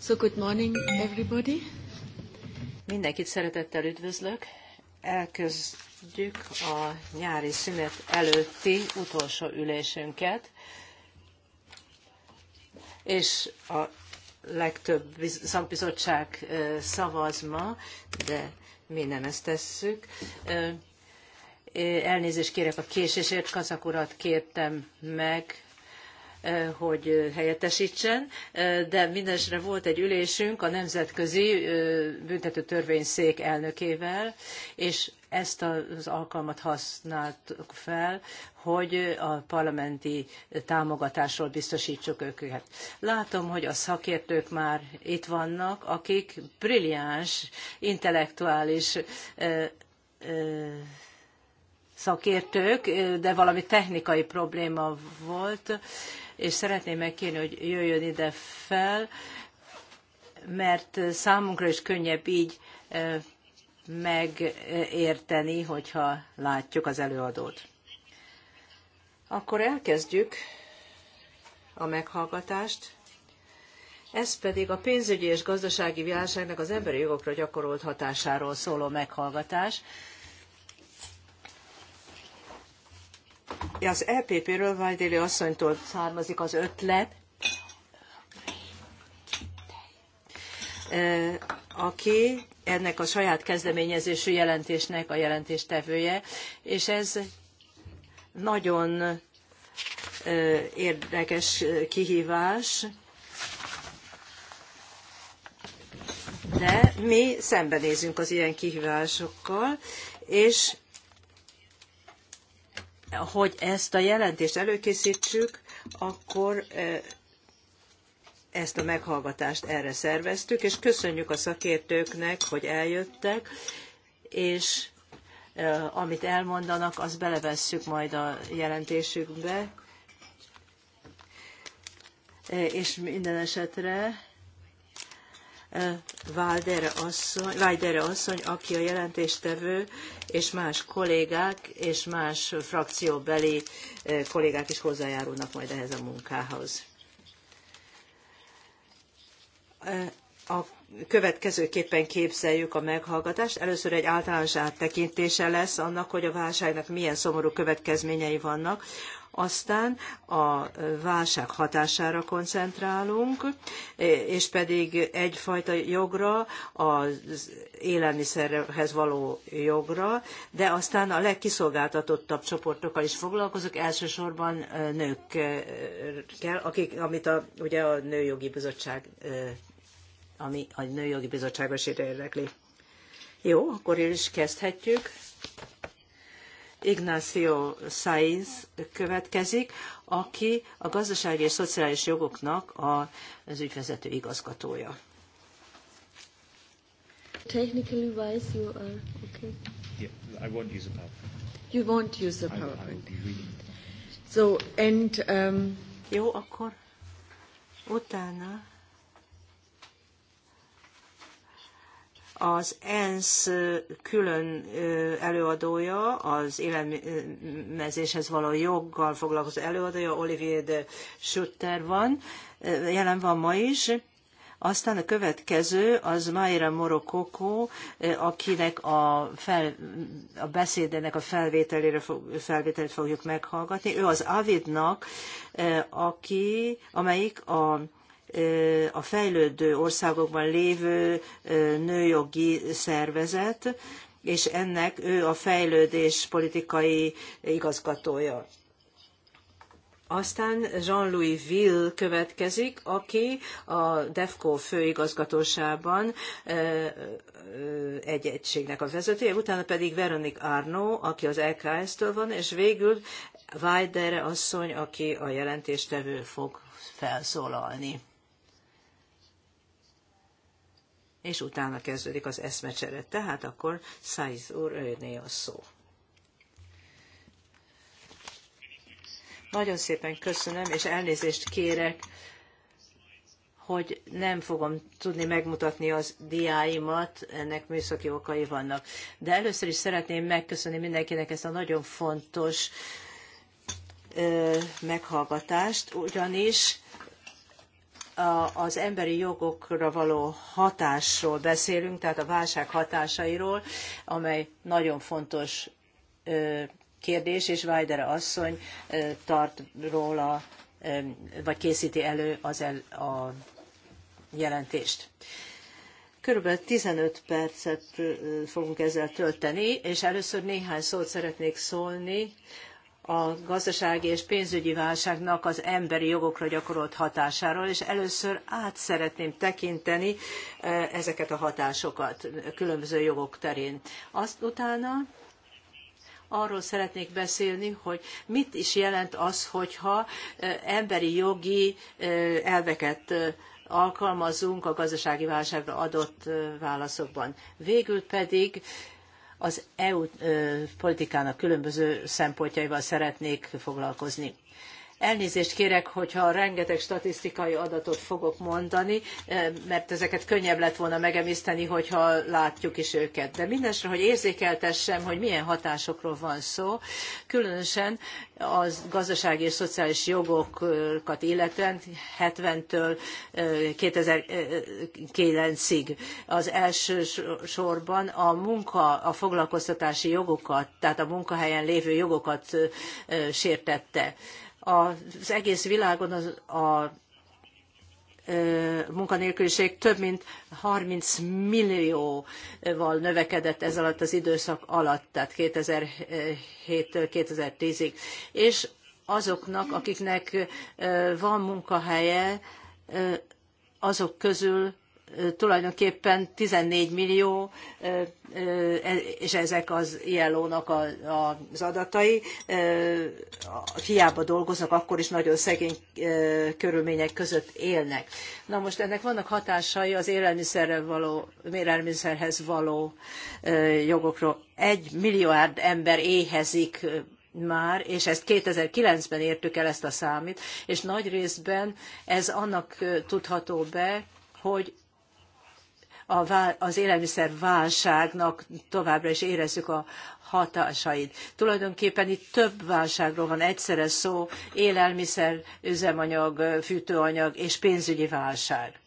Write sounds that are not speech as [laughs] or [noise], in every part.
So good morning everybody. Mindenkit szeretettel üdvözlök. Elkezdjük a nyári szünet előtti utolsó ülésünket, és a legtöbb szakbizottság szavaz ma, de mi nem ezt tesszük. Elnézést kérek a késésért, Kazak urat kértem meg, Eh, hogy helyettesítsen, eh, de mindesre volt egy ülésünk a Nemzetközi eh, Büntető Törvényszék elnökével, és ezt az alkalmat használtuk fel, hogy a parlamenti támogatásról biztosítsuk őket. Látom, hogy a szakértők már itt vannak, akik brilliáns, intellektuális szakértők, de valami technikai probléma volt, és szeretném megkérni, hogy jöjjön ide fel, mert számunkra is könnyebb így megérteni, hogyha látjuk az előadót. Akkor elkezdjük a meghallgatást. Ez pedig a pénzügyi és gazdasági válságnak az emberi jogokra gyakorolt hatásáról szóló meghallgatás. Az EPP-ről Vajdéli asszonytól származik az ötlet, e, aki ennek a saját kezdeményezésű jelentésnek a jelentéstevője, és ez nagyon e, érdekes kihívás, de mi szembenézünk az ilyen kihívásokkal, és hogy ezt a jelentést előkészítsük, akkor ezt a meghallgatást erre szerveztük, és köszönjük a szakértőknek, hogy eljöttek, és amit elmondanak, azt belevesszük majd a jelentésükbe. És minden esetre E, Váldere asszony, Váldere asszony, aki a jelentéstevő, és más kollégák, és más frakcióbeli e, kollégák is hozzájárulnak majd ehhez a munkához. E, a következőképpen képzeljük a meghallgatást. Először egy általános áttekintése lesz annak, hogy a válságnak milyen szomorú következményei vannak aztán a válság hatására koncentrálunk, és pedig egyfajta jogra, az élelmiszerhez való jogra, de aztán a legkiszolgáltatottabb csoportokkal is foglalkozok elsősorban nőkkel, akik, amit a, ugye a Nőjogi Bizottság ami a Nőjogi Bizottságos érdekli. Jó, akkor is kezdhetjük. Ignacio Saiz következik, aki a gazdasági és szociális jogoknak az ügyvezető igazgatója. Technically wise, you are okay. Yeah, I won't use a PowerPoint. You won't use a PowerPoint. I, I so and um, jó, akkor utána Az ENSZ külön előadója, az élelmezéshez való joggal foglalkozó előadója, Olivier de Schutter van, jelen van ma is, aztán a következő az Mayra Morokoko, akinek a, fel, a beszédének a felvételére fog, felvételét fogjuk meghallgatni. Ő az Avidnak, aki, amelyik a a fejlődő országokban lévő nőjogi szervezet, és ennek ő a fejlődés politikai igazgatója. Aztán Jean-Louis Ville következik, aki a DEFCO főigazgatósában egy egységnek a vezetője, utána pedig Veronique Arno, aki az LKS-től van, és végül Weidere asszony, aki a jelentéstevő fog felszólalni. és utána kezdődik az eszmecsere. Tehát akkor Szájz úr, őné a szó. Nagyon szépen köszönöm, és elnézést kérek, hogy nem fogom tudni megmutatni az diáimat, ennek műszaki okai vannak. De először is szeretném megköszönni mindenkinek ezt a nagyon fontos ö, meghallgatást, ugyanis az emberi jogokra való hatásról beszélünk, tehát a válság hatásairól, amely nagyon fontos kérdés, és Vajdere asszony tart róla, vagy készíti elő az el, a jelentést. Körülbelül 15 percet fogunk ezzel tölteni, és először néhány szót szeretnék szólni a gazdasági és pénzügyi válságnak az emberi jogokra gyakorolt hatásáról, és először át szeretném tekinteni e, ezeket a hatásokat különböző jogok terén. Azt utána arról szeretnék beszélni, hogy mit is jelent az, hogyha e, emberi jogi e, elveket alkalmazunk a gazdasági válságra adott válaszokban. Végül pedig az EU politikának különböző szempontjaival szeretnék foglalkozni. Elnézést kérek, hogyha rengeteg statisztikai adatot fogok mondani, eh, mert ezeket könnyebb lett volna megemészteni, hogyha látjuk is őket. De mindesre, hogy érzékeltessem, hogy milyen hatásokról van szó, különösen a gazdasági és szociális jogokat illetően 70-től 2009-ig az első sorban a munka, a foglalkoztatási jogokat, tehát a munkahelyen lévő jogokat eh, sértette az egész világon az, a munkanélküliség több mint 30 millióval növekedett ez alatt az időszak alatt, tehát 2007-től 2010-ig. És azoknak, akiknek van munkahelye, azok közül tulajdonképpen 14 millió, e, és ezek az ILO-nak az adatai, hiába dolgoznak, akkor is nagyon szegény körülmények között élnek. Na most ennek vannak hatásai az élelmiszerre való, élelmiszerhez való jogokról. Egy milliárd ember éhezik már, és ezt 2009-ben értük el ezt a számít, és nagy részben ez annak tudható be, hogy az élelmiszer válságnak továbbra is érezzük a hatásait. Tulajdonképpen itt több válságról van egyszerre szó, élelmiszer, üzemanyag, fűtőanyag és pénzügyi válság.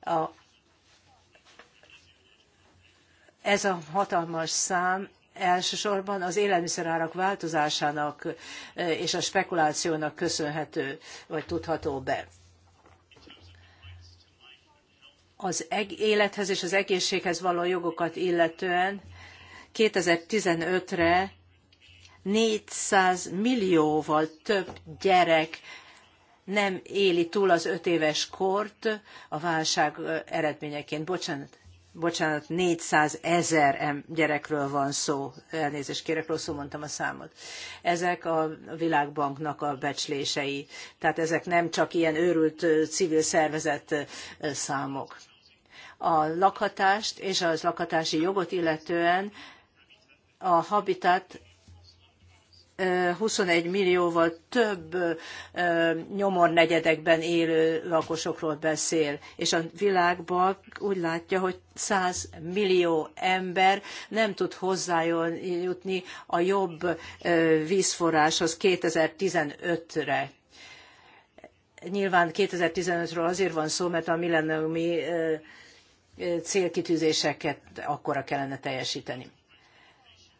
A, ez a hatalmas szám elsősorban az élelmiszerárak változásának és a spekulációnak köszönhető, vagy tudható be az élethez és az egészséghez való jogokat illetően 2015-re 400 millióval több gyerek nem éli túl az öt éves kort a válság eredményeként. Bocsánat, bocsánat, 400 ezer gyerekről van szó, elnézést kérek, rosszul mondtam a számot. Ezek a világbanknak a becslései, tehát ezek nem csak ilyen őrült civil szervezet számok a lakhatást és az lakhatási jogot illetően a Habitat 21 millióval több nyomornegyedekben élő lakosokról beszél, és a világban úgy látja, hogy 100 millió ember nem tud hozzájutni a jobb vízforráshoz 2015-re. Nyilván 2015-ről azért van szó, mert a millenniumi célkitűzéseket akkora kellene teljesíteni.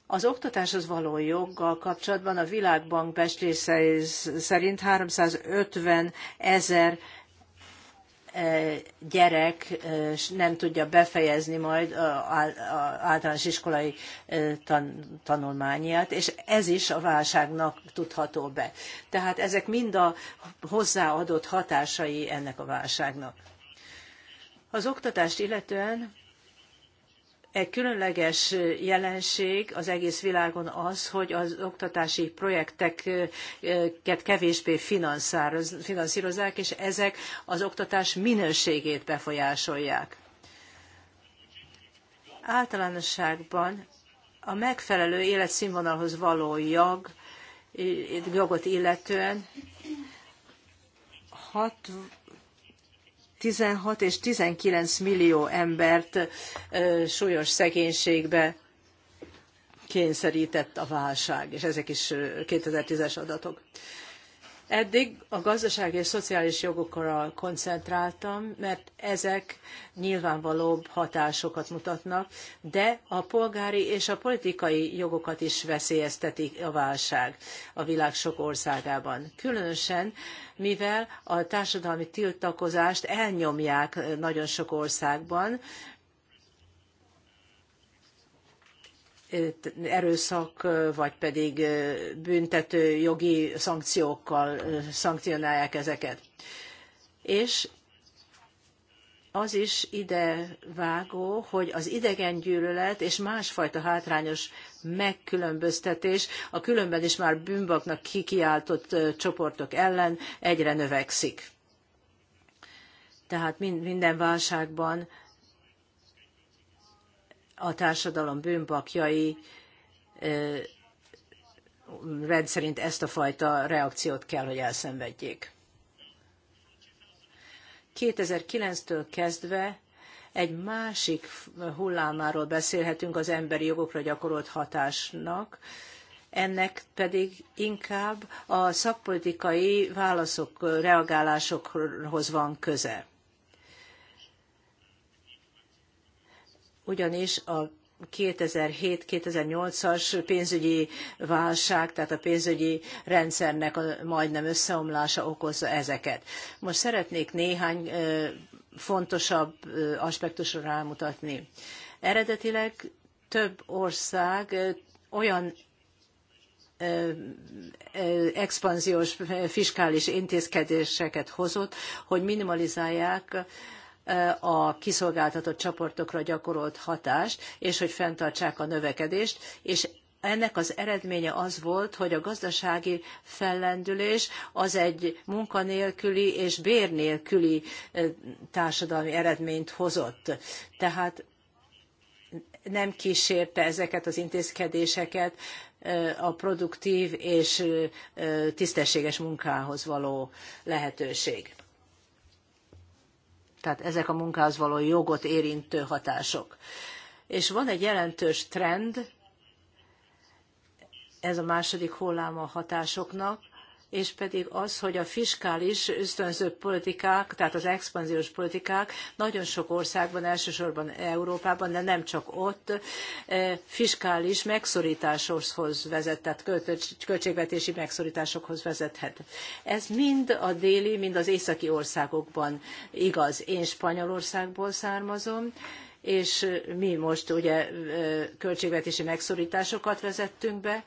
Az oktatáshoz való joggal kapcsolatban a Világbank becslései szerint 350 ezer e, gyerek e, nem tudja befejezni majd általános iskolai e, tanulmányát, és ez is a válságnak tudható be. Tehát ezek mind a hozzáadott hatásai ennek a válságnak. Az oktatást illetően egy különleges jelenség az egész világon az, hogy az oktatási projekteket kevésbé finanszírozzák, és ezek az oktatás minőségét befolyásolják. Általánosságban a megfelelő életszínvonalhoz való jog, jogot illetően 60 16 és 19 millió embert súlyos szegénységbe kényszerített a válság, és ezek is 2010-es adatok. Eddig a gazdasági és szociális jogokra koncentráltam, mert ezek nyilvánvalóbb hatásokat mutatnak, de a polgári és a politikai jogokat is veszélyezteti a válság a világ sok országában. Különösen, mivel a társadalmi tiltakozást elnyomják nagyon sok országban, erőszak, vagy pedig büntető jogi szankciókkal szankcionálják ezeket. És az is ide vágó, hogy az idegengyűlölet és másfajta hátrányos megkülönböztetés a különben is már bűnbaknak kikiáltott csoportok ellen egyre növekszik. Tehát minden válságban a társadalom bűnbakjai rendszerint ezt a fajta reakciót kell, hogy elszenvedjék. 2009-től kezdve egy másik hullámáról beszélhetünk az emberi jogokra gyakorolt hatásnak, ennek pedig inkább a szakpolitikai válaszok, reagálásokhoz van köze. ugyanis a 2007-2008-as pénzügyi válság, tehát a pénzügyi rendszernek a majdnem összeomlása okozza ezeket. Most szeretnék néhány fontosabb aspektusra rámutatni. Eredetileg több ország olyan expanziós fiskális intézkedéseket hozott, hogy minimalizálják a kiszolgáltatott csoportokra gyakorolt hatást, és hogy fenntartsák a növekedést, és ennek az eredménye az volt, hogy a gazdasági fellendülés az egy munkanélküli és bérnélküli társadalmi eredményt hozott. Tehát nem kísérte ezeket az intézkedéseket a produktív és tisztességes munkához való lehetőség. Tehát ezek a munkához való jogot érintő hatások. És van egy jelentős trend, ez a második hullám a hatásoknak, és pedig az, hogy a fiskális ösztönző politikák, tehát az expanziós politikák nagyon sok országban, elsősorban Európában, de nem csak ott, eh, fiskális megszorításhoz vezet, tehát költségvetési megszorításokhoz vezethet. Ez mind a déli, mind az északi országokban igaz. Én Spanyolországból származom, és mi most ugye eh, költségvetési megszorításokat vezettünk be,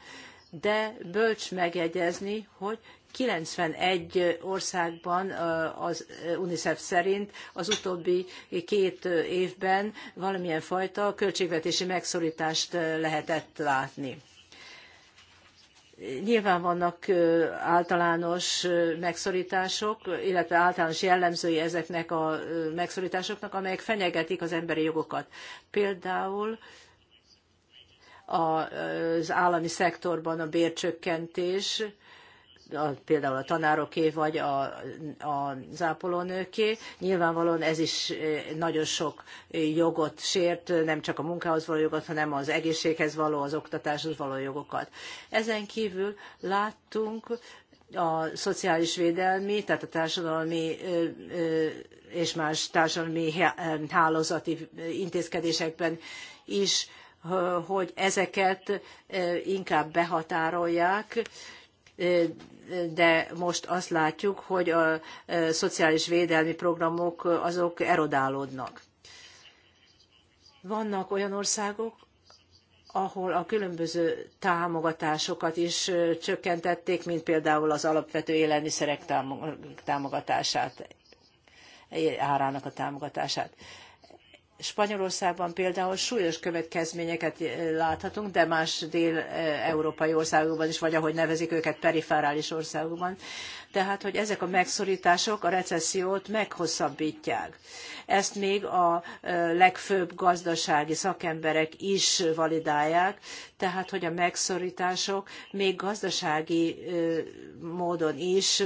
de bölcs megjegyezni, hogy 91 országban az UNICEF szerint az utóbbi két évben valamilyen fajta költségvetési megszorítást lehetett látni. Nyilván vannak általános megszorítások, illetve általános jellemzői ezeknek a megszorításoknak, amelyek fenyegetik az emberi jogokat. Például az állami szektorban a bércsökkentés, a, például a tanároké vagy a, a zápolónőké Nyilvánvalóan ez is eh, nagyon sok jogot sért, nem csak a munkához való jogot, hanem az egészséghez való, az oktatáshoz való jogokat. Ezen kívül láttunk a szociális védelmi, tehát a társadalmi eh, eh, és más társadalmi hálózati intézkedésekben is hogy ezeket inkább behatárolják, de most azt látjuk, hogy a szociális védelmi programok azok erodálódnak. Vannak olyan országok, ahol a különböző támogatásokat is csökkentették, mint például az alapvető élelmiszerek támogatását, árának a támogatását. Spanyolországban például súlyos következményeket eh, láthatunk, de más dél-európai országokban is, vagy ahogy nevezik őket, periferális országokban tehát hogy ezek a megszorítások a recessziót meghosszabbítják. Ezt még a legfőbb gazdasági szakemberek is validálják, tehát hogy a megszorítások még gazdasági módon is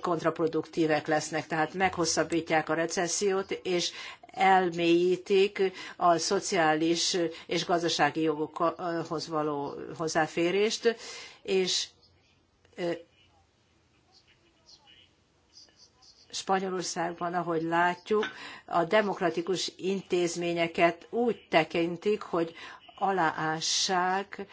kontraproduktívek lesznek, tehát meghosszabbítják a recessziót, és elmélyítik a szociális és gazdasági jogokhoz való hozzáférést, és Spanyolországban, ahogy látjuk, a demokratikus intézményeket úgy tekintik, hogy aláássák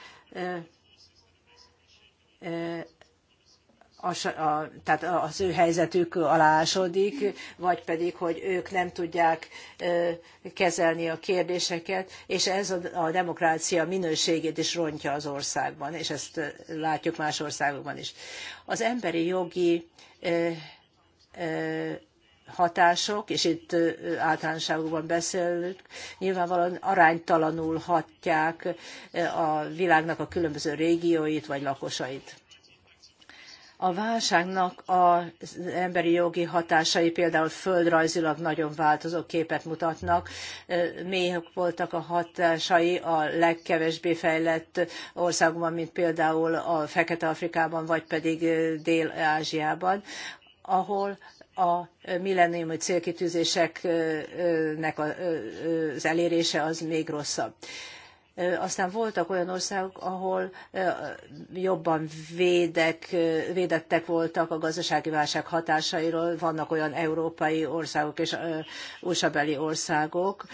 a, a, tehát az ő helyzetük alásodik, vagy pedig, hogy ők nem tudják ö, kezelni a kérdéseket, és ez a, a demokrácia minőségét is rontja az országban, és ezt látjuk más országokban is. Az emberi jogi ö, ö, hatások, és itt általánosságokban beszélünk, nyilvánvalóan aránytalanul hatják a világnak a különböző régióit vagy lakosait a válságnak az emberi jogi hatásai például földrajzilag nagyon változó képet mutatnak. Mélyek voltak a hatásai a legkevésbé fejlett országban, mint például a Fekete-Afrikában, vagy pedig Dél-Ázsiában, ahol a milleniumi célkitűzéseknek az elérése az még rosszabb. Aztán voltak olyan országok, ahol jobban védek, védettek voltak a gazdasági válság hatásairól. Vannak olyan európai országok és usa országok,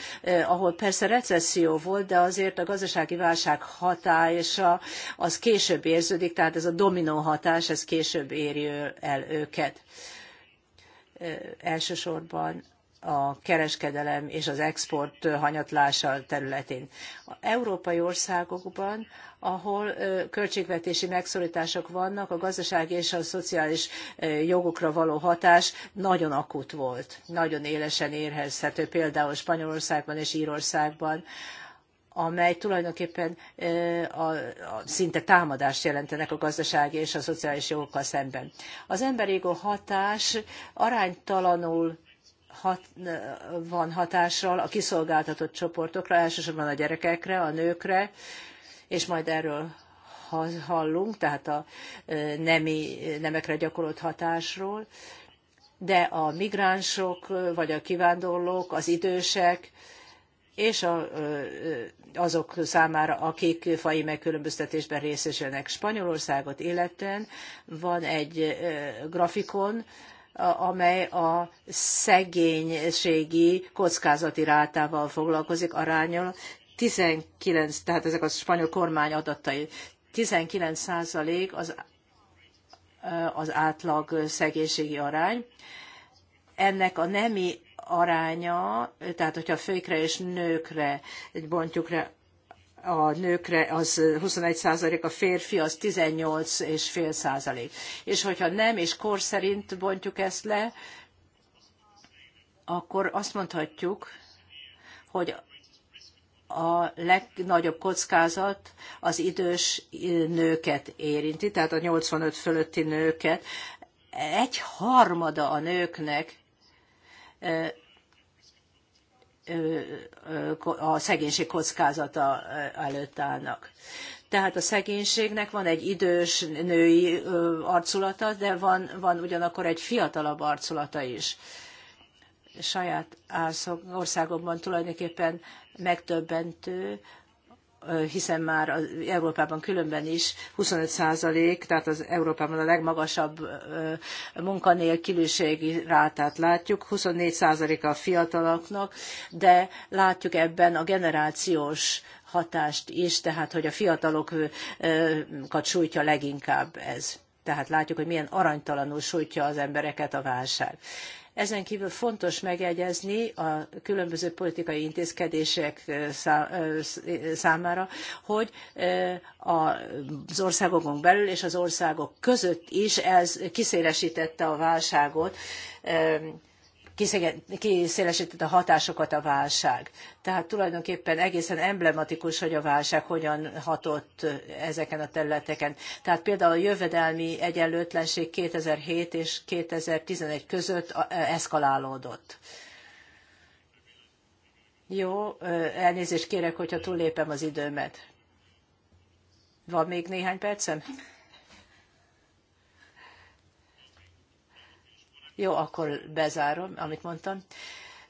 ahol persze recesszió volt, de azért a gazdasági válság hatása az később érződik, tehát ez a dominó hatás, ez később éri el őket elsősorban a kereskedelem és az export hanyatlása területén. A európai országokban, ahol költségvetési megszorítások vannak, a gazdasági és a szociális jogokra való hatás nagyon akut volt, nagyon élesen érhezhető, például Spanyolországban és Írországban, amely tulajdonképpen a, a, szinte támadást jelentenek a gazdasági és a szociális jogokkal szemben. Az emberi hatás aránytalanul hat, van hatással a kiszolgáltatott csoportokra, elsősorban a gyerekekre, a nőkre, és majd erről hallunk, tehát a nemi, nemekre gyakorolt hatásról, de a migránsok, vagy a kivándorlók, az idősek, és a, azok számára, akik fai megkülönböztetésben részesülnek. Spanyolországot illetően van egy grafikon, amely a szegénységi kockázati rátával foglalkozik arányol. 19, tehát ezek a spanyol kormány adatai. 19 százalék az, az átlag szegénységi arány. Ennek a nemi aránya, tehát hogyha főkre és nőkre bontjuk rá, a nőkre az 21 százalék, a férfi az 18 és fél százalék. És hogyha nem és kor szerint bontjuk ezt le, akkor azt mondhatjuk, hogy a legnagyobb kockázat az idős nőket érinti, tehát a 85 fölötti nőket. Egy harmada a nőknek a szegénység kockázata előtt állnak. Tehát a szegénységnek van egy idős női arculata, de van, van ugyanakkor egy fiatalabb arculata is. Saját országokban tulajdonképpen megtöbbentő, hiszen már az Európában különben is 25 százalék, tehát az Európában a legmagasabb munkanélküliségi rátát látjuk, 24 százalék a fiataloknak, de látjuk ebben a generációs hatást is, tehát hogy a fiatalokat sújtja leginkább ez. Tehát látjuk, hogy milyen aranytalanul sújtja az embereket a válság. Ezen kívül fontos megjegyezni a különböző politikai intézkedések számára, hogy az országokon belül és az országok között is ez kiszélesítette a válságot, kiszélesítette a hatásokat a válság. Tehát tulajdonképpen egészen emblematikus, hogy a válság hogyan hatott ezeken a területeken. Tehát például a jövedelmi egyenlőtlenség 2007 és 2011 között eszkalálódott. Jó, elnézést kérek, hogyha túllépem az időmet. Van még néhány percem? Jó, akkor bezárom, amit mondtam.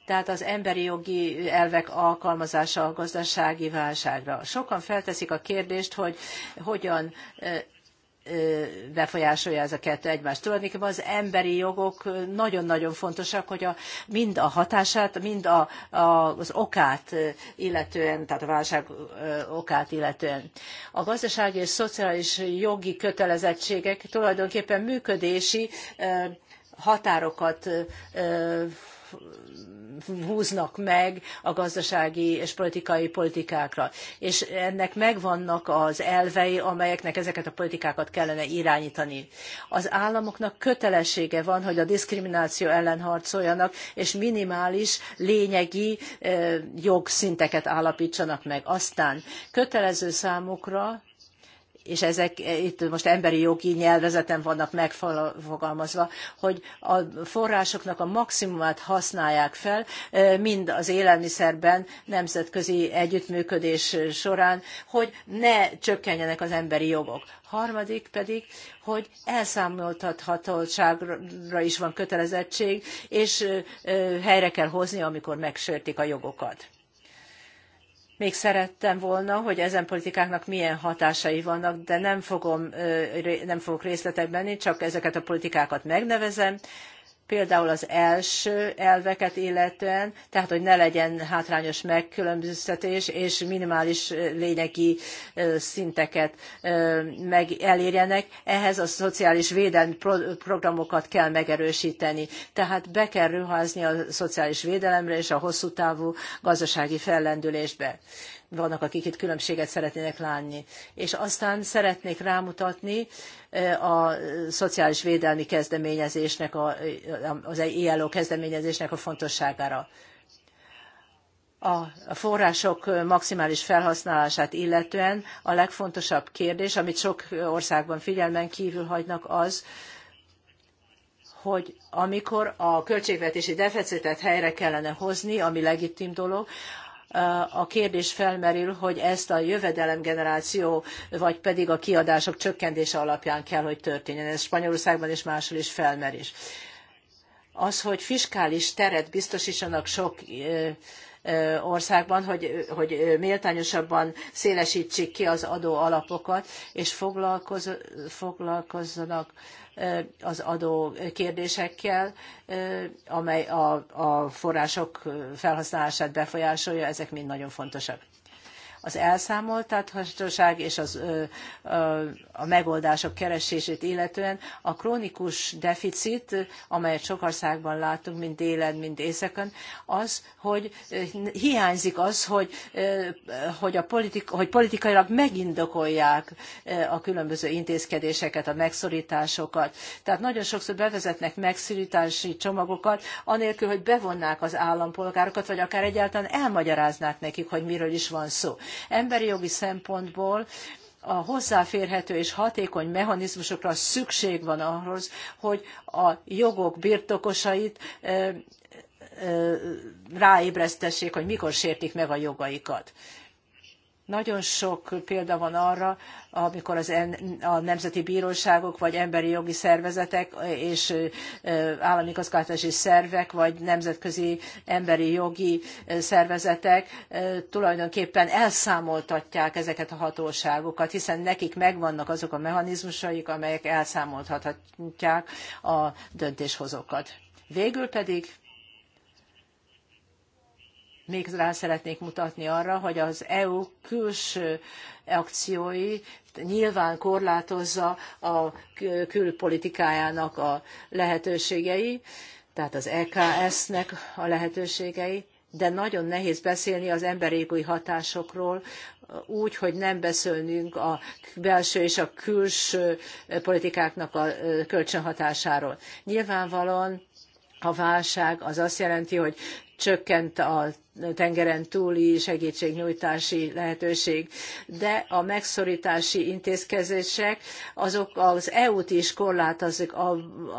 Tehát az emberi jogi elvek alkalmazása a gazdasági válságra. Sokan felteszik a kérdést, hogy hogyan befolyásolja ez a kettő egymást. Tulajdonképpen az emberi jogok nagyon-nagyon fontosak, hogy a, mind a hatását, mind a, a, az okát illetően, tehát a válság okát illetően. A gazdasági és szociális jogi kötelezettségek tulajdonképpen működési határokat húznak meg a gazdasági és politikai politikákra. És ennek megvannak az elvei, amelyeknek ezeket a politikákat kellene irányítani. Az államoknak kötelessége van, hogy a diszkrimináció ellen harcoljanak, és minimális, lényegi jogszinteket állapítsanak meg. Aztán kötelező számukra és ezek e, itt most emberi jogi nyelvezeten vannak megfogalmazva, hogy a forrásoknak a maximumát használják fel, e, mind az élelmiszerben, nemzetközi együttműködés során, hogy ne csökkenjenek az emberi jogok. Harmadik pedig, hogy elszámoltathatóságra is van kötelezettség, és e, helyre kell hozni, amikor megsértik a jogokat. Még szerettem volna, hogy ezen politikáknak milyen hatásai vannak, de nem, fogom, nem fogok részletekben, csak ezeket a politikákat megnevezem, például az első elveket illetően, tehát hogy ne legyen hátrányos megkülönböztetés, és minimális lényegi szinteket meg elérjenek, ehhez a szociális védelmi programokat kell megerősíteni. Tehát be kell ruházni a szociális védelemre és a hosszú távú gazdasági fellendülésbe vannak, akik itt különbséget szeretnének látni. És aztán szeretnék rámutatni a szociális védelmi kezdeményezésnek, a, az ILO kezdeményezésnek a fontosságára a források maximális felhasználását illetően a legfontosabb kérdés, amit sok országban figyelmen kívül hagynak, az, hogy amikor a költségvetési deficitet helyre kellene hozni, ami legitim dolog, a kérdés felmerül, hogy ezt a jövedelemgeneráció, vagy pedig a kiadások csökkentése alapján kell, hogy történjen. Ez Spanyolországban és máshol is felmerül. Az, hogy fiskális teret biztosítsanak sok országban, hogy, hogy méltányosabban szélesítsék ki az adó alapokat, és foglalkoz, foglalkozzanak az adó kérdésekkel, amely a, a források felhasználását befolyásolja, ezek mind nagyon fontosak az elszámoltathatóság és az, a megoldások keresését illetően a krónikus deficit, amelyet sok országban látunk, mind délen, mind északon, az, hogy hiányzik az, hogy, hogy, a politik, hogy politikailag megindokolják a különböző intézkedéseket, a megszorításokat. Tehát nagyon sokszor bevezetnek megszorítási csomagokat, anélkül, hogy bevonnák az állampolgárokat, vagy akár egyáltalán elmagyaráznák nekik, hogy miről is van szó. Emberi jogi szempontból a hozzáférhető és hatékony mechanizmusokra szükség van ahhoz, hogy a jogok birtokosait ráébresztessék, hogy mikor sértik meg a jogaikat. Nagyon sok példa van arra, amikor az a nemzeti bíróságok, vagy emberi jogi szervezetek, és állami igazgatási szervek, vagy nemzetközi emberi jogi szervezetek tulajdonképpen elszámoltatják ezeket a hatóságokat, hiszen nekik megvannak azok a mechanizmusaik, amelyek elszámoltathatják a döntéshozókat. Végül pedig még rá szeretnék mutatni arra, hogy az EU külső akciói nyilván korlátozza a külpolitikájának a lehetőségei, tehát az EKS-nek a lehetőségei, de nagyon nehéz beszélni az emberi hatásokról, úgy, hogy nem beszélünk a belső és a külső politikáknak a kölcsönhatásáról. Nyilvánvalóan a válság az azt jelenti, hogy csökkent a tengeren túli segítségnyújtási lehetőség. De a megszorítási intézkedések azok az EU-t is korlátozik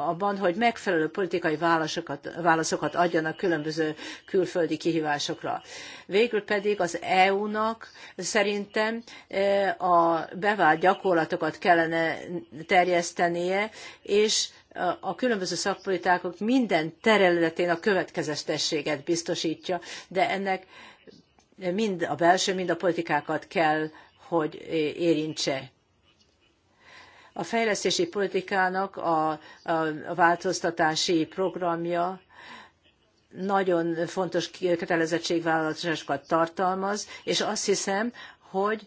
abban, hogy megfelelő politikai válaszokat, válaszokat adjanak különböző külföldi kihívásokra. Végül pedig az EU-nak szerintem e, a bevált gyakorlatokat kellene terjesztenie, és a különböző szakpolitikák minden területén a következetességet biztosítja, de ennek mind a belső, mind a politikákat kell, hogy érintse. A fejlesztési politikának a, a változtatási programja nagyon fontos kötelezettségvállalásokat tartalmaz, és azt hiszem, hogy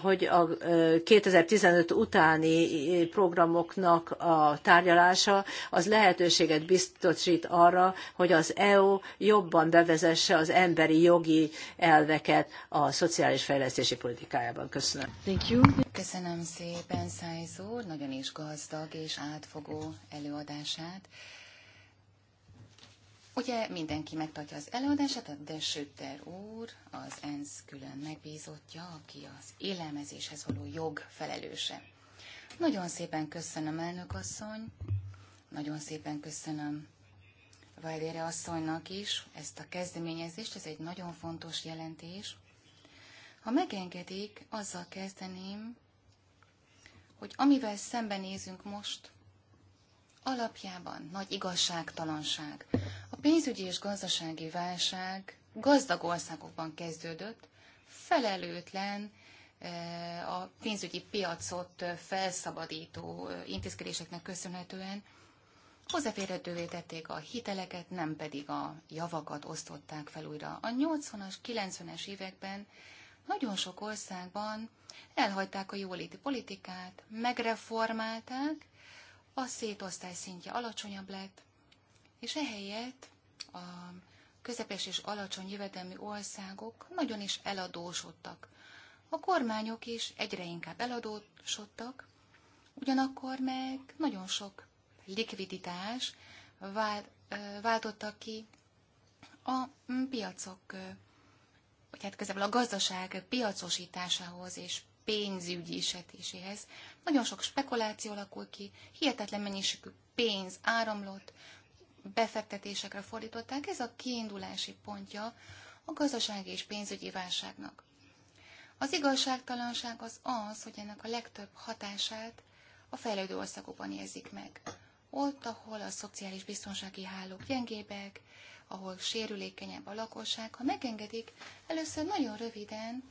hogy a 2015 utáni programoknak a tárgyalása az lehetőséget biztosít arra, hogy az EU jobban bevezesse az emberi jogi elveket a szociális fejlesztési politikájában. Köszönöm. Thank you. Köszönöm szépen Szájz nagyon is gazdag és átfogó előadását. Ugye mindenki megtartja az előadását, a Desütter úr, az ENSZ külön megbízottja, aki az élelmezéshez való jog felelőse. Nagyon szépen köszönöm, elnök asszony, nagyon szépen köszönöm Vajlére asszonynak is ezt a kezdeményezést, ez egy nagyon fontos jelentés. Ha megengedik, azzal kezdeném, hogy amivel szembenézünk most, alapjában nagy igazságtalanság, pénzügyi és gazdasági válság gazdag országokban kezdődött, felelőtlen e, a pénzügyi piacot e, felszabadító e, intézkedéseknek köszönhetően hozzáférhetővé tették a hiteleket, nem pedig a javakat osztották fel újra. A 80-as, 90-es években nagyon sok országban elhagyták a jóléti politikát, megreformálták, a szétosztály szintje alacsonyabb lett, és ehelyett a közepes és alacsony jövedelmi országok nagyon is eladósodtak. A kormányok is egyre inkább eladósodtak, ugyanakkor meg nagyon sok likviditás vált, váltotta ki a mm, piacok, vagy hát közben a gazdaság piacosításához és pénzügyi setéséhez. Nagyon sok spekuláció alakult ki, hihetetlen mennyiségű pénz áramlott, befektetésekre fordították, ez a kiindulási pontja a gazdasági és pénzügyi válságnak. Az igazságtalanság az az, hogy ennek a legtöbb hatását a fejlődő országokban érzik meg. Ott, ahol a szociális biztonsági hálók gyengébbek, ahol sérülékenyebb a lakosság, ha megengedik, először nagyon röviden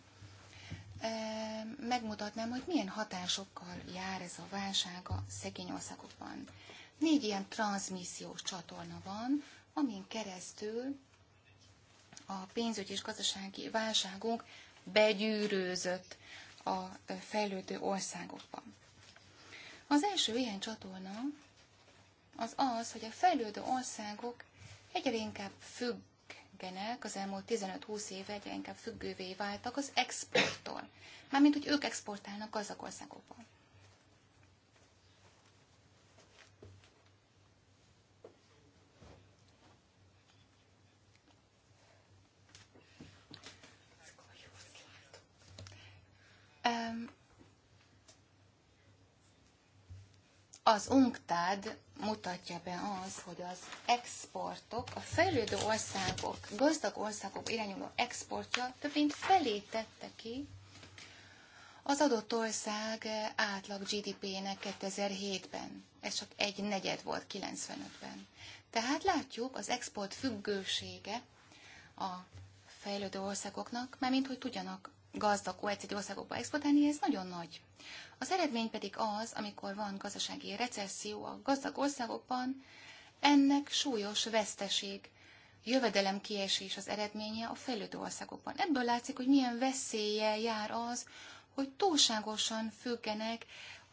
e, megmutatnám, hogy milyen hatásokkal jár ez a válság a szegény országokban. Négy ilyen transmissziós csatorna van, amin keresztül a pénzügyi és gazdasági válságunk begyűrőzött a fejlődő országokban. Az első ilyen csatorna az az, hogy a fejlődő országok egyre inkább függenek, az elmúlt 15-20 éve egyre inkább függővé váltak az exporttól. Mármint, hogy ők exportálnak gazdag országokban. az UNCTAD mutatja be az, hogy az exportok, a fejlődő országok, gazdag országok irányuló exportja több mint felét tette ki az adott ország átlag GDP-nek 2007-ben. Ez csak egy negyed volt 95-ben. Tehát látjuk az export függősége a fejlődő országoknak, mert mint hogy tudjanak gazdag OECD országokba exportálni, ez nagyon nagy. Az eredmény pedig az, amikor van gazdasági recesszió a gazdag országokban, ennek súlyos veszteség, jövedelem kiesés az eredménye a fejlődő országokban. Ebből látszik, hogy milyen veszélye jár az, hogy túlságosan függenek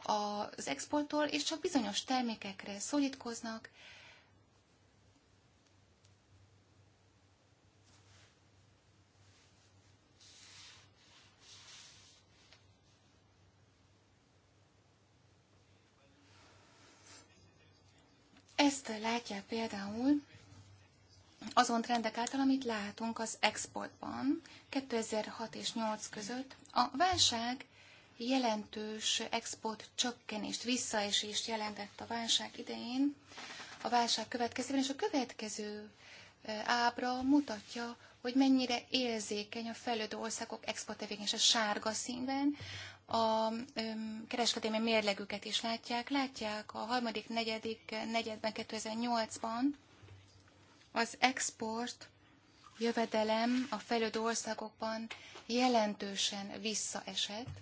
az exporttól, és csak bizonyos termékekre szorítkoznak, Ezt látják például azon trendek által, amit látunk az exportban 2006 és 8 között. A válság jelentős export csökkenést, visszaesést jelentett a válság idején, a válság következtében, és a következő e, ábra mutatja, hogy mennyire érzékeny a fejlődő országok export a sárga színben, a kereskedelmi mérlegüket is látják. Látják a harmadik, negyedik, negyedben 2008-ban az export jövedelem a fejlődő országokban jelentősen visszaesett,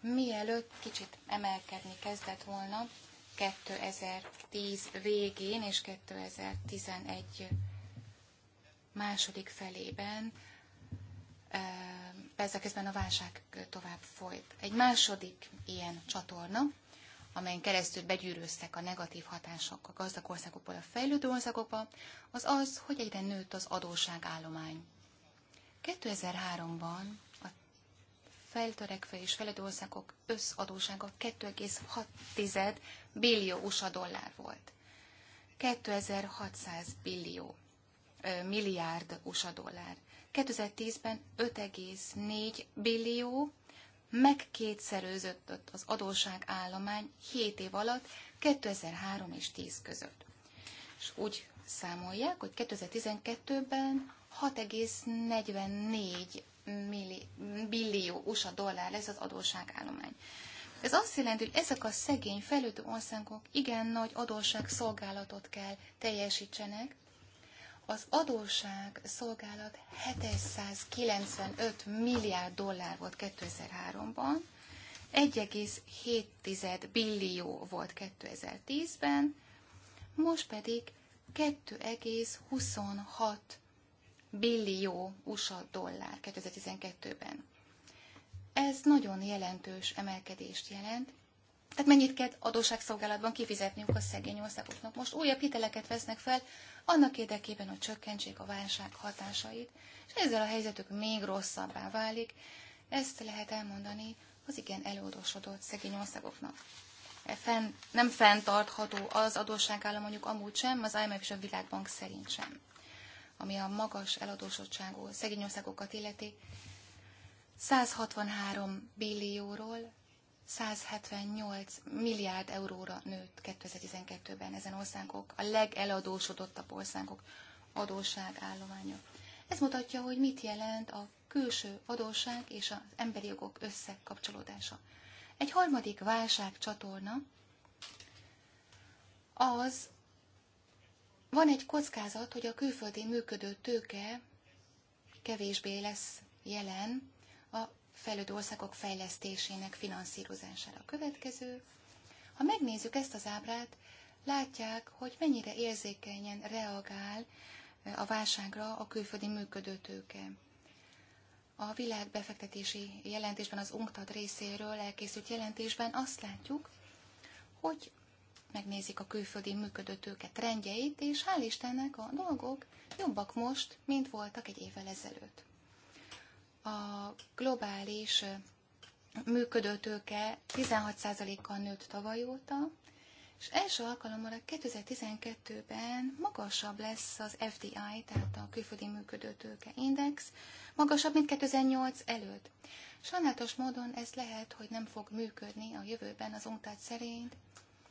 mielőtt kicsit emelkedni kezdett volna 2010 végén és 2011 második felében Persze közben a válság tovább folyt. Egy második ilyen csatorna, amelyen keresztül begyűrőztek a negatív hatások a gazdag országokból a fejlődő országokba, az az, hogy egyre nőtt az adósságállomány. 2003-ban a feltörekvő és fejlődő országok összadósága 2,6 billió USA dollár volt. 2600 billió, milliárd USA dollár. 2010-ben 5,4 billió, meg kétszerőzött az adóság állomány 7 év alatt 2003 és 10 között. És úgy számolják, hogy 2012-ben 6,44 billió USA dollár lesz az állomány. Ez azt jelenti, hogy ezek a szegény fejlődő országok igen nagy adósság szolgálatot kell teljesítsenek, az adóság szolgálat 795 milliárd dollár volt 2003-ban, 1,7 billió volt 2010-ben, most pedig 2,26 billió USA dollár 2012-ben. Ez nagyon jelentős emelkedést jelent, tehát mennyit kell adósságszolgálatban kifizetniük a szegény országoknak. Most újabb hiteleket vesznek fel, annak érdekében, hogy csökkentsék a válság hatásait, és ezzel a helyzetük még rosszabbá válik. Ezt lehet elmondani az igen előadósodott szegény országoknak. E fenn, nem fenntartható az adósságállam mondjuk amúgy sem, az IMF és a Világbank szerint sem. Ami a magas eladósodtságú szegény országokat illeti, 163 billióról 178 milliárd euróra nőtt 2012-ben ezen országok, a legeladósodottabb országok adósság Ez mutatja, hogy mit jelent a külső adósság és az emberi jogok összekapcsolódása. Egy harmadik válságcsatorna az, van egy kockázat, hogy a külföldi működő tőke kevésbé lesz jelen a fejlődő országok fejlesztésének finanszírozására. A következő, ha megnézzük ezt az ábrát, látják, hogy mennyire érzékenyen reagál eh, a válságra a külföldi működőtőke. A világ befektetési jelentésben, az UNCTAD részéről elkészült jelentésben azt látjuk, hogy megnézik a külföldi működőtőke trendjeit, és hál' Istennek a dolgok jobbak most, mint voltak egy évvel ezelőtt a globális működőtőke 16%-kal nőtt tavaly óta, és első alkalommal a 2012-ben magasabb lesz az FDI, tehát a külföldi működőtőke index, magasabb, mint 2008 előtt. Sajnálatos módon ez lehet, hogy nem fog működni a jövőben az UNCTAD szerint.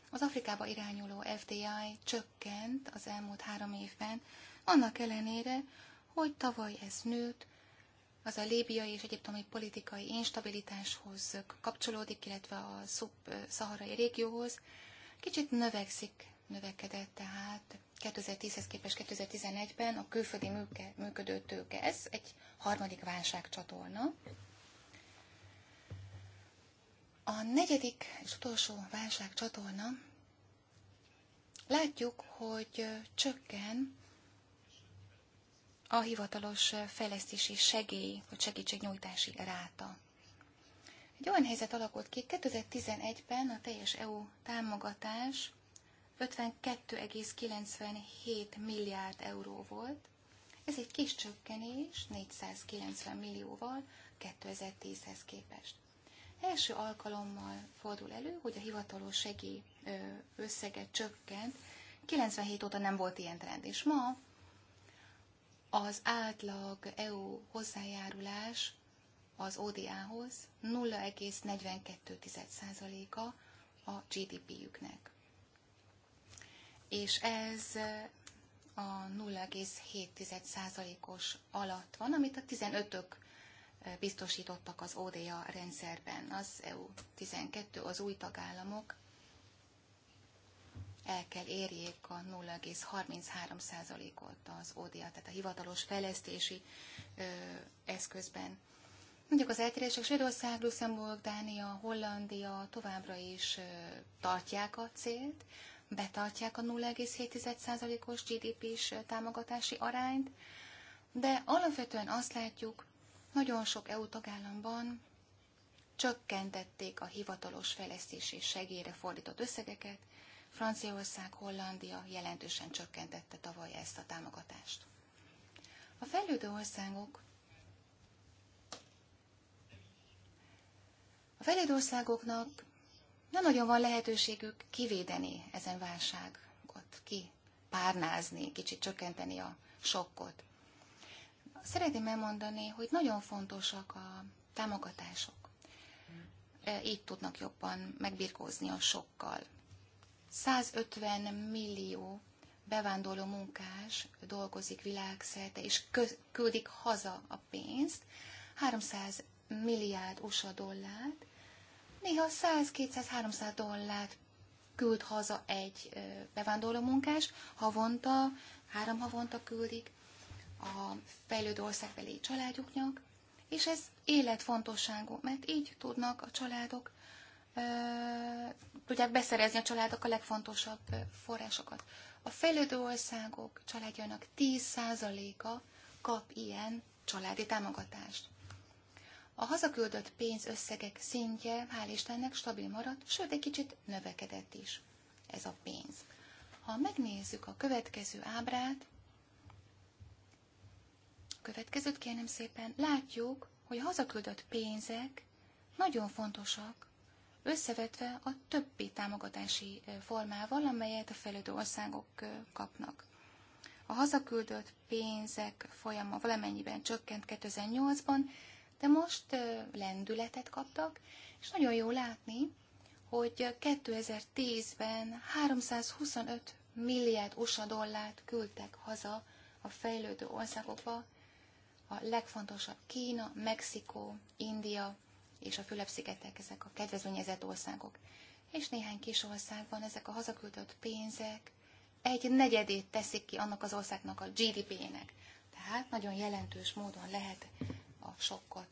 Az Afrikába irányuló FDI csökkent az elmúlt három évben, annak ellenére, hogy tavaly ez nőtt, az a líbiai és egyiptomi politikai instabilitáshoz kapcsolódik, illetve a szub-szaharai régióhoz. Kicsit növekszik, növekedett tehát 2010-hez képest 2011-ben a külföldi műke, működő tőke. Ez egy harmadik válságcsatorna. A negyedik és utolsó válságcsatorna látjuk, hogy csökken a hivatalos fejlesztési segély vagy segítségnyújtási ráta. Egy olyan helyzet alakult ki, 2011-ben a teljes EU támogatás 52,97 milliárd euró volt, ez egy kis csökkenés 490 millióval 2010-hez képest. Első alkalommal fordul elő, hogy a hivatalos segély összege csökkent, 97 óta nem volt ilyen trend, és ma az átlag EU hozzájárulás az ODA-hoz 0,42%-a a GDP-jüknek. És ez a 0,7%-os alatt van, amit a 15-ök biztosítottak az ODA rendszerben. Az EU 12, az új tagállamok el kell érjék a 0,33%-ot az ODA, tehát a hivatalos fejlesztési ö, eszközben. Mondjuk az eltérések Svédország, Luxemburg, Dánia, Hollandia továbbra is ö, tartják a célt, betartják a 0,7%-os GDP-s támogatási arányt, de alapvetően azt látjuk, nagyon sok EU tagállamban csökkentették a hivatalos fejlesztési segélyre fordított összegeket, Franciaország, Hollandia jelentősen csökkentette tavaly ezt a támogatást. A fejlődő országok A fejlődő országoknak nem nagyon van lehetőségük kivédeni ezen válságot, ki párnázni, kicsit csökkenteni a sokkot. Szeretném elmondani, hogy nagyon fontosak a támogatások. Így tudnak jobban megbirkózni a sokkal. 150 millió bevándorló munkás dolgozik világszerte, és küldik haza a pénzt, 300 milliárd USA dollárt, néha 100-200-300 dollárt küld haza egy bevándorló munkás, havonta, három havonta küldik a fejlődő országbeli családjuknak, és ez életfontosságú, mert így tudnak a családok tudják beszerezni a családok a legfontosabb forrásokat. A fejlődő országok családjának 10%-a kap ilyen családi támogatást. A hazaküldött pénz összegek szintje, hál' Istennek, stabil maradt, sőt, egy kicsit növekedett is ez a pénz. Ha megnézzük a következő ábrát, a következőt kérném szépen, látjuk, hogy a hazaküldött pénzek nagyon fontosak összevetve a többi támogatási formával, amelyet a fejlődő országok kapnak. A hazaküldött pénzek folyama valamennyiben csökkent 2008-ban, de most lendületet kaptak, és nagyon jó látni, hogy 2010-ben 325 milliárd USA dollárt küldtek haza a fejlődő országokba, a legfontosabb Kína, Mexikó, India, és a Fülöp-szigetek, ezek a kedvezményezett országok. És néhány kis országban ezek a hazaküldött pénzek egy negyedét teszik ki annak az országnak a GDP-nek. Tehát nagyon jelentős módon lehet a sokkot,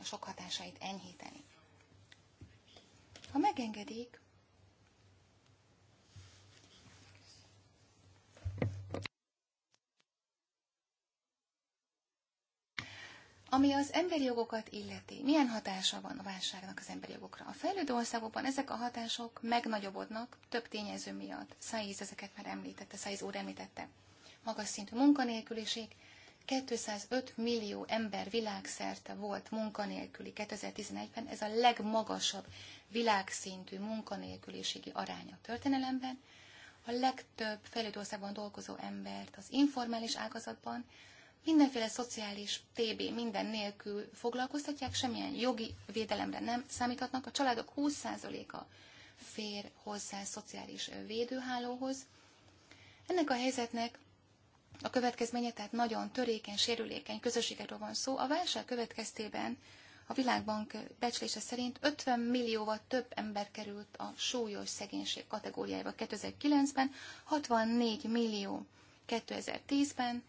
a sok hatásait enyhíteni. Ha megengedik, Ami az emberi jogokat illeti, milyen hatása van a válságnak az emberi jogokra? A fejlődő országokban ezek a hatások megnagyobbodnak több tényező miatt. Száiz ezeket már említette, Száiz úr említette. Magas szintű munkanélküliség, 205 millió ember világszerte volt munkanélküli 2011-ben, ez a legmagasabb világszintű munkanélküliségi aránya a történelemben. A legtöbb fejlődő országban dolgozó embert az informális ágazatban, mindenféle szociális TB minden nélkül foglalkoztatják, semmilyen jogi védelemre nem számíthatnak. A családok 20%-a fér hozzá szociális védőhálóhoz. Ennek a helyzetnek a következménye, tehát nagyon törékeny, sérülékeny közösségekről van szó. A válság következtében a Világbank becslése szerint 50 millióval több ember került a súlyos szegénység kategóriájába 2009-ben, 64 millió 2010-ben,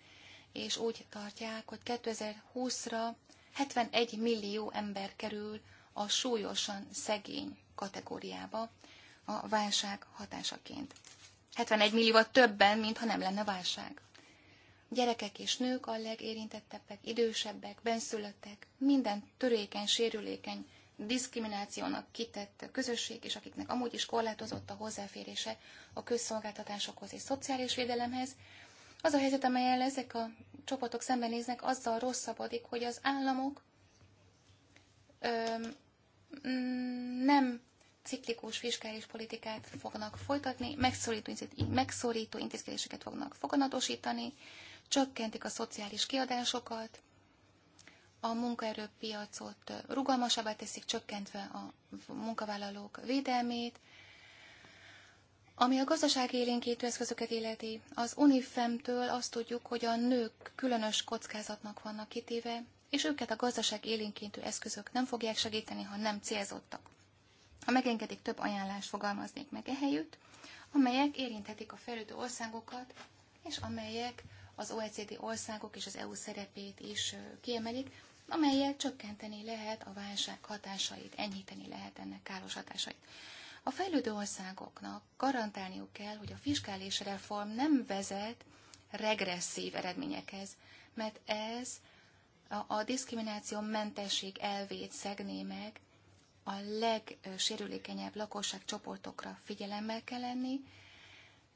és úgy tartják, hogy 2020-ra 71 millió ember kerül a súlyosan szegény kategóriába a válság hatásaként. 71 millióval többen, mintha nem lenne válság. Gyerekek és nők a legérintettebbek, idősebbek, benszülöttek, minden törékeny, sérülékeny, diszkriminációnak kitett közösség, és akiknek amúgy is korlátozott a hozzáférése a közszolgáltatásokhoz és szociális védelemhez, az a helyzet, amelyen ezek a csoportok szembenéznek, azzal rosszabbodik, hogy az államok ö, mm, nem ciklikus fiskális politikát fognak folytatni, megszorító, megszorító intézkedéseket fognak foganatosítani, csökkentik a szociális kiadásokat, a munkaerőpiacot rugalmasabbá teszik, csökkentve a munkavállalók védelmét, ami a gazdasági élénkítő eszközöket illeti, az Unifemtől től azt tudjuk, hogy a nők különös kockázatnak vannak kitéve, és őket a gazdaság élénkítő eszközök nem fogják segíteni, ha nem célzottak. Ha megengedik, több ajánlást fogalmaznék meg ehelyütt, amelyek érinthetik a fejlődő országokat, és amelyek az OECD országok és az EU szerepét is kiemelik, Amelyek csökkenteni lehet a válság hatásait, enyhíteni lehet ennek káros hatásait. A fejlődő országoknak garantálniuk kell, hogy a fiskális reform nem vezet regresszív eredményekhez, mert ez a, a diszkrimináció mentesség elvét szegné meg, a legsérülékenyebb csoportokra figyelemmel kell lenni.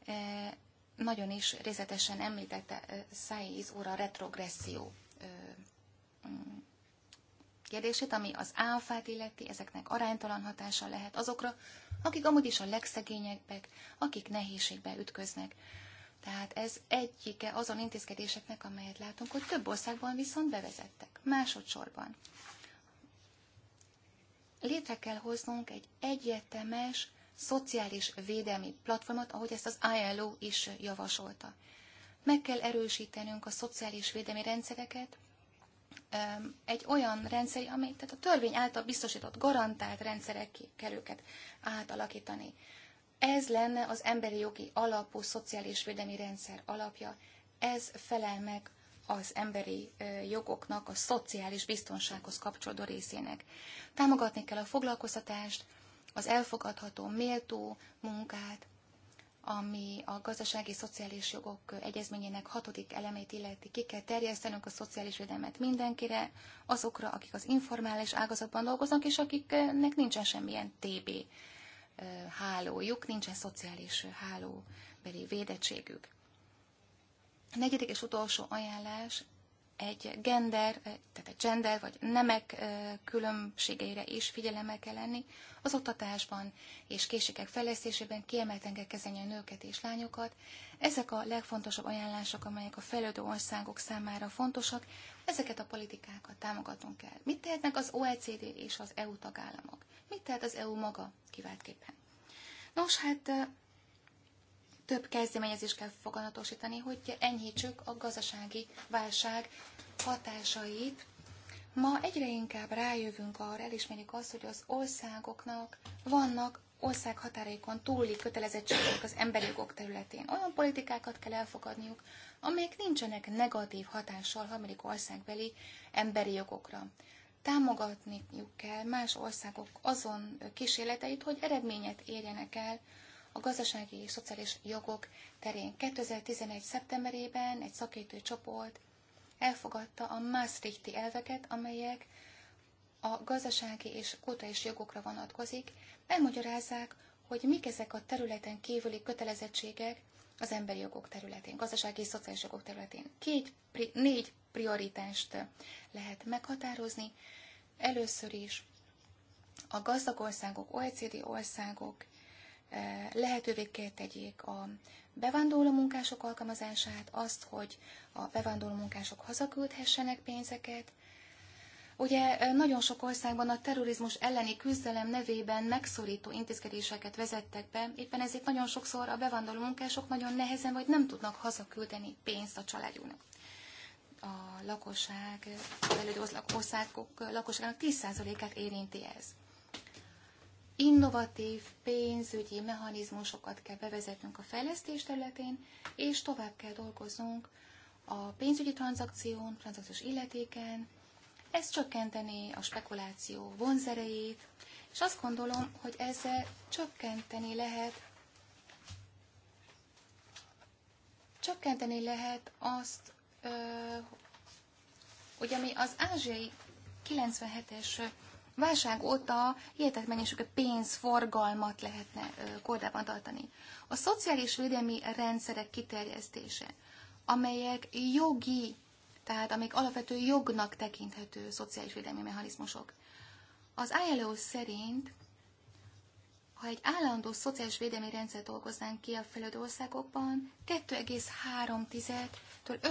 E, nagyon is részletesen említette e, Szájéz úr a retrogresszió e, mm, kérdését, ami az áfát illeti, ezeknek aránytalan hatása lehet azokra akik amúgy is a legszegényebbek, akik nehézségbe ütköznek. Tehát ez egyike azon intézkedéseknek, amelyet látunk, hogy több országban viszont bevezettek. Másodszorban létre kell hoznunk egy egyetemes szociális védelmi platformot, ahogy ezt az ILO is javasolta. Meg kell erősítenünk a szociális védelmi rendszereket, egy olyan rendszer, amely tehát a törvény által biztosított garantált rendszerek őket átalakítani. Ez lenne az emberi jogi alapú szociális védelmi rendszer alapja, ez felel meg az emberi jogoknak, a szociális biztonsághoz kapcsolódó részének. Támogatni kell a foglalkoztatást, az elfogadható, méltó munkát, ami a gazdasági szociális jogok egyezményének hatodik elemét illeti, ki kell terjesztenünk a szociális védelmet mindenkire, azokra, akik az informális ágazatban dolgoznak, és akiknek nincsen semmilyen TB hálójuk, nincsen szociális hálóbeli védettségük. A negyedik és utolsó ajánlás egy gender, eh, tehát egy gender vagy nemek eh, különbségeire is figyelemmel kell lenni. Az oktatásban és készségek fejlesztésében kiemelten kell kezelni a nőket és lányokat. Ezek a legfontosabb ajánlások, amelyek a fejlődő országok számára fontosak. Ezeket a politikákat támogatnunk kell. Mit tehetnek az OECD és az EU tagállamok? Mit tehet az EU maga kiváltképpen? Nos, hát eh, több kezdeményezést kell foganatosítani, hogy enyhítsük a gazdasági válság hatásait. Ma egyre inkább rájövünk arra, elismerjük azt, hogy az országoknak vannak ország határaikon túli kötelezettségek az emberi jogok területén. Olyan politikákat kell elfogadniuk, amelyek nincsenek negatív hatással harmadik országbeli emberi jogokra. Támogatniuk kell más országok azon kísérleteit, hogy eredményet érjenek el a gazdasági és szociális jogok terén. 2011. szeptemberében egy szakértő csoport elfogadta a Maastrichti elveket, amelyek a gazdasági és kulturális jogokra vonatkozik, elmagyarázzák, hogy mik ezek a területen kívüli kötelezettségek az emberi jogok területén, gazdasági és szociális jogok területén. Két, pri, négy prioritást lehet meghatározni. Először is a gazdag országok, OECD országok lehetővé kell tegyék a bevándorló munkások alkalmazását, azt, hogy a bevándorló munkások hazaküldhessenek pénzeket. Ugye nagyon sok országban a terrorizmus elleni küzdelem nevében megszorító intézkedéseket vezettek be, éppen ezért nagyon sokszor a bevándorló munkások nagyon nehezen vagy nem tudnak hazaküldeni pénzt a családjuknak. A lakosság, az előző országok lakosságának 10%-át érinti ez innovatív pénzügyi mechanizmusokat kell bevezetnünk a fejlesztés területén, és tovább kell dolgoznunk a pénzügyi tranzakción, tranzakciós illetéken. Ez csökkenteni a spekuláció vonzerejét, és azt gondolom, hogy ezzel csökkenteni lehet csökkenteni lehet azt, hogy ami az ázsiai 97-es válság óta hihetet mennyiségű pénzforgalmat lehetne kordában tartani. A szociális védelmi rendszerek kiterjesztése, amelyek jogi, tehát amik alapvető jognak tekinthető szociális védelmi mechanizmusok. Az ILO szerint, ha egy állandó szociális védelmi rendszer dolgoznánk ki a fejlődő országokban, 2,3-től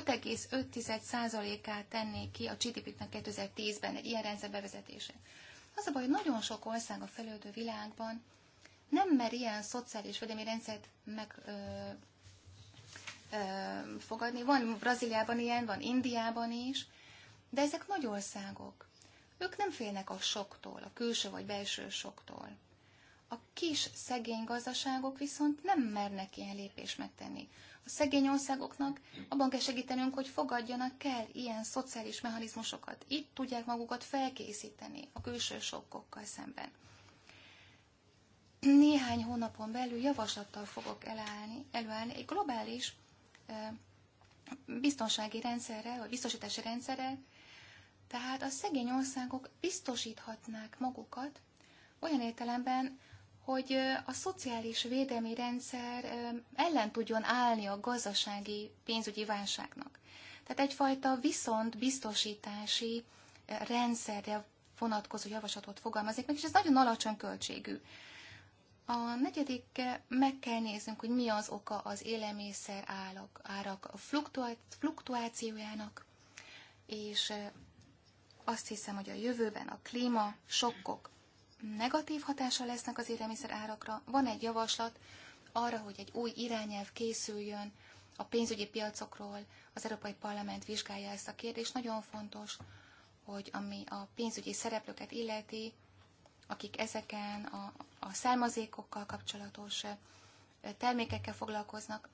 55 százalékát tennék ki a GDP-nek 2010-ben egy ilyen rendszer bevezetése. Az a baj, hogy nagyon sok ország a fejlődő világban nem mer ilyen szociális védelmi rendszert meg ö, ö, fogadni. Van Brazíliában ilyen, van Indiában is, de ezek nagy országok. Ők nem félnek a soktól, a külső vagy belső soktól. A kis szegény gazdaságok viszont nem mernek ilyen lépést megtenni a szegény országoknak, abban kell segítenünk, hogy fogadjanak kell ilyen szociális mechanizmusokat. Itt tudják magukat felkészíteni a külső sokkokkal szemben. Néhány hónapon belül javaslattal fogok elállni, előállni egy globális biztonsági rendszerrel, vagy biztosítási rendszerrel, tehát a szegény országok biztosíthatnák magukat olyan értelemben, hogy a szociális védelmi rendszer ellen tudjon állni a gazdasági pénzügyi válságnak. Tehát egyfajta viszont biztosítási rendszerre vonatkozó javaslatot fogalmazik meg, és ez nagyon alacsony költségű. A negyedik, meg kell néznünk, hogy mi az oka az élelmiszer árak, árak fluktuációjának, és azt hiszem, hogy a jövőben a klíma sokkok negatív hatása lesznek az élelmiszer árakra. Van egy javaslat arra, hogy egy új irányelv készüljön a pénzügyi piacokról. Az Európai Parlament vizsgálja ezt a kérdést. Nagyon fontos, hogy ami a pénzügyi szereplőket illeti, akik ezeken a, a származékokkal kapcsolatos termékekkel foglalkoznak.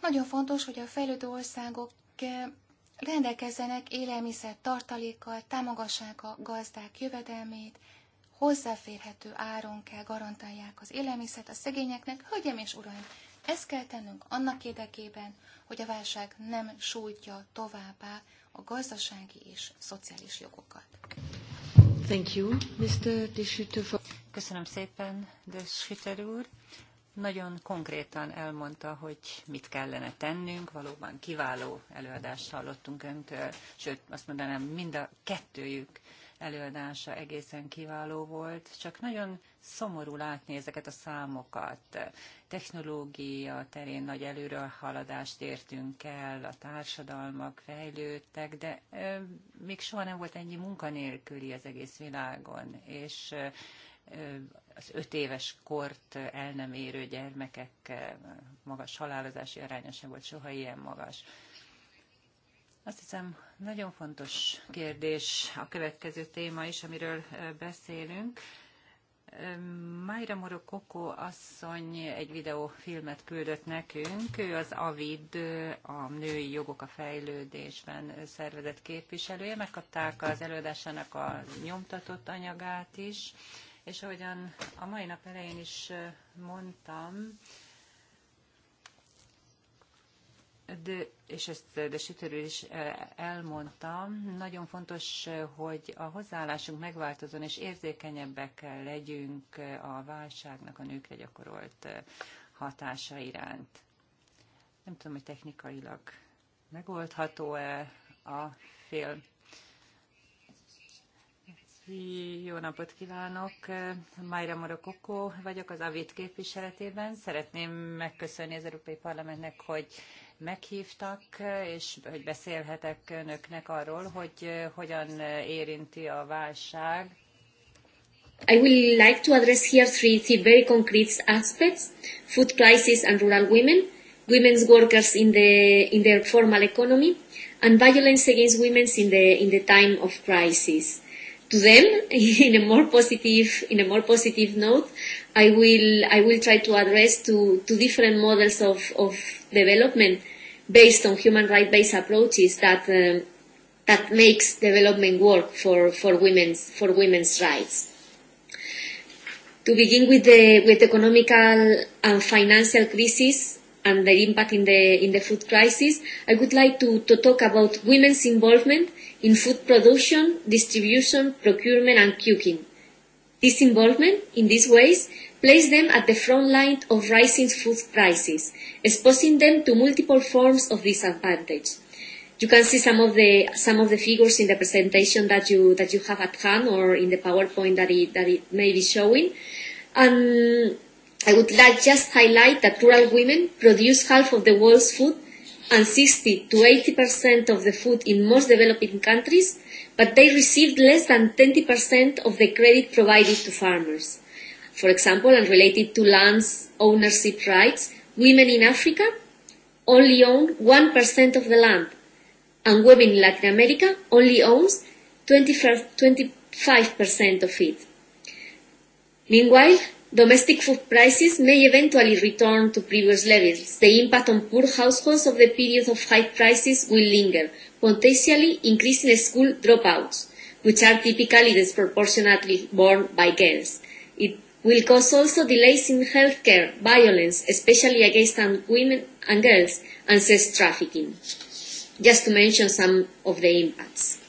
Nagyon fontos, hogy a fejlődő országok rendelkezzenek élelmiszer tartalékkal, támogassák a gazdák jövedelmét, hozzáférhető áron kell garantálják az élelmiszert a szegényeknek. Hölgyeim és uraim, ezt kell tennünk annak érdekében, hogy a válság nem sújtja továbbá a gazdasági és szociális jogokat. Thank you, Mr. For... Köszönöm szépen, de Schütter úr. Nagyon konkrétan elmondta, hogy mit kellene tennünk. Valóban kiváló előadást hallottunk öntől, sőt azt mondanám, mind a kettőjük előadása egészen kiváló volt, csak nagyon szomorú látni ezeket a számokat. Technológia terén nagy haladást értünk el, a társadalmak fejlődtek, de még soha nem volt ennyi munkanélküli az egész világon, és az öt éves kort el nem érő gyermekek magas halálozási aránya sem volt soha ilyen magas. Azt hiszem, nagyon fontos kérdés a következő téma is, amiről beszélünk. Mayra Morokoko asszony egy videófilmet küldött nekünk, ő az AVID, a Női Jogok a Fejlődésben szervezett képviselője, megkapták az előadásának a nyomtatott anyagát is, és ahogyan a mai nap elején is mondtam, de, és ezt de sütörül is eh, elmondtam, nagyon fontos, eh, hogy a hozzáállásunk megváltozon, és érzékenyebbek legyünk eh, a válságnak a nőkre gyakorolt hatása iránt. Nem tudom, hogy technikailag megoldható-e a film. Jó napot kívánok! Majra Marokokó vagyok az AVIT képviseletében. Szeretném megköszönni az Európai Parlamentnek, hogy meghívtak, és hogy beszélhetek önöknek arról, hogy eh, hogyan eh, érinti a válság. I will like to address here three, three very concrete aspects, food crisis and rural women, women's workers in the, in the formal economy, and violence against women in the, in the time of crisis to them [laughs] in a more positive in a more positive note i will i will try to address to to different models of of development based on human rights based approaches that uh, that makes development work for for women's for women's rights to begin with the with economical and financial crisis and the impact in the in the food crisis i would like to to talk about women's involvement in food production, distribution, procurement and cooking. This involvement in these ways place them at the front line of rising food prices, exposing them to multiple forms of disadvantage. You can see some of the some of the figures in the presentation that you that you have at hand or in the PowerPoint that it that it may be showing. And I would like just highlight that rural women produce half of the world's food and 60 to 80% of the food in most developing countries, but they received less than 20% of the credit provided to farmers. For example, and related to land ownership rights, women in Africa only own 1% of the land, and women in Latin America only owns 25% of it. Meanwhile, Domestic food prices may eventually return to previous levels. The impact on poor households of the period of high prices will linger, potentially increasing school dropouts, which are typically disproportionately borne by girls. It will cause also delays in healthcare, violence, especially against women and girls, and sex trafficking, just to mention some of the impacts.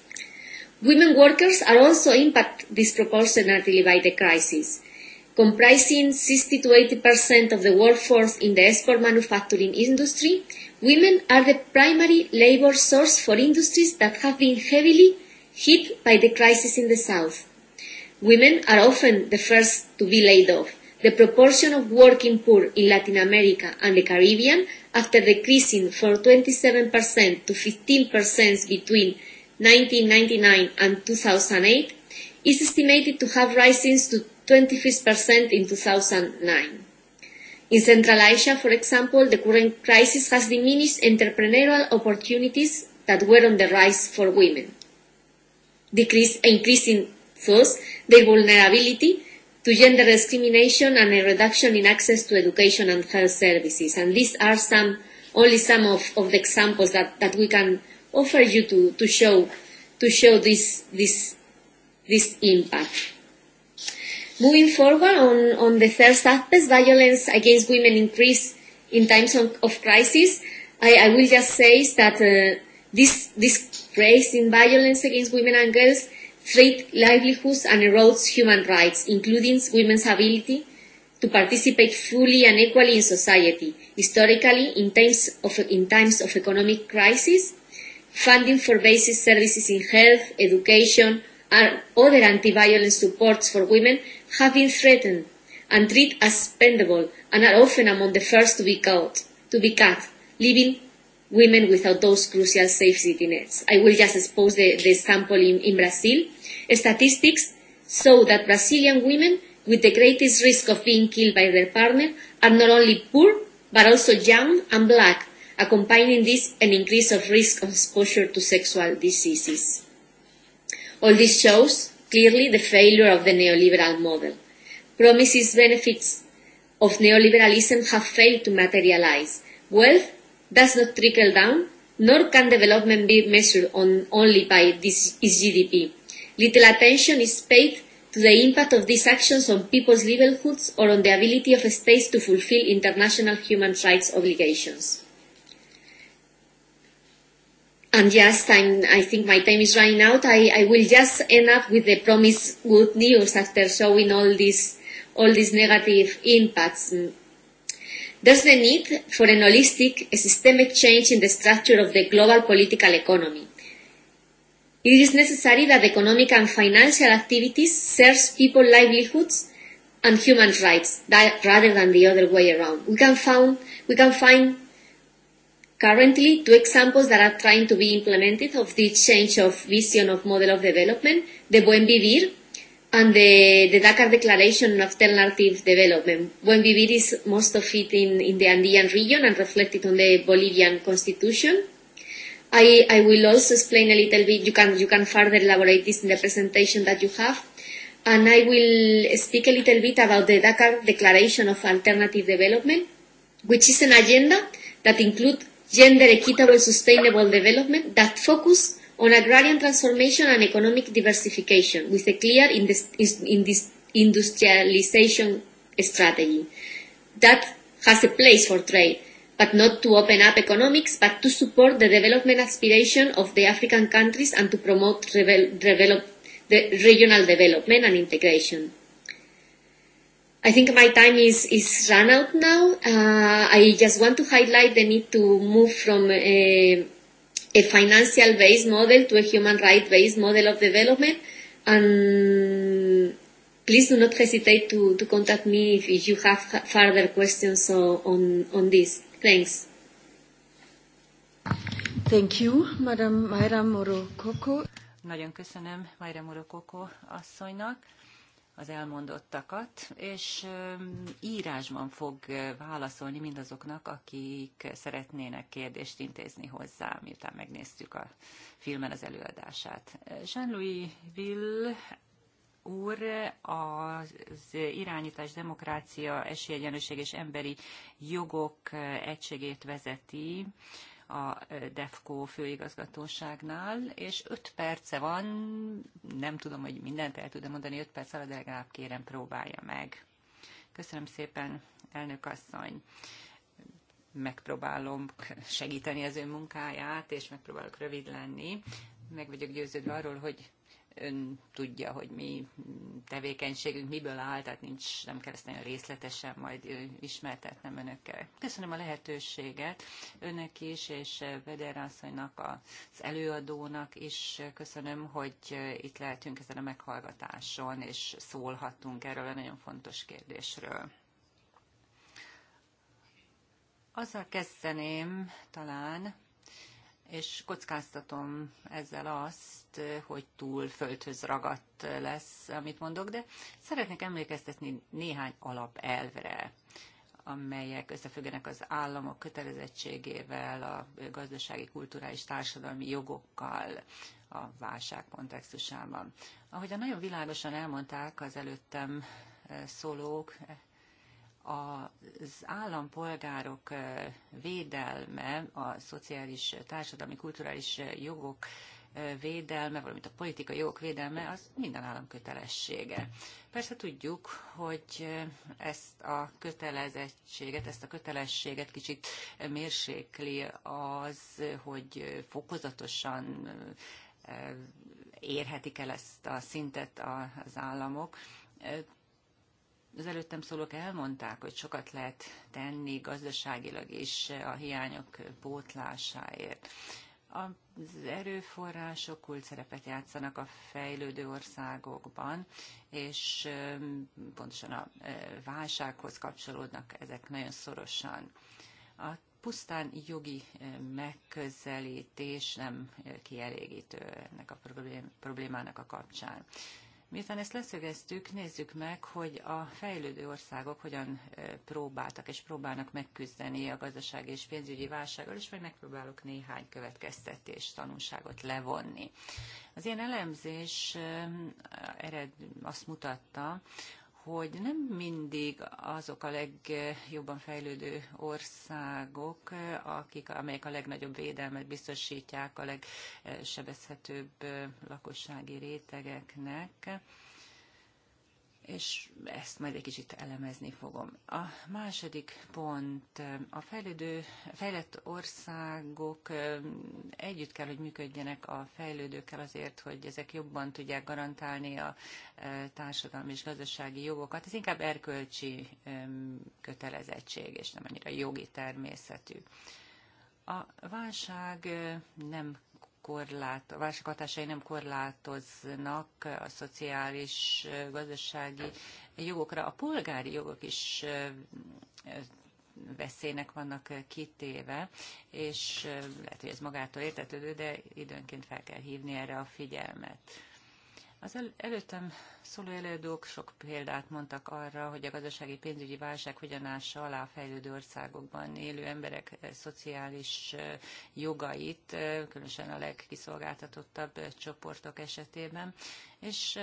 Women workers are also impacted disproportionately by the crisis. Comprising 60 to 80% of the workforce in the export manufacturing industry, women are the primary labor source for industries that have been heavily hit by the crisis in the South. Women are often the first to be laid off. The proportion of working poor in Latin America and the Caribbean, after decreasing from 27% to 15% between 1999 and 2008, is estimated to have risen to 25% in 2009. In Central Asia, for example, the current crisis has diminished entrepreneurial opportunities that were on the rise for women, decrease, increasing thus their vulnerability to gender discrimination and a reduction in access to education and health services. And these are some, only some of, of the examples that, that we can offer you to, to show, to show this, this, this impact. Moving forward on, on the third aspect, violence against women increase in times of, of crisis. I, I will just say that uh, this, this rise in violence against women and girls threat livelihoods and erodes human rights, including women's ability to participate fully and equally in society. Historically, in times of, in times of economic crisis, funding for basic services in health, education, and other anti-violence supports for women have been threatened and treated as spendable and are often among the first to be caught, to be cut, leaving women without those crucial safety nets. I will just expose the, the sample in, in Brazil. Statistics show that Brazilian women with the greatest risk of being killed by their partner are not only poor, but also young and black, accompanying this an increase of risk of exposure to sexual diseases. All this shows clearly the failure of the neoliberal model. Promises benefits of neoliberalism have failed to materialize. Wealth does not trickle down, nor can development be measured on, only by this, its GDP. Little attention is paid to the impact of these actions on people's livelihoods or on the ability of states to fulfill international human rights obligations. And just, I'm, I think my time is running out. I, I will just end up with the promised good news after showing all these, all these negative impacts. There's the need for an holistic, a systemic change in the structure of the global political economy. It is necessary that economic and financial activities serve people's livelihoods and human rights that, rather than the other way around. We can, found, we can find Currently, two examples that are trying to be implemented of this change of vision of model of development, the Buen Vivir and the, the Dakar Declaration of Alternative Development. Buen Vivir is most of it in, in the Andean region and reflected on the Bolivian constitution. I, I will also explain a little bit, you can, you can further elaborate this in the presentation that you have. And I will speak a little bit about the Dakar Declaration of Alternative Development, which is an agenda that includes gender equitable sustainable development that focus on agrarian transformation and economic diversification with a clear industrialization strategy. That has a place for trade, but not to open up economics, but to support the development aspiration of the African countries and to promote revel, develop, the regional development and integration. I think my time is, is run out now. Uh, I just want to highlight the need to move from a, a financial based model to a human right based model of development. And please do not hesitate to, to contact me if, if you have further questions on, on this. Thanks. Thank you, Madam Mayra Morokoko. Nagyon köszönöm Mayra Morokoko asszonynak az elmondottakat, és írásban fog válaszolni mindazoknak, akik szeretnének kérdést intézni hozzá, miután megnéztük a filmen az előadását. Jean-Louis Will úr az irányítás, demokrácia, esélyegyenlőség és emberi jogok egységét vezeti, a DEFCO főigazgatóságnál, és öt perce van, nem tudom, hogy mindent el tudom mondani öt perc alatt, de legalább kérem próbálja meg. Köszönöm szépen, elnök asszony megpróbálom segíteni az ön munkáját, és megpróbálok rövid lenni. Meg vagyok győződve arról, hogy ön tudja, hogy mi tevékenységünk miből áll, tehát nincs, nem kell ezt nagyon részletesen majd ismertetnem önökkel. Köszönöm a lehetőséget önnek is, és Veder asszonynak, az előadónak is köszönöm, hogy itt lehetünk ezen a meghallgatáson, és szólhattunk erről a nagyon fontos kérdésről. Azzal kezdeném talán, és kockáztatom ezzel azt, hogy túl földhöz ragadt lesz, amit mondok, de szeretnék emlékeztetni néhány alapelvre, amelyek összefüggenek az államok kötelezettségével, a gazdasági, kulturális, társadalmi jogokkal a válság kontextusában. Ahogy a nagyon világosan elmondták az előttem szólók, az állampolgárok eh, védelme, a szociális, társadalmi, kulturális eh, jogok eh, védelme, valamint a politikai jogok védelme, az minden állam kötelessége. Persze tudjuk, hogy ezt a kötelezettséget, ezt a kötelességet kicsit mérsékli az, hogy fokozatosan érhetik el ezt a szintet az államok az előttem szólók elmondták, hogy sokat lehet tenni gazdaságilag is a hiányok pótlásáért. Az erőforrások kult szerepet játszanak a fejlődő országokban, és pontosan a válsághoz kapcsolódnak ezek nagyon szorosan. A pusztán jogi megközelítés nem kielégítő ennek a problémának a kapcsán. Miután ezt leszögeztük, nézzük meg, hogy a fejlődő országok hogyan próbáltak és próbálnak megküzdeni a gazdasági és pénzügyi válsággal, és majd megpróbálok néhány következtetés, tanulságot levonni. Az ilyen elemzés ered azt mutatta, hogy nem mindig azok a legjobban fejlődő országok, akik, amelyek a legnagyobb védelmet biztosítják a legsebezhetőbb lakossági rétegeknek, és ezt majd egy kicsit elemezni fogom. A második pont, a fejlődő, fejlett országok együtt kell, hogy működjenek a fejlődőkkel azért, hogy ezek jobban tudják garantálni a társadalmi és gazdasági jogokat. Ez inkább erkölcsi kötelezettség, és nem annyira jogi természetű. A válság nem korlát, a válság hatásai nem korlátoznak a szociális, gazdasági jogokra. A polgári jogok is veszélynek vannak kitéve, és lehet, hogy ez magától értetődő, de időnként fel kell hívni erre a figyelmet. Az el, előttem szóló előadók sok példát mondtak arra, hogy a gazdasági pénzügyi válság hogyan ássa alá a fejlődő országokban élő emberek eh, szociális eh, jogait, eh, különösen a legkiszolgáltatottabb csoportok esetében, és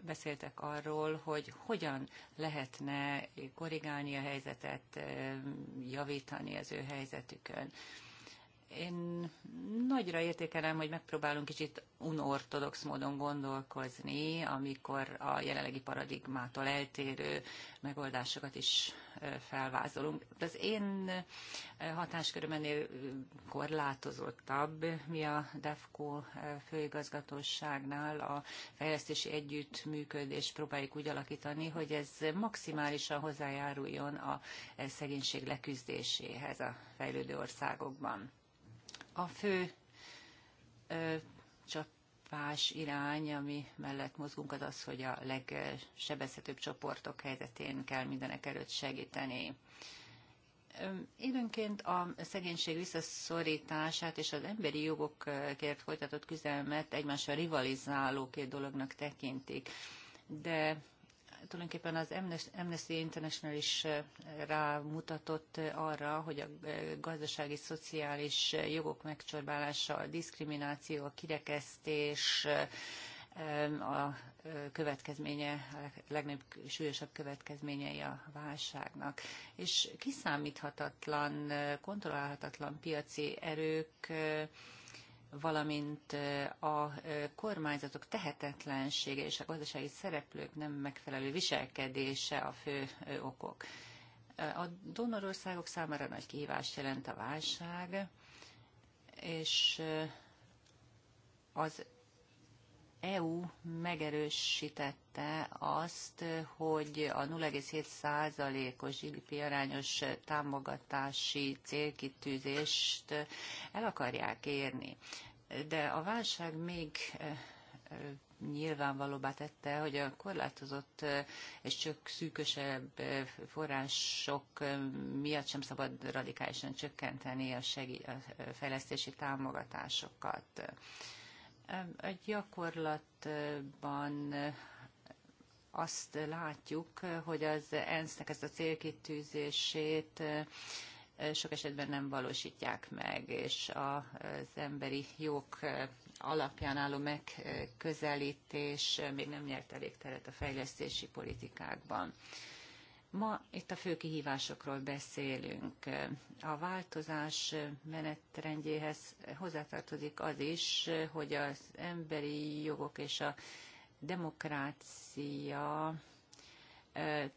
beszéltek arról, hogy hogyan lehetne korrigálni a helyzetet, javítani az ő helyzetükön. Én nagyra értékelem, hogy megpróbálunk kicsit unortodox módon gondolkozni, amikor a jelenlegi paradigmától eltérő megoldásokat is felvázolunk. De az én hatásköröm korlátozottabb. Mi a DEFCO főigazgatóságnál a fejlesztési együttműködést próbáljuk úgy alakítani, hogy ez maximálisan hozzájáruljon a szegénység leküzdéséhez a fejlődő országokban. A fő ö, csapás irány, ami mellett mozgunk, az az, hogy a legsebezhetőbb csoportok helyzetén kell mindenek előtt segíteni. Időnként a szegénység visszaszorítását és az emberi jogokért folytatott küzdelmet egymással rivalizáló két dolognak tekintik. De tulajdonképpen az Amnesty International is eh, rámutatott eh, arra, hogy a eh, gazdasági, szociális jogok megcsorbálása, a diszkrimináció, a kirekesztés, a következménye, a legnagyobb, súlyosabb következményei a válságnak. És kiszámíthatatlan, kontrollálhatatlan piaci erők valamint a kormányzatok tehetetlensége és a gazdasági szereplők nem megfelelő viselkedése a fő okok. A donorországok számára nagy kihívást jelent a válság, és az EU megerősítette azt, hogy a 0,7%-os GDP arányos támogatási célkitűzést el akarják érni. De a válság még eh, eh, nyilvánvalóbbá tette, hogy a korlátozott eh, és csak szűkösebb források miatt sem szabad radikálisan csökkenteni a, segí- a fejlesztési támogatásokat. A gyakorlatban eh, azt látjuk, hogy az ENSZ-nek ezt a célkitűzését eh, sok esetben nem valósítják meg, és az emberi jog eh, alapján álló megközelítés még nem nyert elég teret a fejlesztési politikákban. Ma itt a fő kihívásokról beszélünk. A változás menetrendjéhez hozzátartozik az is, hogy az emberi jogok és a demokrácia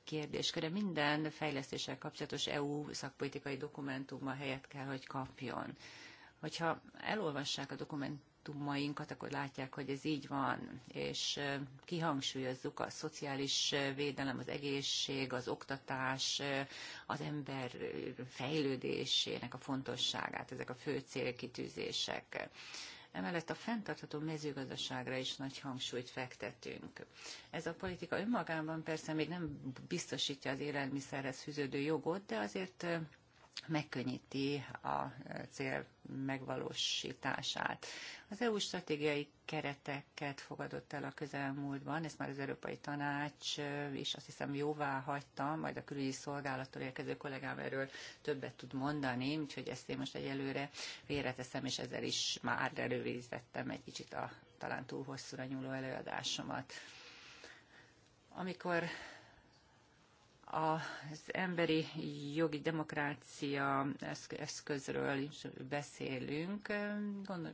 kérdésköre minden fejlesztéssel kapcsolatos EU szakpolitikai dokumentumban helyet kell, hogy kapjon. Hogyha elolvassák a dokument dokumentumainkat, akkor látják, hogy ez így van, és kihangsúlyozzuk a szociális védelem, az egészség, az oktatás, az ember fejlődésének a fontosságát, ezek a fő célkitűzések. Emellett a fenntartható mezőgazdaságra is nagy hangsúlyt fektetünk. Ez a politika önmagában persze még nem biztosítja az élelmiszerhez fűződő jogot, de azért megkönnyíti a e, cél megvalósítását. Az EU stratégiai kereteket fogadott el a közelmúltban, ezt már az Európai Tanács e, is azt hiszem jóvá hagyta, majd a külügyi szolgálattól érkező kollégám erről többet tud mondani, úgyhogy ezt én most egyelőre véreteszem, és ezzel is már elővézettem egy kicsit a talán túl hosszúra nyúló előadásomat. Amikor az emberi jogi demokrácia eszközről is beszélünk. Gondol,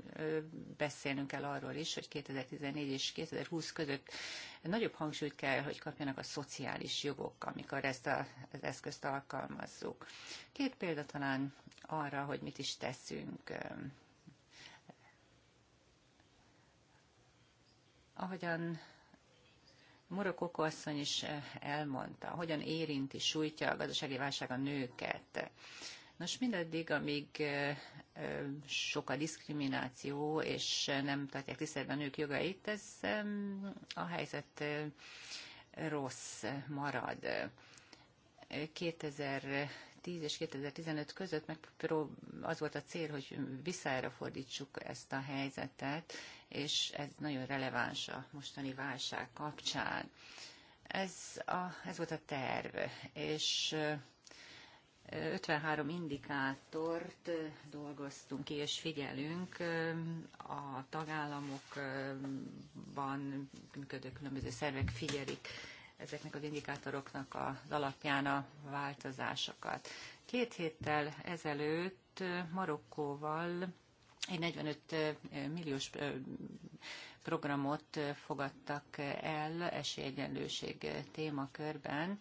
beszélnünk kell arról is, hogy 2014 és 2020 között nagyobb hangsúlyt kell, hogy kapjanak a szociális jogok, amikor ezt a, az eszközt alkalmazzuk. Két példa talán arra, hogy mit is teszünk. Ahogyan Morokoko asszony is eh, elmondta, hogyan érinti, sújtja a gazdasági válság a nőket. Nos, mindaddig, amíg eh, eh, sok a diszkrimináció, és nem tartják tiszteletben a nők jogait, ez a helyzet rossz marad. 2000 2010 és 2015 között meg az volt a cél, hogy visszára fordítsuk ezt a helyzetet, és ez nagyon releváns a mostani válság kapcsán. Ez, a, ez volt a terv, és 53 indikátort dolgoztunk ki, és figyelünk a tagállamokban működő különböző szervek figyelik ezeknek az indikátoroknak az alapján a változásokat. Két héttel ezelőtt Marokkóval egy 45 milliós programot fogadtak el esélyegyenlőség témakörben,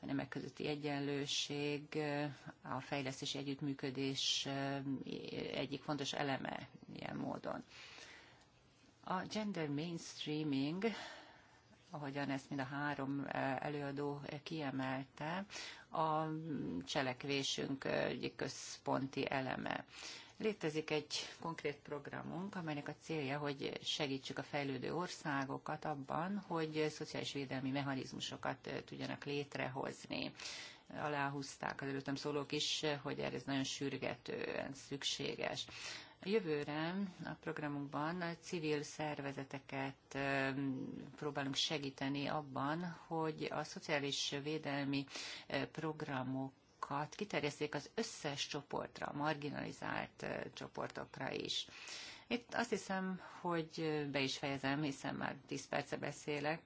a nemek közötti egyenlőség, a fejlesztési együttműködés egyik fontos eleme ilyen módon. A gender mainstreaming ahogyan ezt mind a három e, előadó kiemelte, a cselekvésünk e, egyik központi eleme. Létezik egy konkrét programunk, amelynek a célja, hogy segítsük a fejlődő országokat abban, hogy szociális védelmi mechanizmusokat e, tudjanak létrehozni. Aláhúzták az előttem szólók is, hogy ez nagyon sürgetően szükséges. A jövőre a programunkban a civil szervezeteket próbálunk segíteni abban, hogy a szociális védelmi programok kiterjeszték az összes csoportra, marginalizált csoportokra is. Itt azt hiszem, hogy be is fejezem, hiszen már 10 perce beszélek.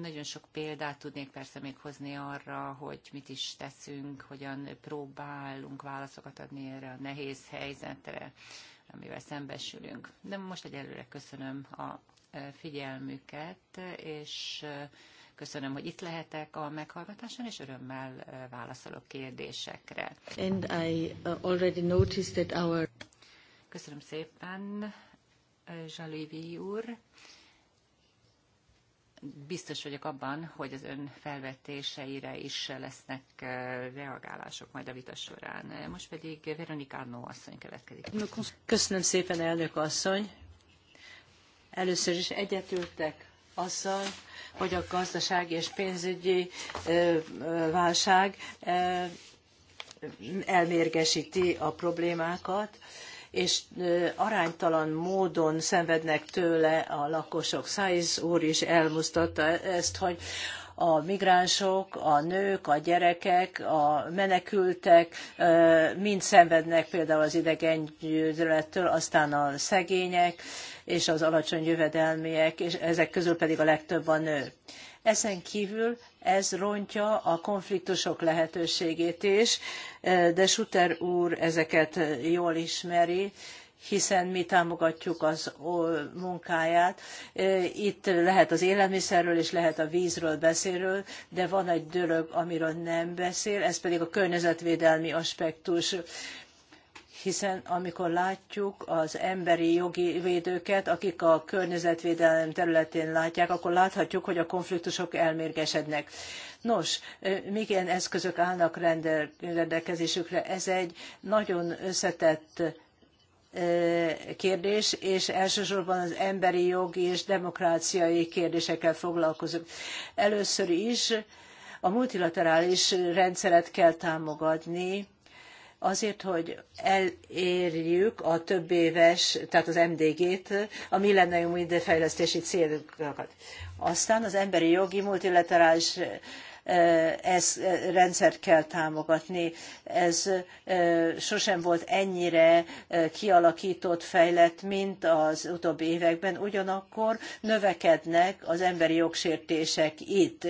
Nagyon sok példát tudnék persze még hozni arra, hogy mit is teszünk, hogyan próbálunk válaszokat adni erre a nehéz helyzetre, amivel szembesülünk. De most egyelőre köszönöm a e, figyelmüket, és e, köszönöm, hogy itt lehetek a meghallgatáson, és örömmel e, válaszolok kérdésekre. And I uh, already noticed that our... Köszönöm szépen, Zsalévi úr biztos vagyok abban, hogy az ön felvetéseire is lesznek eh, reagálások majd a vita során. Most pedig Veronika Arnó asszony következik. Köszönöm szépen, elnök asszony. Először is egyetültek azzal, hogy a gazdasági és pénzügyi eh, válság eh, elmérgesíti a problémákat, és aránytalan módon szenvednek tőle a lakosok. Szájz úr is elmusztatta ezt, hogy a migránsok, a nők, a gyerekek, a menekültek mind szenvednek például az gyűlölettől, aztán a szegények és az alacsony jövedelmiek, és ezek közül pedig a legtöbb a nő. Ezen kívül ez rontja a konfliktusok lehetőségét is, de Suter úr ezeket jól ismeri, hiszen mi támogatjuk az munkáját. Itt lehet az élelmiszerről és lehet a vízről beszélről, de van egy dolog, amiről nem beszél, ez pedig a környezetvédelmi aspektus hiszen amikor látjuk az emberi jogi védőket, akik a környezetvédelem területén látják, akkor láthatjuk, hogy a konfliktusok elmérgesednek. Nos, még ilyen eszközök állnak rendelkezésükre. Ez egy nagyon összetett kérdés, és elsősorban az emberi jogi és demokráciai kérdésekkel foglalkozunk. Először is a multilaterális rendszeret kell támogatni, azért, hogy elérjük a több éves, tehát az MDG-t, a millennium fejlesztési célokat. Aztán az emberi jogi multilaterális e, ez e, rendszert kell támogatni. Ez e, sosem volt ennyire kialakított, fejlett, mint az utóbbi években. Ugyanakkor növekednek az emberi jogsértések itt.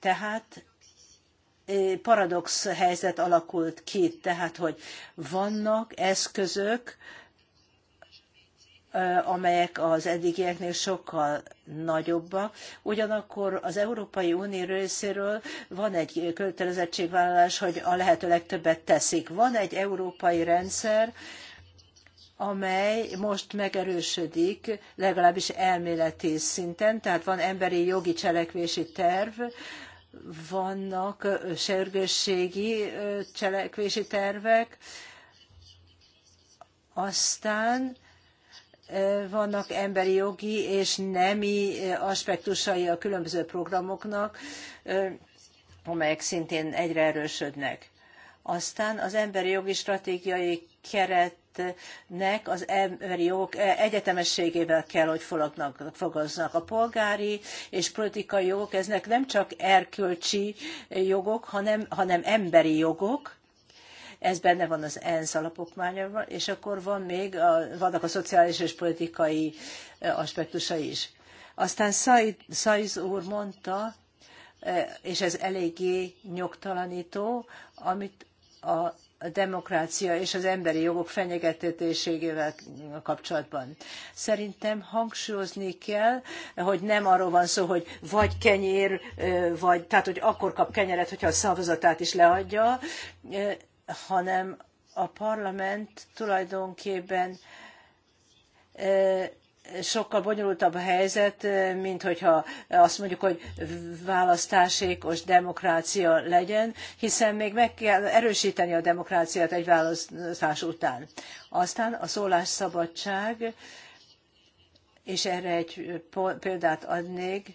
Tehát paradox helyzet alakult ki, tehát hogy vannak eszközök, amelyek az eddigieknél sokkal nagyobbak. Ugyanakkor az Európai Unió részéről van egy kötelezettségvállalás, hogy a lehető legtöbbet teszik. Van egy európai rendszer, amely most megerősödik, legalábbis elméleti szinten, tehát van emberi jogi cselekvési terv, vannak sürgősségi cselekvési tervek, aztán vannak emberi jogi és nemi aspektusai a különböző programoknak, amelyek szintén egyre erősödnek. Aztán az emberi jogi stratégiai keretnek az emberi jogok egyetemességével kell, hogy foglalkoznak. A polgári és politikai jogok, eznek nem csak erkölcsi jogok, hanem, hanem emberi jogok, ez benne van az ENSZ alapokmányában, és akkor van még a, vannak a szociális és politikai aspektusai is. Aztán Szajz úr mondta, és ez eléggé nyugtalanító, amit a demokrácia és az emberi jogok fenyegetetéségével kapcsolatban. Szerintem hangsúlyozni kell, hogy nem arról van szó, hogy vagy kenyér, vagy, tehát hogy akkor kap kenyeret, hogyha a szavazatát is leadja, hanem a parlament tulajdonképpen sokkal bonyolultabb a helyzet, mint hogyha azt mondjuk, hogy választásékos demokrácia legyen, hiszen még meg kell erősíteni a demokráciát egy választás után. Aztán a szólásszabadság, és erre egy példát adnék,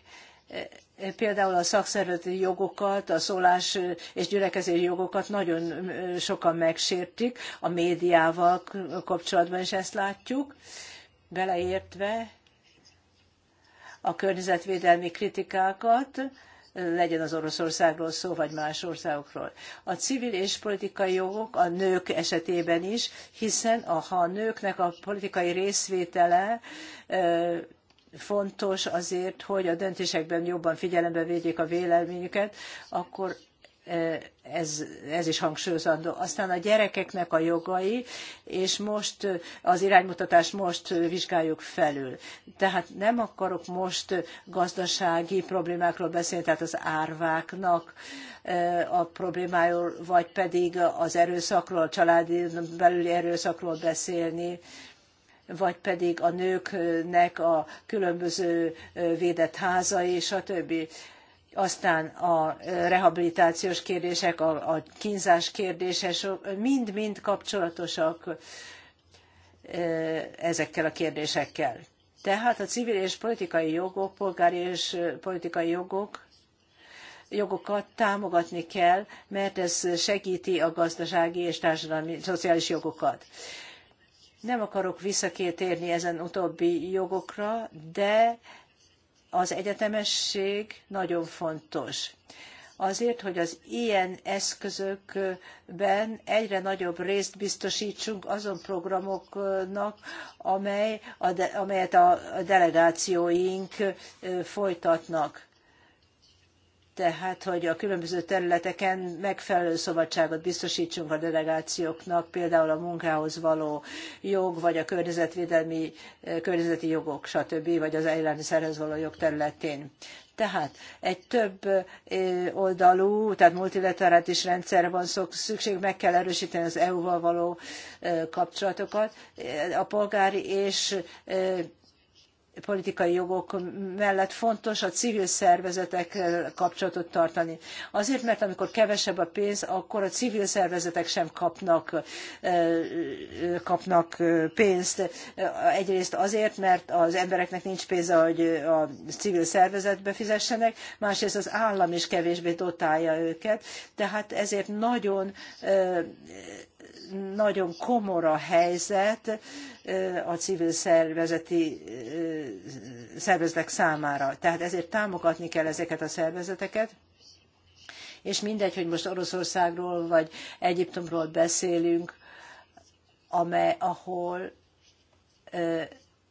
például a szakszervezeti jogokat, a szólás és gyülekezési jogokat nagyon sokan megsértik, a médiával kapcsolatban is ezt látjuk beleértve a környezetvédelmi kritikákat, legyen az Oroszországról szó, vagy más országokról. A civil és politikai jogok a nők esetében is, hiszen a, ha a nőknek a politikai részvétele fontos azért, hogy a döntésekben jobban figyelembe védjék a véleményüket, akkor ez, ez is hangsúlyozandó. Aztán a gyerekeknek a jogai, és most az iránymutatást most vizsgáljuk felül. Tehát nem akarok most gazdasági problémákról beszélni, tehát az árváknak a problémáról, vagy pedig az erőszakról, a családi belüli erőszakról beszélni, vagy pedig a nőknek a különböző védett házai, stb aztán a rehabilitációs kérdések, a, a kínzás kérdése, mind-mind kapcsolatosak ezekkel a kérdésekkel. Tehát a civil és politikai jogok, polgári és politikai jogok, jogokat támogatni kell, mert ez segíti a gazdasági és társadalmi, szociális jogokat. Nem akarok visszakérni ezen utóbbi jogokra, de az egyetemesség nagyon fontos. Azért, hogy az ilyen eszközökben egyre nagyobb részt biztosítsunk azon programoknak, amely a de, amelyet a delegációink folytatnak tehát, hogy a különböző területeken megfelelő szabadságot biztosítsunk a delegációknak, például a munkához való jog, vagy a környezetvédelmi, eh, környezeti jogok, stb., vagy az élelmiszerhez való jog területén. Tehát egy több eh, oldalú, tehát multilaterális rendszerre van szükség, meg kell erősíteni az EU-val való eh, kapcsolatokat. A polgári és politikai jogok mellett fontos a civil szervezetekkel eh, kapcsolatot tartani. Azért, mert amikor kevesebb a pénz, akkor a civil szervezetek sem kapnak, eh, eh, kapnak pénzt. Egyrészt azért, mert az embereknek nincs pénze, hogy a civil szervezetbe fizessenek, másrészt az állam is kevésbé dotálja őket, tehát ezért nagyon nagyon komor a helyzet a civil szervezeti szervezetek számára. Tehát ezért támogatni kell ezeket a szervezeteket, és mindegy, hogy most Oroszországról vagy Egyiptomról beszélünk, amely, ahol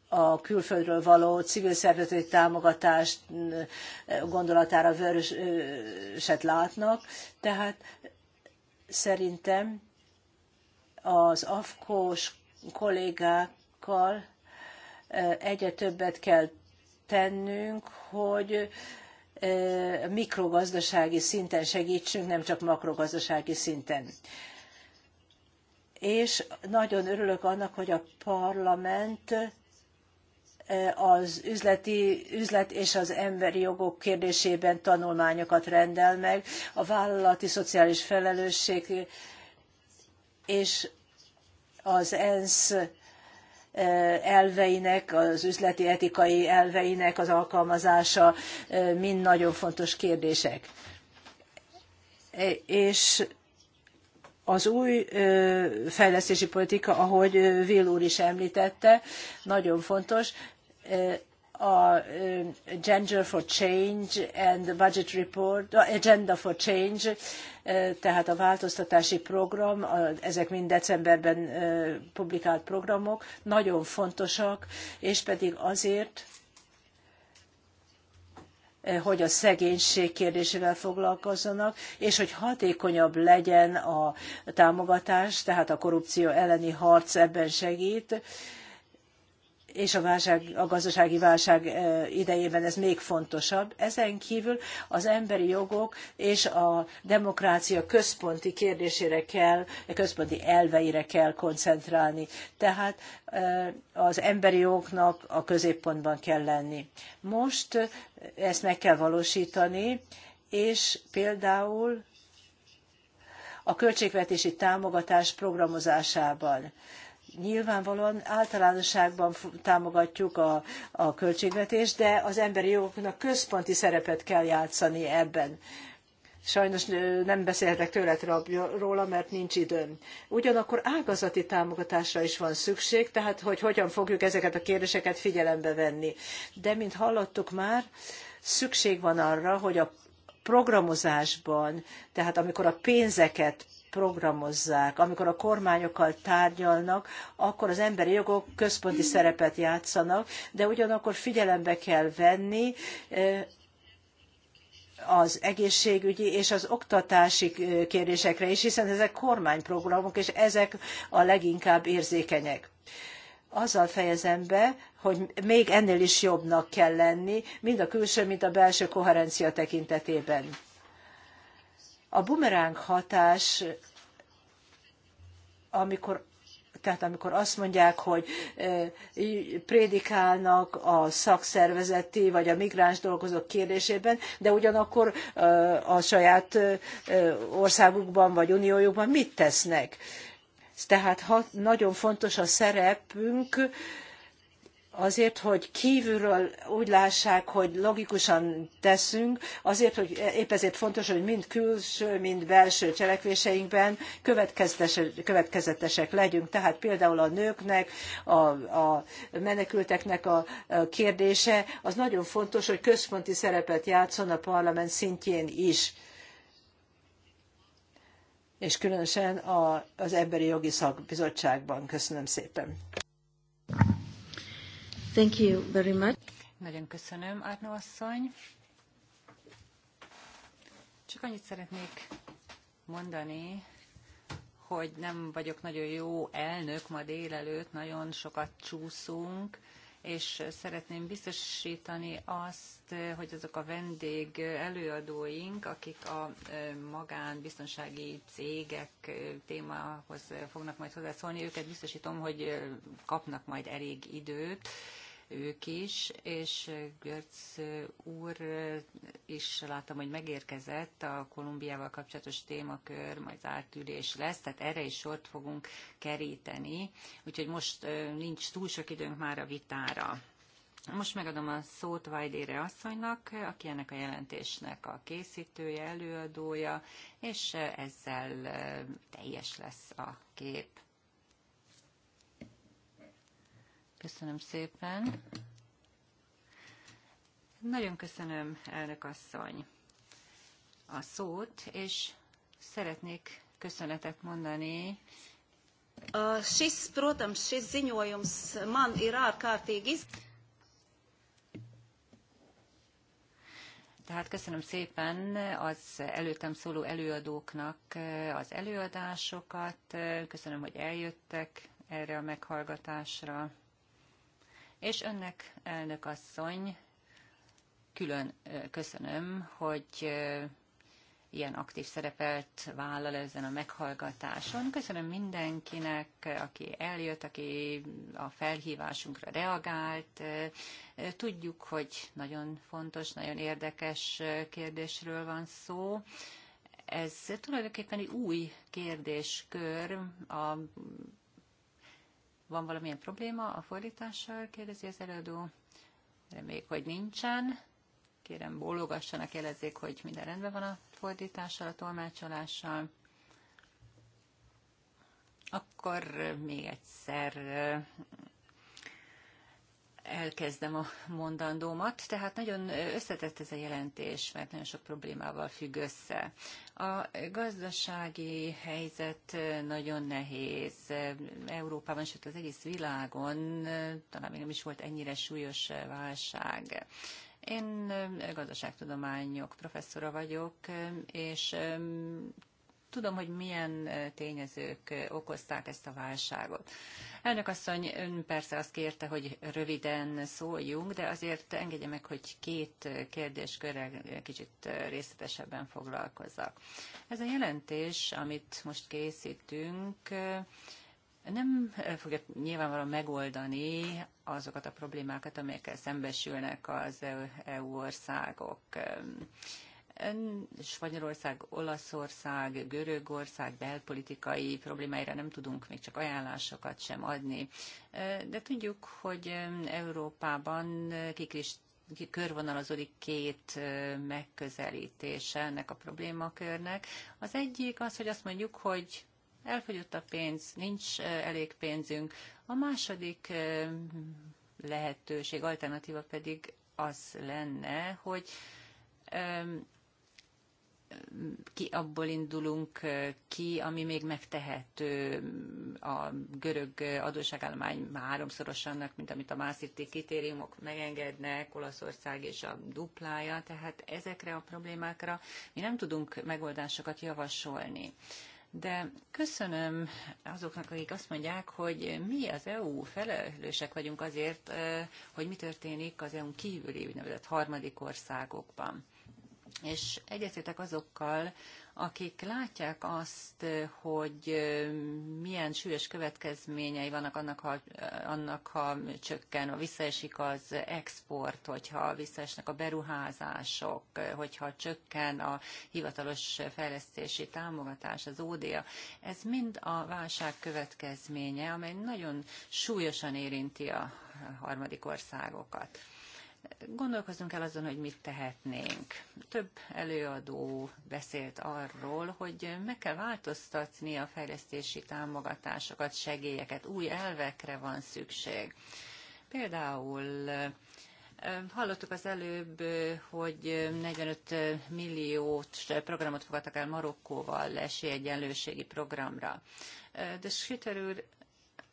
a külföldről való civil szervezeti támogatást gondolatára vöröset látnak. Tehát szerintem az afkós kollégákkal egyre többet kell tennünk, hogy mikrogazdasági szinten segítsünk, nem csak makrogazdasági szinten. És nagyon örülök annak, hogy a parlament az üzleti, üzlet és az emberi jogok kérdésében tanulmányokat rendel meg, a vállalati szociális felelősség és az ENSZ elveinek, az üzleti etikai elveinek az alkalmazása mind nagyon fontos kérdések. E, és az új fejlesztési politika, ahogy Will úr is említette, nagyon fontos, Uh, a Gender for Change and the Budget Report, uh, Agenda for Change, uh, tehát a változtatási program, ezek mind decemberben publikált programok, nagyon fontosak, és pedig azért, hogy a szegénység kérdésével foglalkozzanak, és hogy hatékonyabb legyen a támogatás, tehát a korrupció elleni harc ebben segít, és a, válság, a gazdasági válság idejében ez még fontosabb. Ezen kívül az emberi jogok és a demokrácia központi kérdésére kell, központi elveire kell koncentrálni. Tehát az emberi jogoknak a középpontban kell lenni. Most ezt meg kell valósítani, és például a költségvetési támogatás programozásában nyilvánvalóan általánosságban támogatjuk a, a költségvetést, de az emberi jogoknak központi szerepet kell játszani ebben. Sajnos nem beszélhetek tőletek róla, mert nincs időm. Ugyanakkor ágazati támogatásra is van szükség, tehát hogy hogyan fogjuk ezeket a kérdéseket figyelembe venni. De, mint hallottuk már, szükség van arra, hogy a programozásban, tehát amikor a pénzeket programozzák, amikor a kormányokkal tárgyalnak, akkor az emberi jogok központi szerepet játszanak, de ugyanakkor figyelembe kell venni az egészségügyi és az oktatási kérdésekre is, hiszen ezek kormányprogramok, és ezek a leginkább érzékenyek azzal fejezem be, hogy még ennél is jobbnak kell lenni, mind a külső, mind a belső koherencia tekintetében. A bumeráng hatás, amikor tehát amikor azt mondják, hogy e, prédikálnak a szakszervezeti vagy a migráns dolgozók kérdésében, de ugyanakkor e, a saját e, országukban vagy uniójukban mit tesznek. Tehát nagyon fontos a szerepünk, azért, hogy kívülről úgy lássák, hogy logikusan teszünk, azért, hogy épp ezért fontos, hogy mind külső, mind belső cselekvéseinkben következetesek legyünk. Tehát például a nőknek, a, a menekülteknek a kérdése, az nagyon fontos, hogy központi szerepet játszon a parlament szintjén is és különösen az Emberi Jogi Szakbizottságban. Köszönöm szépen. Thank you very much. Nagyon köszönöm, Arno asszony. Csak annyit szeretnék mondani, hogy nem vagyok nagyon jó elnök ma délelőtt, nagyon sokat csúszunk, és szeretném biztosítani azt, hogy azok a vendég előadóink, akik a magánbiztonsági cégek témához fognak majd hozzászólni, őket biztosítom, hogy kapnak majd elég időt, ők is, és Görc úr is láttam, hogy megérkezett a Kolumbiával kapcsolatos témakör, majd átülés lesz, tehát erre is sort fogunk keríteni, úgyhogy most nincs túl sok időnk már a vitára. Most megadom a szót Vajdére asszonynak, aki ennek a jelentésnek a készítője, előadója, és ezzel teljes lesz a kép. Köszönöm szépen. Nagyon köszönöm, elnök asszony, a szót, és szeretnék köszönetet mondani. Sis, šis, protams, šis ziņojums man ir ārkārtīgi iz... Tehát köszönöm szépen az előttem szóló előadóknak az előadásokat, köszönöm, hogy eljöttek erre a meghallgatásra. És önnek, elnök asszony, külön köszönöm, hogy ilyen aktív szerepelt vállal ezen a meghallgatáson. Köszönöm mindenkinek, aki eljött, aki a felhívásunkra reagált. Tudjuk, hogy nagyon fontos, nagyon érdekes kérdésről van szó. Ez tulajdonképpen egy új kérdéskör a van valamilyen probléma a fordítással? kérdezi az előadó. Reméljük, hogy nincsen. Kérem, bólogassanak, jelezzék, hogy minden rendben van a fordítással, a tolmácsolással. Akkor még egyszer elkezdem a mondandómat. Tehát nagyon összetett ez a jelentés, mert nagyon sok problémával függ össze. A gazdasági helyzet nagyon nehéz. Európában, sőt az egész világon talán még nem is volt ennyire súlyos válság. Én gazdaságtudományok professzora vagyok, és Tudom, hogy milyen tényezők okozták ezt a válságot. Elnök asszony, ön persze azt kérte, hogy röviden szóljunk, de azért engedje meg, hogy két kérdéskörrel kicsit részletesebben foglalkozzak. Ez a jelentés, amit most készítünk, nem fogja nyilvánvalóan megoldani azokat a problémákat, amelyekkel szembesülnek az EU e országok. Spanyolország, Olaszország, Görögország belpolitikai problémáira nem tudunk még csak ajánlásokat sem adni. De tudjuk, hogy Európában kikrist körvonalazódik két megközelítése ennek a problémakörnek. Az egyik az, hogy azt mondjuk, hogy elfogyott a pénz, nincs elég pénzünk. A második lehetőség, alternatíva pedig az lenne, hogy ki abból indulunk ki, ami még megtehető a görög adósságállomány háromszorosannak, mint amit a Maastrichti kritériumok megengednek, Olaszország és a duplája, tehát ezekre a problémákra mi nem tudunk megoldásokat javasolni. De köszönöm azoknak, akik azt mondják, hogy mi az EU felelősek vagyunk azért, hogy mi történik az eu kívüli úgynevezett harmadik országokban és egyetértek azokkal, akik látják azt, hogy milyen súlyos következményei vannak annak, ha, annak, ha csökken, ha visszaesik az export, hogyha visszaesnek a beruházások, hogyha csökken a hivatalos fejlesztési támogatás, az ódéa. Ez mind a válság következménye, amely nagyon súlyosan érinti a harmadik országokat. Gondolkozunk el azon, hogy mit tehetnénk. Több előadó beszélt arról, hogy meg kell változtatni a fejlesztési támogatásokat, segélyeket, új elvekre van szükség. Például Hallottuk az előbb, hogy 45 milliót programot fogadtak el Marokkóval esélyegyenlőségi programra. De Schütter úr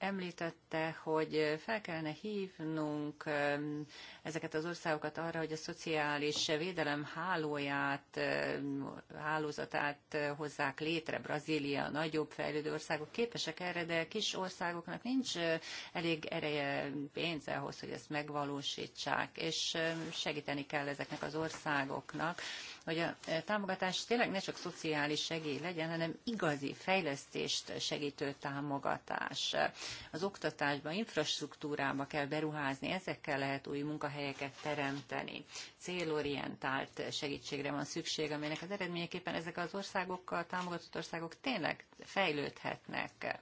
említette, hogy fel kellene hívnunk um, ezeket az országokat arra, hogy a szociális védelem hálóját, um, hálózatát uh, hozzák létre. Brazília, nagyobb fejlődő országok képesek erre, de kis országoknak nincs uh, elég ereje, pénze ahhoz, hogy ezt megvalósítsák, és um, segíteni kell ezeknek az országoknak hogy a e, támogatás tényleg ne csak szociális segély legyen, hanem igazi fejlesztést segítő támogatás. Az oktatásban, infrastruktúrába kell beruházni, ezekkel lehet új munkahelyeket teremteni. Célorientált segítségre van szükség, aminek az eredményeképpen ezek az országokkal támogatott országok tényleg fejlődhetnek.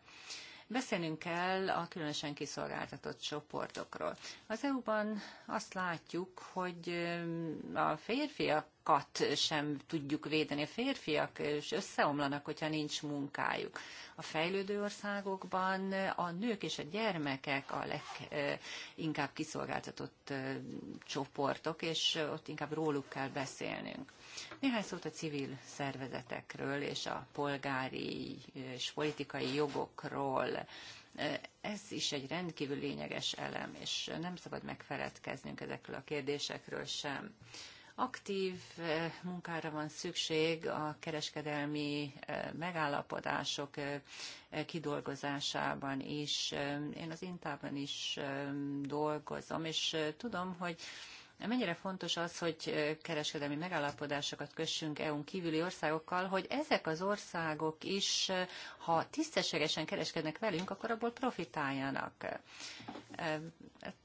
Beszélnünk kell a különösen kiszolgáltatott csoportokról. Az EU-ban azt látjuk, hogy a férfiak sem tudjuk védeni. A férfiak és összeomlanak, hogyha nincs munkájuk. A fejlődő országokban a nők és a gyermekek a leginkább kiszolgáltatott csoportok, és ott inkább róluk kell beszélnünk. Néhány szót a civil szervezetekről és a polgári és politikai jogokról. Ez is egy rendkívül lényeges elem, és nem szabad megfeledkeznünk ezekről a kérdésekről sem. Aktív eh, munkára van szükség a kereskedelmi eh, megállapodások eh, kidolgozásában is. Én az Intában is dolgozom, és tudom, hogy Mennyire fontos az, hogy kereskedelmi megállapodásokat kössünk EU-n kívüli országokkal, hogy ezek az országok is, ha tisztességesen kereskednek velünk, akkor abból profitáljanak.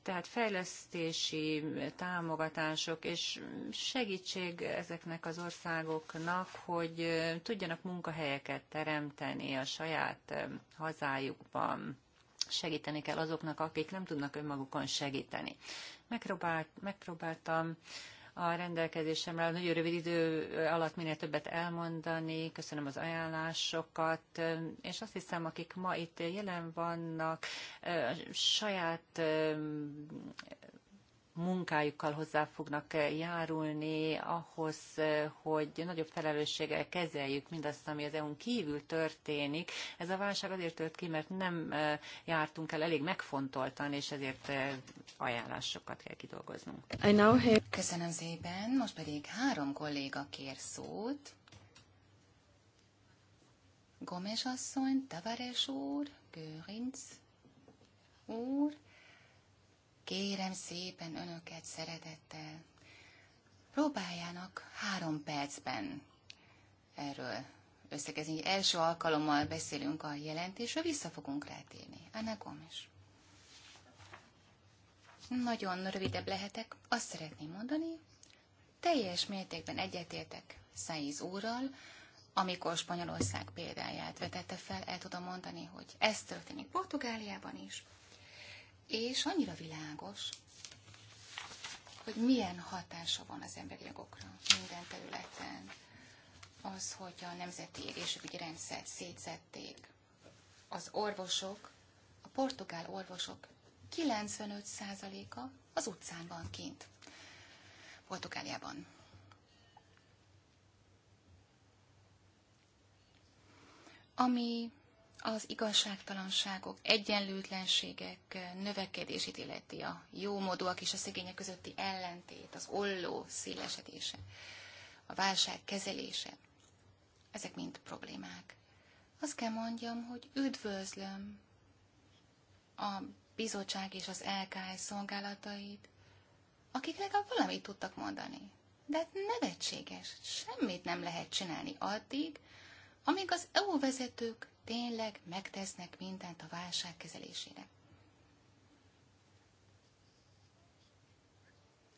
Tehát fejlesztési támogatások és segítség ezeknek az országoknak, hogy tudjanak munkahelyeket teremteni a saját hazájukban segíteni kell azoknak, akik nem tudnak önmagukon segíteni. Megpróbált, megpróbáltam a rendelkezésemre nagyon rövid idő alatt minél többet elmondani, köszönöm az ajánlásokat, és azt hiszem, akik ma itt jelen vannak, saját munkájukkal hozzá fognak eh, járulni ahhoz, eh, hogy nagyobb felelősséggel kezeljük mindazt, ami az EU-n kívül történik. Ez a válság azért tört ki, mert nem eh, jártunk el elég megfontoltan, és ezért ajánlásokat kell kidolgoznunk. Köszönöm szépen. Most pedig három kolléga kér szót. Gomes asszony, Tavares úr, Görinc úr, Kérem szépen önöket szeretettel. Próbáljának három percben erről összekezni. Első alkalommal beszélünk a jelentésről, vissza fogunk rátérni. Anna Gomes. Nagyon rövidebb lehetek. Azt szeretném mondani, teljes mértékben egyetértek Szaiz úrral, amikor Spanyolország példáját vetette fel, el tudom mondani, hogy ez történik Portugáliában is, és annyira világos, hogy milyen hatása van az emberi jogokra minden területen. Az, hogy a nemzeti egészségügyi rendszert szétszették, az orvosok, a portugál orvosok 95%-a az utcán van kint. Portugáliában. Ami az igazságtalanságok, egyenlőtlenségek növekedését illeti a jó módúak és a szegények közötti ellentét, az olló szélesedése, a válság kezelése. Ezek mind problémák. Azt kell mondjam, hogy üdvözlöm a bizottság és az LKS szolgálatait, akik legalább valamit tudtak mondani. De hát nevetséges, semmit nem lehet csinálni addig, amíg az EU vezetők tényleg megtesznek mindent a válság kezelésére.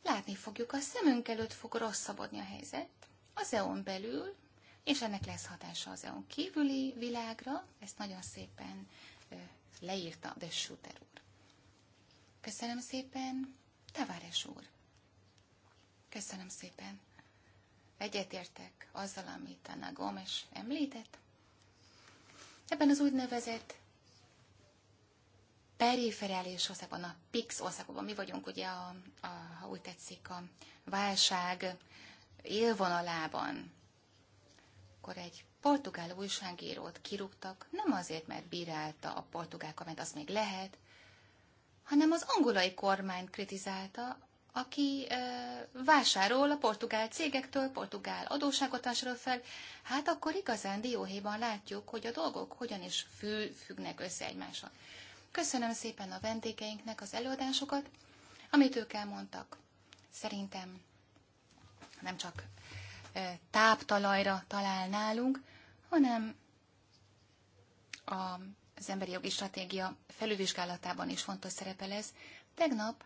Látni fogjuk, a szemünk előtt fog rosszabbodni a helyzet, az EON belül, és ennek lesz hatása az EON kívüli világra, ezt nagyon szépen leírta de Schutter úr. Köszönöm szépen, Tavares úr. Köszönöm szépen. Egyetértek azzal, amit Anna Gomes említett. Ebben az úgynevezett perifériális országban, a PIX országban, mi vagyunk, ugye, a, a, ha úgy tetszik, a válság élvonalában, akkor egy portugál újságírót kirúgtak, nem azért, mert bírálta a portugál mert az még lehet, hanem az angolai kormányt kritizálta, aki vásárol a portugál cégektől, portugál adóságot vásárol fel, hát akkor igazán dióhéjban látjuk, hogy a dolgok hogyan is fül, függnek össze egymással. Köszönöm szépen a vendégeinknek az előadásokat, amit ők elmondtak. Szerintem nem csak táptalajra talál nálunk, hanem az emberi jogi stratégia felülvizsgálatában is fontos szerepe lesz. Tegnap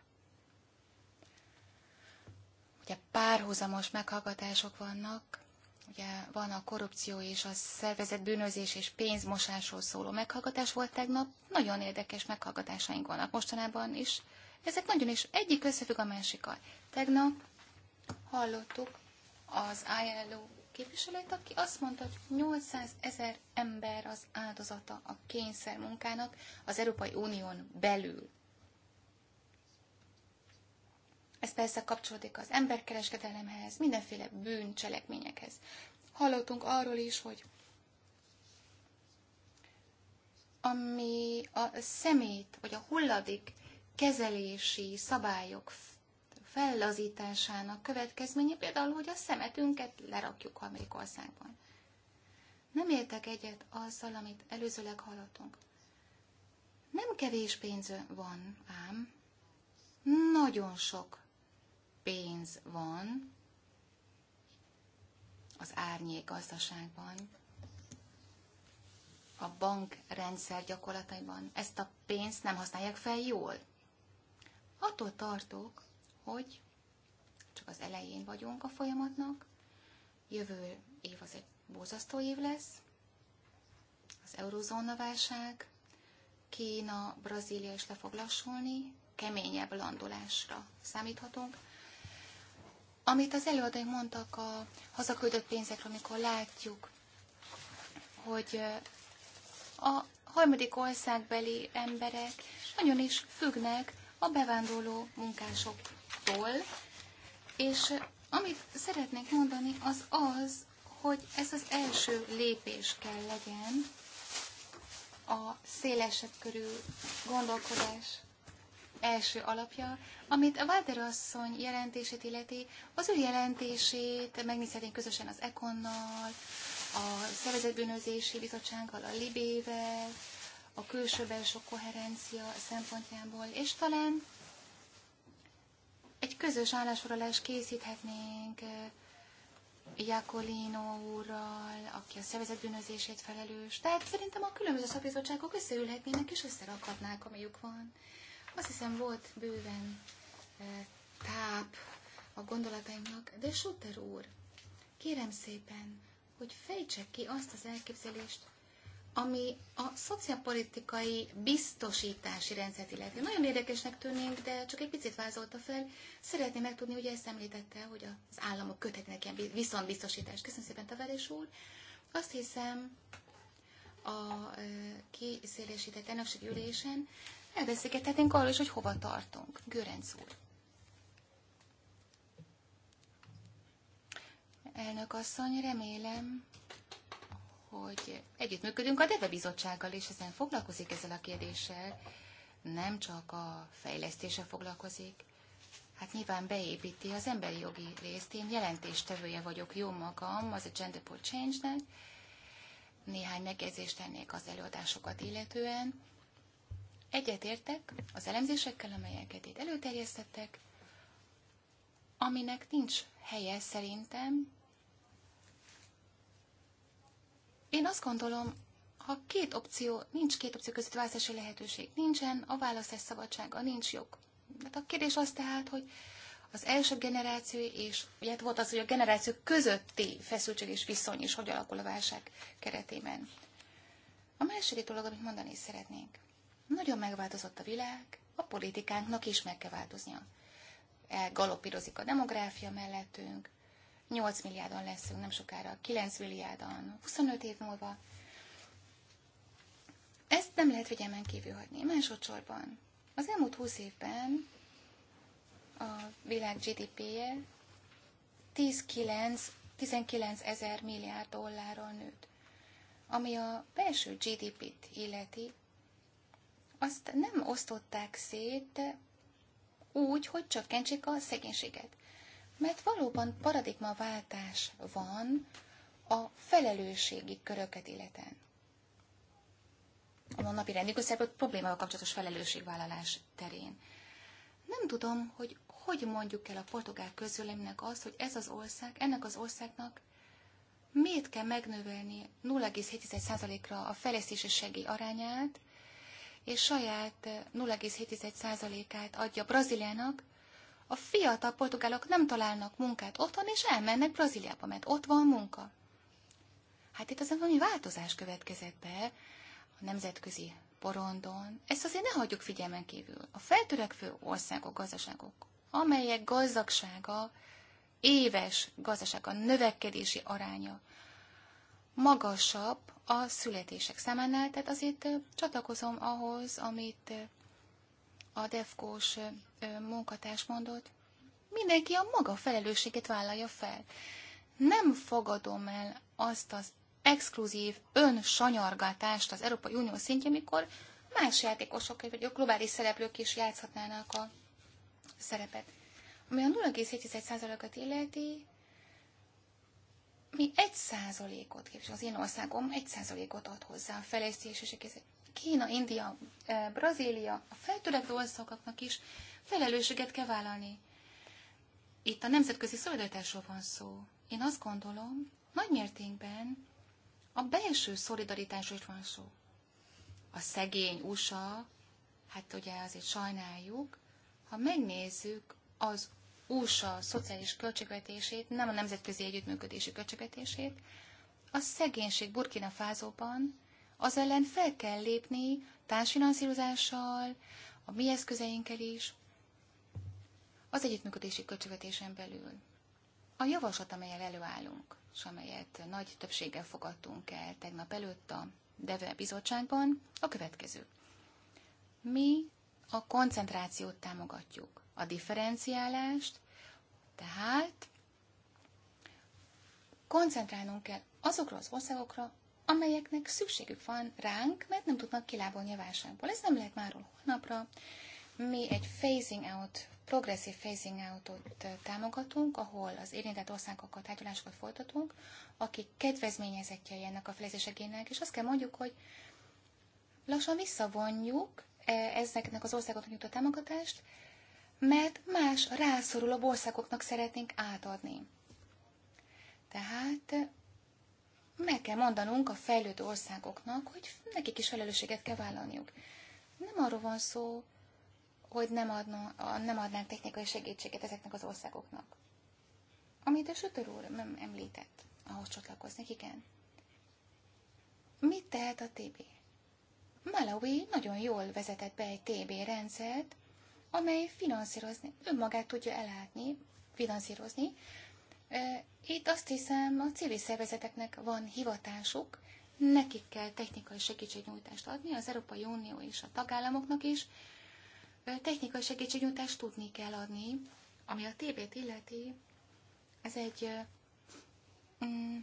Ugye párhuzamos meghallgatások vannak, ugye van a korrupció és a szervezet bűnözés és pénzmosásról szóló meghallgatás volt tegnap, nagyon érdekes meghallgatásaink vannak mostanában is. Ezek nagyon is egyik összefügg a másikkal. Tegnap hallottuk az ILO képviselőt, aki azt mondta, hogy 800 ezer ember az áldozata a kényszermunkának az Európai Unión belül. Ez persze kapcsolódik az emberkereskedelemhez, mindenféle bűncselekményekhez. Hallottunk arról is, hogy ami a szemét vagy a hulladék kezelési szabályok fellazításának következménye, például, hogy a szemetünket lerakjuk Amerikországban. Nem értek egyet azzal, amit előzőleg hallottunk. Nem kevés pénz van, ám nagyon sok pénz van az árnyék gazdaságban, a bankrendszer gyakorlataiban, ezt a pénzt nem használják fel jól. Attól tartok, hogy csak az elején vagyunk a folyamatnak, jövő év az egy bózasztó év lesz, az eurozóna válság, Kína, Brazília is le fog lassulni, keményebb landolásra számíthatunk. Amit az előadói mondtak a hazaküldött pénzekről, amikor látjuk, hogy a harmadik országbeli emberek nagyon is függnek a bevándorló munkásoktól, és amit szeretnék mondani, az az, hogy ez az első lépés kell legyen a szélesebb körű gondolkodás első alapja, amit a Walter asszony jelentését illeti, az ő jelentését megnézhetnénk közösen az Ekonnal, a Szervezetbűnözési Bizottsággal, a Libével, a külső belső koherencia szempontjából, és talán egy közös állásfoglalást készíthetnénk Jakolino eh, úrral, aki a szervezetbűnözését felelős. Tehát szerintem a különböző szakbizottságok összeülhetnének és összerakhatnák, amelyük van. Azt hiszem volt bőven e, táp a gondolataimnak, de Sutter úr, kérem szépen, hogy fejtsek ki azt az elképzelést, ami a szociapolitikai biztosítási rendszert illeti. Nagyon érdekesnek tűnik, de csak egy picit vázolta fel. Szeretném megtudni, ugye ezt említette, hogy az államok köthetnek ilyen viszontbiztosítást. Köszönöm szépen, Tavares úr. Azt hiszem, a e, kiszélesített elnökségi ülésen elbeszélgethetnénk arról is, hogy hova tartunk. Görenc úr. Elnök asszony, remélem, hogy együttműködünk a DEVE bizottsággal, és ezen foglalkozik ezzel a kérdéssel. Nem csak a fejlesztése foglalkozik, hát nyilván beépíti az emberi jogi részt. Én jelentéstevője vagyok jó magam az Gender for Change-nek. Néhány megjegyzést tennék az előadásokat illetően. Egyetértek az elemzésekkel, amelyeket itt előterjesztettek, aminek nincs helye szerintem. Én azt gondolom, ha két opció, nincs két opció között választási lehetőség, nincsen a választás szabadsága, nincs jog. De hát a kérdés az tehát, hogy az első generáció és ugye volt az, hogy a generáció közötti feszültség és viszony is hogy alakul a válság keretében. A második dolog, amit mondani szeretnénk. Nagyon megváltozott a világ, a politikánknak is meg kell változnia. E, galopírozik a demográfia mellettünk, 8 milliárdan leszünk nem sokára, 9 milliárdan, 25 év múlva. Ezt nem lehet figyelmen kívül hagyni. Másodszorban az elmúlt 20 évben a világ GDP-je 19 ezer milliárd dollárral nőtt, ami a belső GDP-t illeti azt nem osztották szét úgy, hogy csökkentsék a szegénységet. Mert valóban paradigmaváltás van a felelősségi köröket illeten. A napi rendi problémával kapcsolatos felelősségvállalás terén. Nem tudom, hogy hogy mondjuk el a portugál közvéleménynek azt, hogy ez az ország, ennek az országnak miért kell megnövelni 0,7%-ra a fejlesztési segély arányát, és saját 0,7%-át eh, adja Brazíliának, a fiatal portugálok nem találnak munkát otthon, és elmennek Brazíliába, mert ott van munka. Hát itt azért valami változás következett be a nemzetközi porondon. Ezt azért ne hagyjuk figyelmen kívül. A feltörekvő országok, gazdaságok, amelyek gazdagsága, éves gazdasága, növekedési aránya magasabb a születések szemennel, tehát azért csatlakozom ahhoz, amit a defkós munkatárs mondott. Mindenki a maga felelősségét vállalja fel. Nem fogadom el azt az exkluzív önsanyargatást az Európai Unió szintjén, mikor más játékosok vagy a globális szereplők is játszhatnának a szerepet. Ami a 0,7%-at illeti, mi egy százalékot képvisel, az én országom egy százalékot ad hozzá a fejlesztés és egész Kína, India, eh, Brazília, a feltörekvő országoknak is felelősséget kell vállalni. Itt a nemzetközi szolidaritásról van szó. Én azt gondolom, nagy mértékben a belső szolidaritásról is van szó. A szegény USA, hát ugye azért sajnáljuk, ha megnézzük az USA szociális költségvetését, nem a nemzetközi együttműködési költségvetését, a szegénység Burkina Fázóban az ellen fel kell lépni társfinanszírozással, a mi eszközeinkkel is, az együttműködési költségvetésen belül. A javaslat, amelyel előállunk, és amelyet nagy többséggel fogadtunk el tegnap előtt a DEVE bizottságban, a következő. Mi a koncentrációt támogatjuk a differenciálást, tehát koncentrálnunk kell azokra az országokra, amelyeknek szükségük van ránk, mert nem tudnak kilábolni a válságból. Ez nem lehet máról holnapra. Mi egy phasing out, progresszív phasing out out-ot támogatunk, ahol az érintett országokat, tárgyalásokat folytatunk, akik kedvezményezettjei ennek a fejlesztésegének, és azt kell mondjuk, hogy lassan visszavonjuk ezeknek az országoknak nyújtott támogatást, mert más rászoruló országoknak szeretnénk átadni. Tehát meg kell mondanunk a fejlődő országoknak, hogy nekik is felelősséget kell vállalniuk. Nem arról van szó, hogy nem, adna, nem adnánk technikai segítséget ezeknek az országoknak. Amit a Sötör úr említett, ahhoz csatlakoznék, igen. Mit tehet a TB? Malawi nagyon jól vezetett be egy TB rendszert, amely finanszírozni, önmagát tudja elátni, finanszírozni. Itt azt hiszem, a civil szervezeteknek van hivatásuk, nekik kell technikai segítségnyújtást adni, az Európai Unió és a tagállamoknak is. Technikai segítségnyújtást tudni kell adni, ami a TB-t illeti, ez egy mm,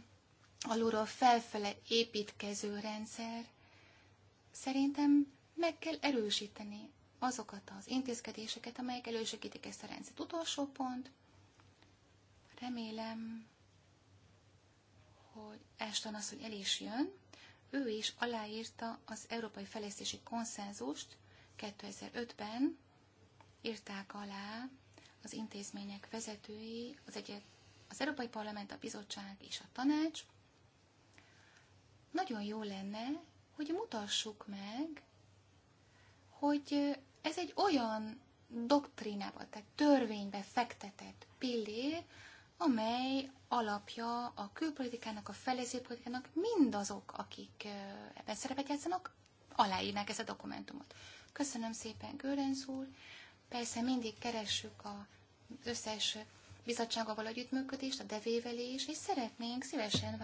alulról felfele építkező rendszer. Szerintem meg kell erősíteni azokat az intézkedéseket, amelyek elősegítik ezt a rendszert. Utolsó pont, remélem, hogy Ashton az, hogy el is jön, ő is aláírta az Európai Fejlesztési Konszenzust 2005-ben, írták alá az intézmények vezetői, az, egyet, az Európai Parlament, a Bizottság és a Tanács. Nagyon jó lenne, hogy mutassuk meg, hogy ez egy olyan doktrinába, tehát törvénybe fektetett pillér, amely alapja a külpolitikának, a felezőpolitikának mindazok, akik ebben szerepet játszanak, aláírnák ezt a dokumentumot. Köszönöm szépen, Görenc úr. Persze mindig keressük az összes bizottsággal való együttműködést, a devével is, és szeretnénk, szívesen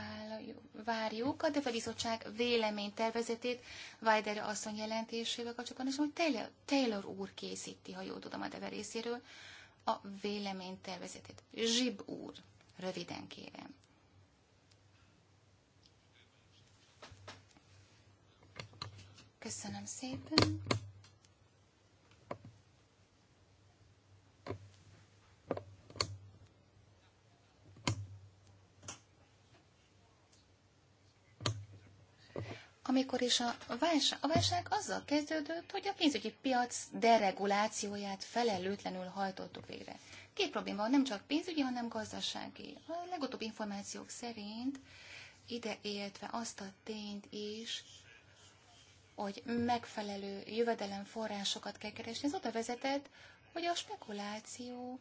várjuk a deve bizottság véleménytervezetét Weider asszony jelentésével kapcsolatban, és hogy Taylor úr készíti, ha jól tudom a deve részéről, a véleménytervezetét. Zsib úr, röviden kérem. Köszönöm szépen. amikor is a válság, a válság azzal kezdődött, hogy a pénzügyi piac deregulációját felelőtlenül hajtottuk végre. Két probléma van, nem csak pénzügyi, hanem gazdasági. A legutóbbi információk szerint ide értve azt a tényt is, hogy megfelelő jövedelem forrásokat kell keresni, ez oda vezetett, hogy a spekuláció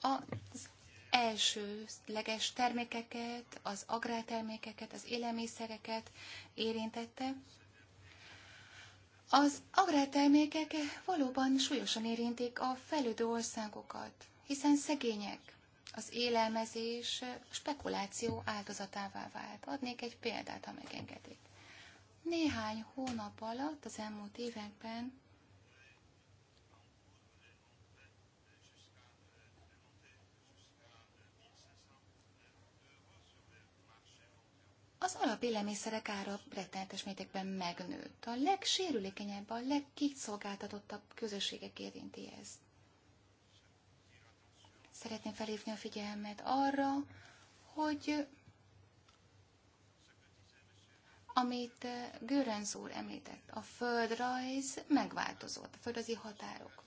az elsőleges termékeket, az agrártermékeket, az élelmiszereket érintette. Az agrártermékek valóban súlyosan érintik a fejlődő országokat, hiszen szegények. Az élelmezés spekuláció áldozatává vált. Adnék egy példát, ha megengedik. Néhány hónap alatt, az elmúlt években az alapélelmiszerek ára rettenetes mértékben megnőtt. A legsérülékenyebb, a legkiszolgáltatottabb közösségek érinti ez. Szeretném felhívni a figyelmet arra, hogy amit Görönz úr említett, a földrajz megváltozott, a földrajzi határok.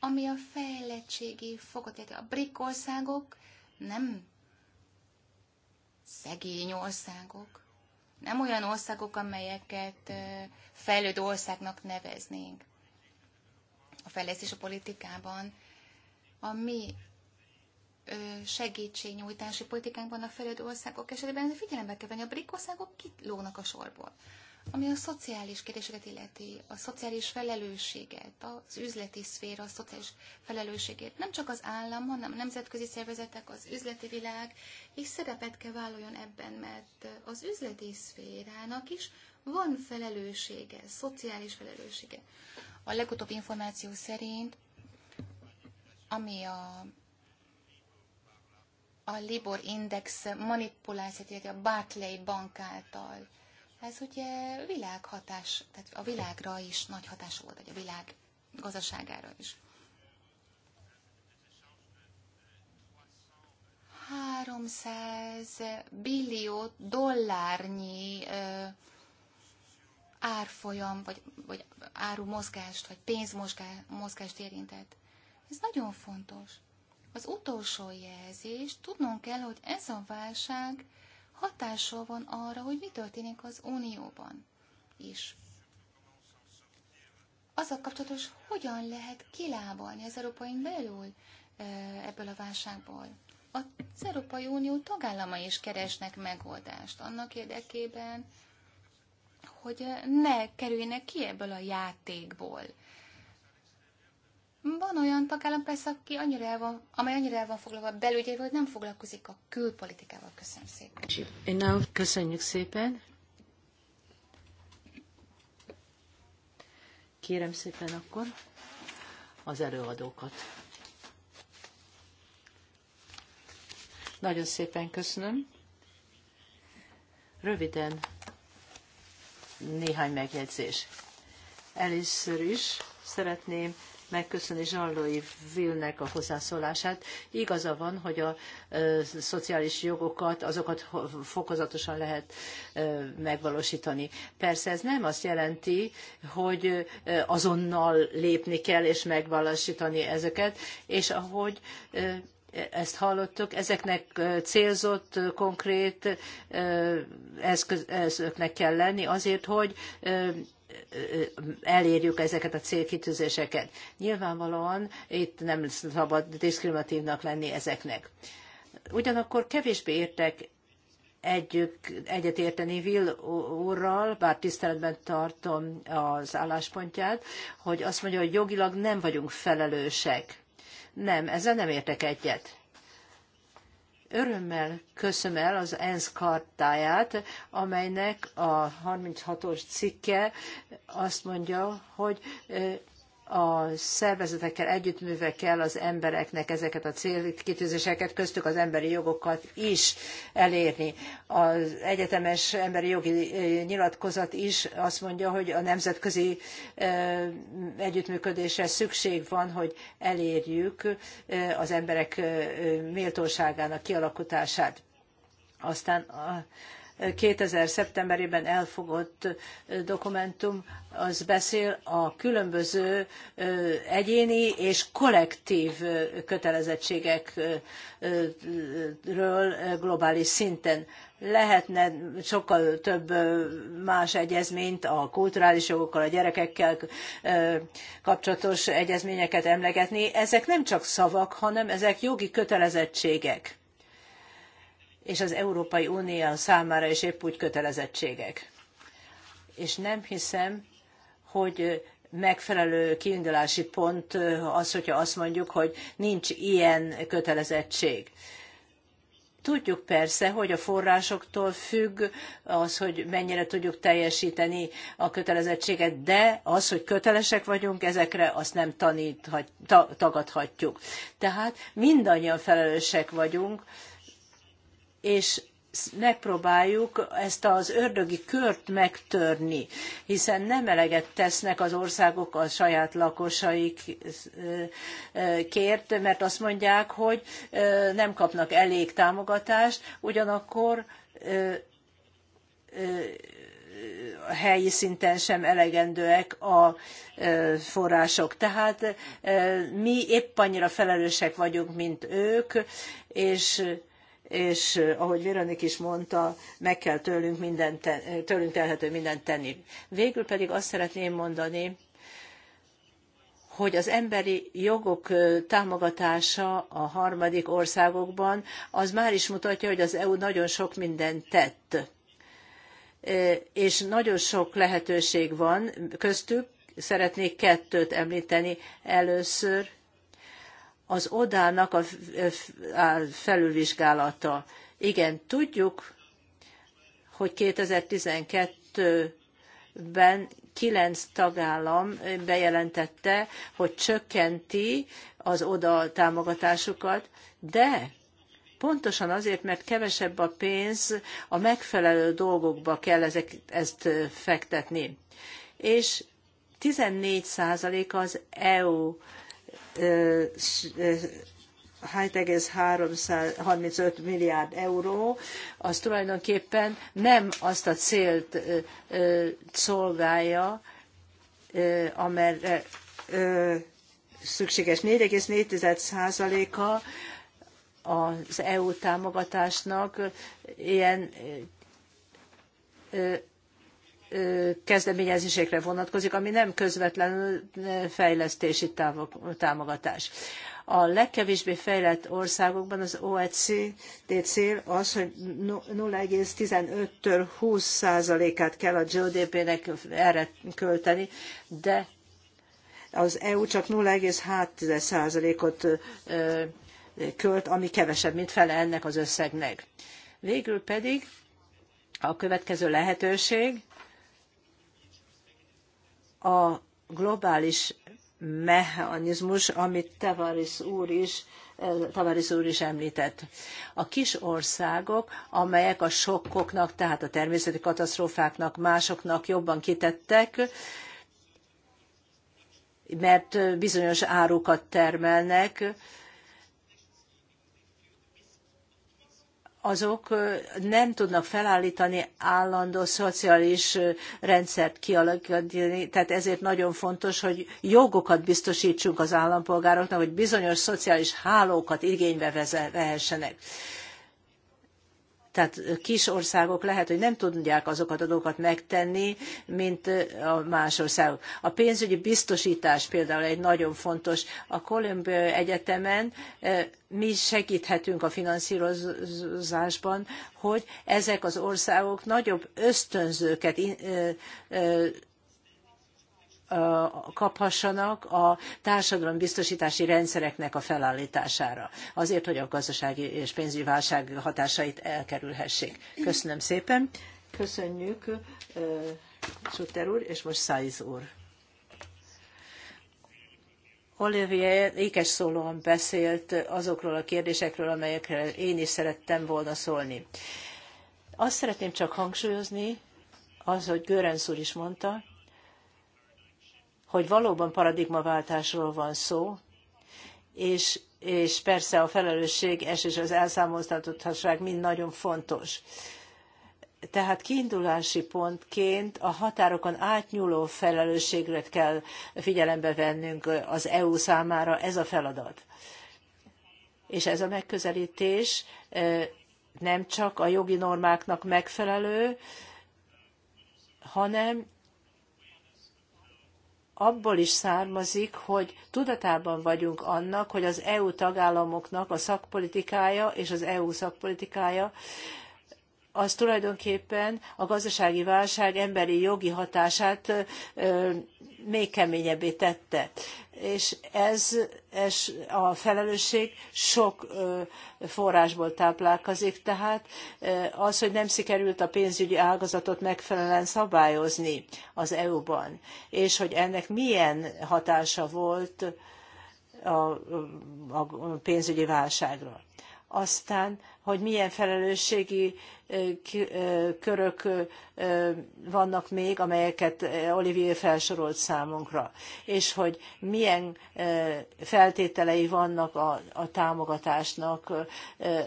Ami a fejlettségi fogot a brik országok nem szegény országok, nem olyan országok, amelyeket fejlődő országnak neveznénk. A fejlesztés a politikában, a mi segítségnyújtási politikánkban a fejlődő országok esetében figyelembe kell venni, a brik országok kilógnak a sorból. Ami a szociális kérdéseket illeti, a szociális felelősséget, az üzleti szféra a szociális felelősségét, nem csak az állam, hanem a nemzetközi szervezetek, az üzleti világ is szerepet kell vállaljon ebben, mert az üzleti szférának is van felelőssége, szociális felelőssége. A legutóbbi információ szerint, ami a a Libor Index manipulációt, a Barclay bank által ez ugye világhatás, tehát a világra is nagy hatás volt, vagy a világ gazdaságára is. Háromszáz billió dollárnyi ö, árfolyam, vagy, vagy árumozgást, vagy pénzmozgást érintett. Ez nagyon fontos. Az utolsó jelzés, tudnunk kell, hogy ez a válság hatással van arra, hogy mi történik az Unióban is. a kapcsolatos, hogyan lehet kilábalni az európai belül ebből a válságból. Az Európai Unió tagállamai is keresnek megoldást annak érdekében, hogy ne kerüljenek ki ebből a játékból. Van olyan tagállam persze, aki annyira el van, amely annyira el van foglalva belügyével, hogy nem foglalkozik a külpolitikával. Köszönöm szépen. Köszönjük szépen. Kérem szépen akkor az előadókat. Nagyon szépen köszönöm. Röviden néhány megjegyzés. Először is szeretném megköszönni Zsallói Vilnek a hozzászólását. Igaza van, hogy a ö, szociális jogokat, azokat fokozatosan lehet ö, megvalósítani. Persze ez nem azt jelenti, hogy ö, azonnal lépni kell és megvalósítani ezeket, és ahogy ö, ezt hallottuk, ezeknek célzott, konkrét eszköznek kell lenni azért, hogy elérjük ezeket a célkitűzéseket. Nyilvánvalóan itt nem szabad diszkriminatívnak lenni ezeknek. Ugyanakkor kevésbé értek együtt, egyetérteni Will úrral, bár tiszteletben tartom az álláspontját, hogy azt mondja, hogy jogilag nem vagyunk felelősek. Nem, ezzel nem értek egyet. Örömmel köszönöm el az ENSZ kartáját, amelynek a 36-os cikke azt mondja, hogy a szervezetekkel együttművekkel kell az embereknek ezeket a célkitűzéseket, köztük az emberi jogokat is elérni. Az egyetemes emberi jogi nyilatkozat is azt mondja, hogy a nemzetközi együttműködésre szükség van, hogy elérjük az emberek méltóságának kialakítását. Aztán a, 2000. szeptemberében elfogott dokumentum az beszél a különböző egyéni és kollektív kötelezettségekről globális szinten. Lehetne sokkal több más egyezményt, a kulturális jogokkal, a gyerekekkel kapcsolatos egyezményeket emlegetni. Ezek nem csak szavak, hanem ezek jogi kötelezettségek és az Európai Unió számára is épp úgy kötelezettségek. És nem hiszem, hogy megfelelő kiindulási pont az, hogyha azt mondjuk, hogy nincs ilyen kötelezettség. Tudjuk persze, hogy a forrásoktól függ az, hogy mennyire tudjuk teljesíteni a kötelezettséget, de az, hogy kötelesek vagyunk ezekre, azt nem taníthat, tagadhatjuk. Tehát mindannyian felelősek vagyunk és megpróbáljuk ezt az ördögi kört megtörni, hiszen nem eleget tesznek az országok a saját lakosaikért, mert azt mondják, hogy nem kapnak elég támogatást, ugyanakkor helyi szinten sem elegendőek a források. Tehát mi épp annyira felelősek vagyunk, mint ők, és és ahogy Véronik is mondta, meg kell tőlünk, minden tőlünk telhető mindent tenni. Végül pedig azt szeretném mondani, hogy az emberi jogok támogatása a harmadik országokban, az már is mutatja, hogy az EU nagyon sok mindent tett. És nagyon sok lehetőség van köztük, szeretnék kettőt említeni először az odának a felülvizsgálata. Igen, tudjuk, hogy 2012-ben kilenc tagállam bejelentette, hogy csökkenti az oda támogatásukat, de pontosan azért, mert kevesebb a pénz, a megfelelő dolgokba kell ezek, ezt fektetni. És 14 százalék az EU 7,335 milliárd euró, az tulajdonképpen nem azt a célt szolgálja, amelyre szükséges 4,4%-a az EU támogatásnak ilyen kezdeményezésekre vonatkozik, ami nem közvetlenül fejlesztési támogatás. A legkevésbé fejlett országokban az OECD cél az, hogy 0,15-től 20 százalékát kell a GDP-nek erre költeni, de az EU csak 0,6 százalékot költ, ami kevesebb, mint fele ennek az összegnek. Végül pedig a következő lehetőség, a globális mechanizmus, amit Tavaris úr is eh, Tavaris úr is említett. A kis országok, amelyek a sokkoknak, tehát a természeti katasztrófáknak, másoknak jobban kitettek, mert bizonyos árukat termelnek, azok nem tudnak felállítani állandó szociális rendszert kialakítani, tehát ezért nagyon fontos, hogy jogokat biztosítsunk az állampolgároknak, hogy bizonyos szociális hálókat igénybe vehessenek. Tehát kis országok lehet, hogy nem tudják azokat a dolgokat megtenni, mint a más országok. A pénzügyi biztosítás például egy nagyon fontos. A Columbia Egyetemen eh, mi segíthetünk a finanszírozásban, hogy ezek az országok nagyobb ösztönzőket eh, eh, kaphassanak a társadalombiztostási rendszereknek a felállítására, azért, hogy a gazdasági és pénzügyi válság hatásait elkerülhessék. Köszönöm szépen. Köszönjük, Sutter úr, és most Száiz úr. Olivier ékes szólóan beszélt azokról a kérdésekről, amelyekről én is szerettem volna szólni. Azt szeretném csak hangsúlyozni, az, hogy Görenc úr is mondta, hogy valóban paradigmaváltásról van szó, és, és persze a felelősség és az elszámoltatottság mind nagyon fontos. Tehát kiindulási pontként a határokon átnyúló felelősségre kell figyelembe vennünk az EU számára, ez a feladat. És ez a megközelítés nem csak a jogi normáknak megfelelő, hanem abból is származik, hogy tudatában vagyunk annak, hogy az EU tagállamoknak a szakpolitikája és az EU szakpolitikája az tulajdonképpen a gazdasági válság emberi jogi hatását még keményebbé tette és ez, ez a felelősség sok forrásból táplálkozik, tehát az, hogy nem sikerült a pénzügyi ágazatot megfelelően szabályozni az EU-ban, és hogy ennek milyen hatása volt a, a pénzügyi válságra aztán, hogy milyen felelősségi körök vannak még, amelyeket Olivier felsorolt számunkra, és hogy milyen feltételei vannak a, a támogatásnak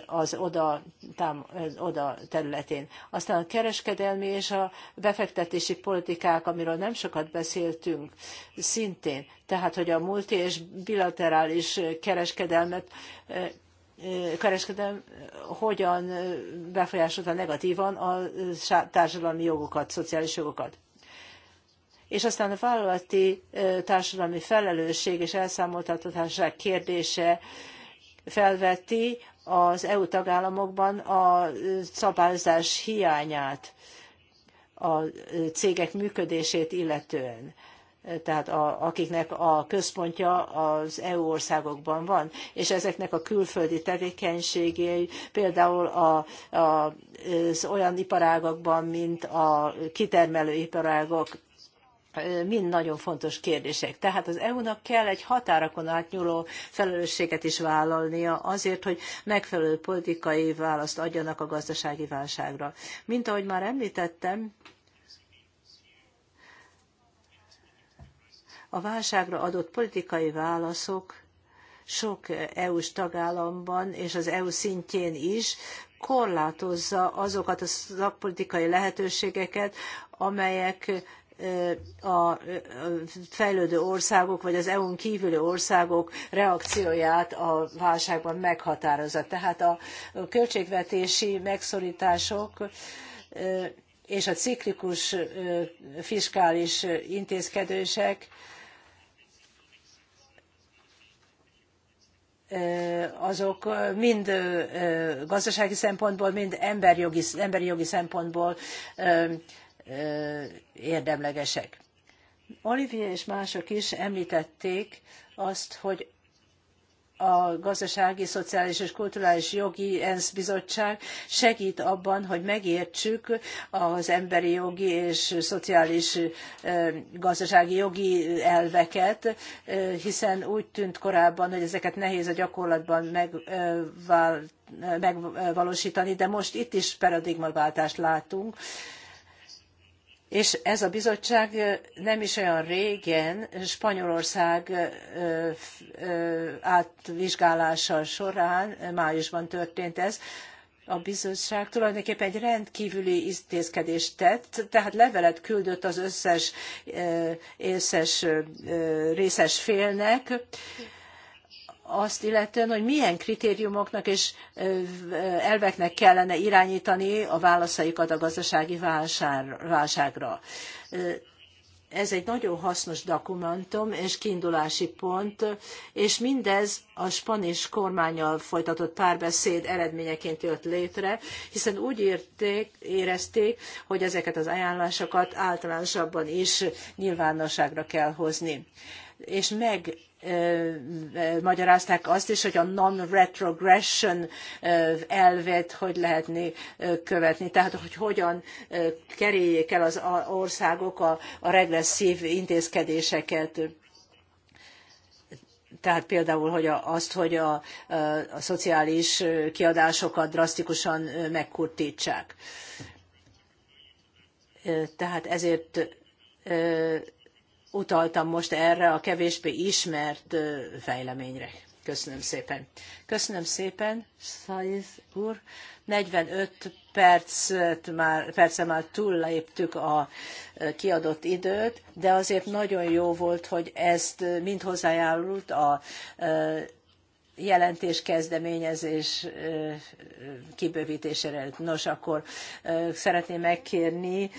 az oda, tám, az oda területén. Aztán a kereskedelmi és a befektetési politikák, amiről nem sokat beszéltünk szintén, tehát hogy a multi és bilaterális kereskedelmet kereskedelem hogyan befolyásolta negatívan a társadalmi jogokat, szociális jogokat. És aztán a vállalati társadalmi felelősség és elszámoltathatóság kérdése felveti az EU tagállamokban a szabályozás hiányát a cégek működését illetően tehát a, akiknek a központja az EU országokban van, és ezeknek a külföldi tevékenységei például a, a, az olyan iparágakban, mint a kitermelő iparágok, mind nagyon fontos kérdések. Tehát az EU-nak kell egy határokon átnyúló felelősséget is vállalnia azért, hogy megfelelő politikai választ adjanak a gazdasági válságra. Mint ahogy már említettem, A válságra adott politikai válaszok sok EU-s tagállamban és az EU szintjén is korlátozza azokat a szakpolitikai lehetőségeket, amelyek a fejlődő országok, vagy az EU-n kívüli országok reakcióját a válságban meghatározza. Tehát a költségvetési megszorítások és a ciklikus fiskális intézkedések azok mind gazdasági szempontból, mind emberjogi, emberi jogi szempontból érdemlegesek. Olivier és mások is említették azt, hogy a Gazdasági, Szociális és Kulturális Jogi ENSZ Bizottság segít abban, hogy megértsük az emberi jogi és szociális gazdasági jogi elveket, hiszen úgy tűnt korábban, hogy ezeket nehéz a gyakorlatban megvál, megvalósítani, de most itt is paradigmaváltást látunk és ez a bizottság nem is olyan régen Spanyolország átvizsgálása során, májusban történt ez, a bizottság tulajdonképpen egy rendkívüli intézkedést tett, tehát levelet küldött az összes, összes részes félnek, azt illetően, hogy milyen kritériumoknak és elveknek kellene irányítani a válaszaikat a gazdasági válságra. Ez egy nagyon hasznos dokumentum és kiindulási pont, és mindez a spanis kormányjal folytatott párbeszéd eredményeként jött létre, hiszen úgy érték, érezték, hogy ezeket az ajánlásokat általánosabban is nyilvánosságra kell hozni és meg magyarázták azt is, hogy a non-retrogression elvet hogy lehetné követni, tehát hogy hogyan kerüljék el az országok a, a regresszív intézkedéseket tehát például hogy a, azt, hogy a, a, a szociális kiadásokat drasztikusan megkurtítsák. Tehát ezért utaltam most erre a kevésbé ismert fejleményre. Köszönöm szépen. Köszönöm szépen, Szaiz úr. 45 percet már, perce már túlléptük a kiadott időt, de azért nagyon jó volt, hogy ezt mind hozzájárult a jelentés kezdeményezés kibővítésére. Nos, akkor szeretném megkérni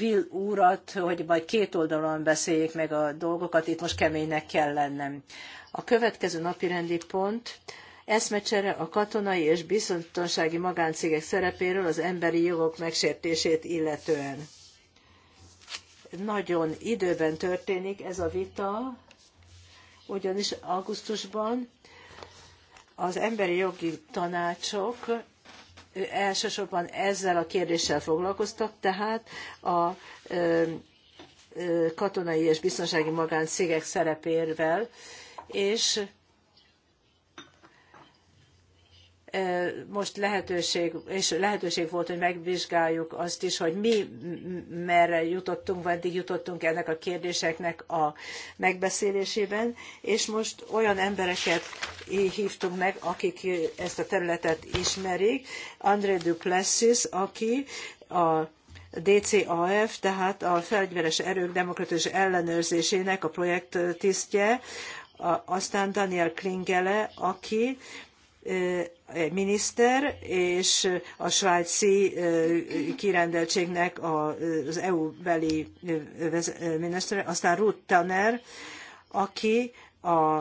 Will úrat, hogy majd két oldalon beszéljék meg a dolgokat, itt most keménynek kell lennem. A következő napi rendi pont eszmecsere a katonai és biztonsági magáncégek szerepéről az emberi jogok megsértését illetően. Nagyon időben történik ez a vita, ugyanis augusztusban az emberi jogi tanácsok elsősorban ezzel a kérdéssel foglalkoztak, tehát a katonai és biztonsági magáncégek szerepével, és most lehetőség, és lehetőség volt, hogy megvizsgáljuk azt is, hogy mi merre jutottunk, eddig jutottunk ennek a kérdéseknek a megbeszélésében, és most olyan embereket hívtunk meg, akik ezt a területet ismerik. André Duplessis, aki a DCAF, tehát a Fegyveres Erők Demokratikus Ellenőrzésének a projekt tisztje, aztán Daniel Klingele, aki miniszter és a svájci kirendeltségnek az EU-beli miniszter, aztán Ruth Tanner, aki a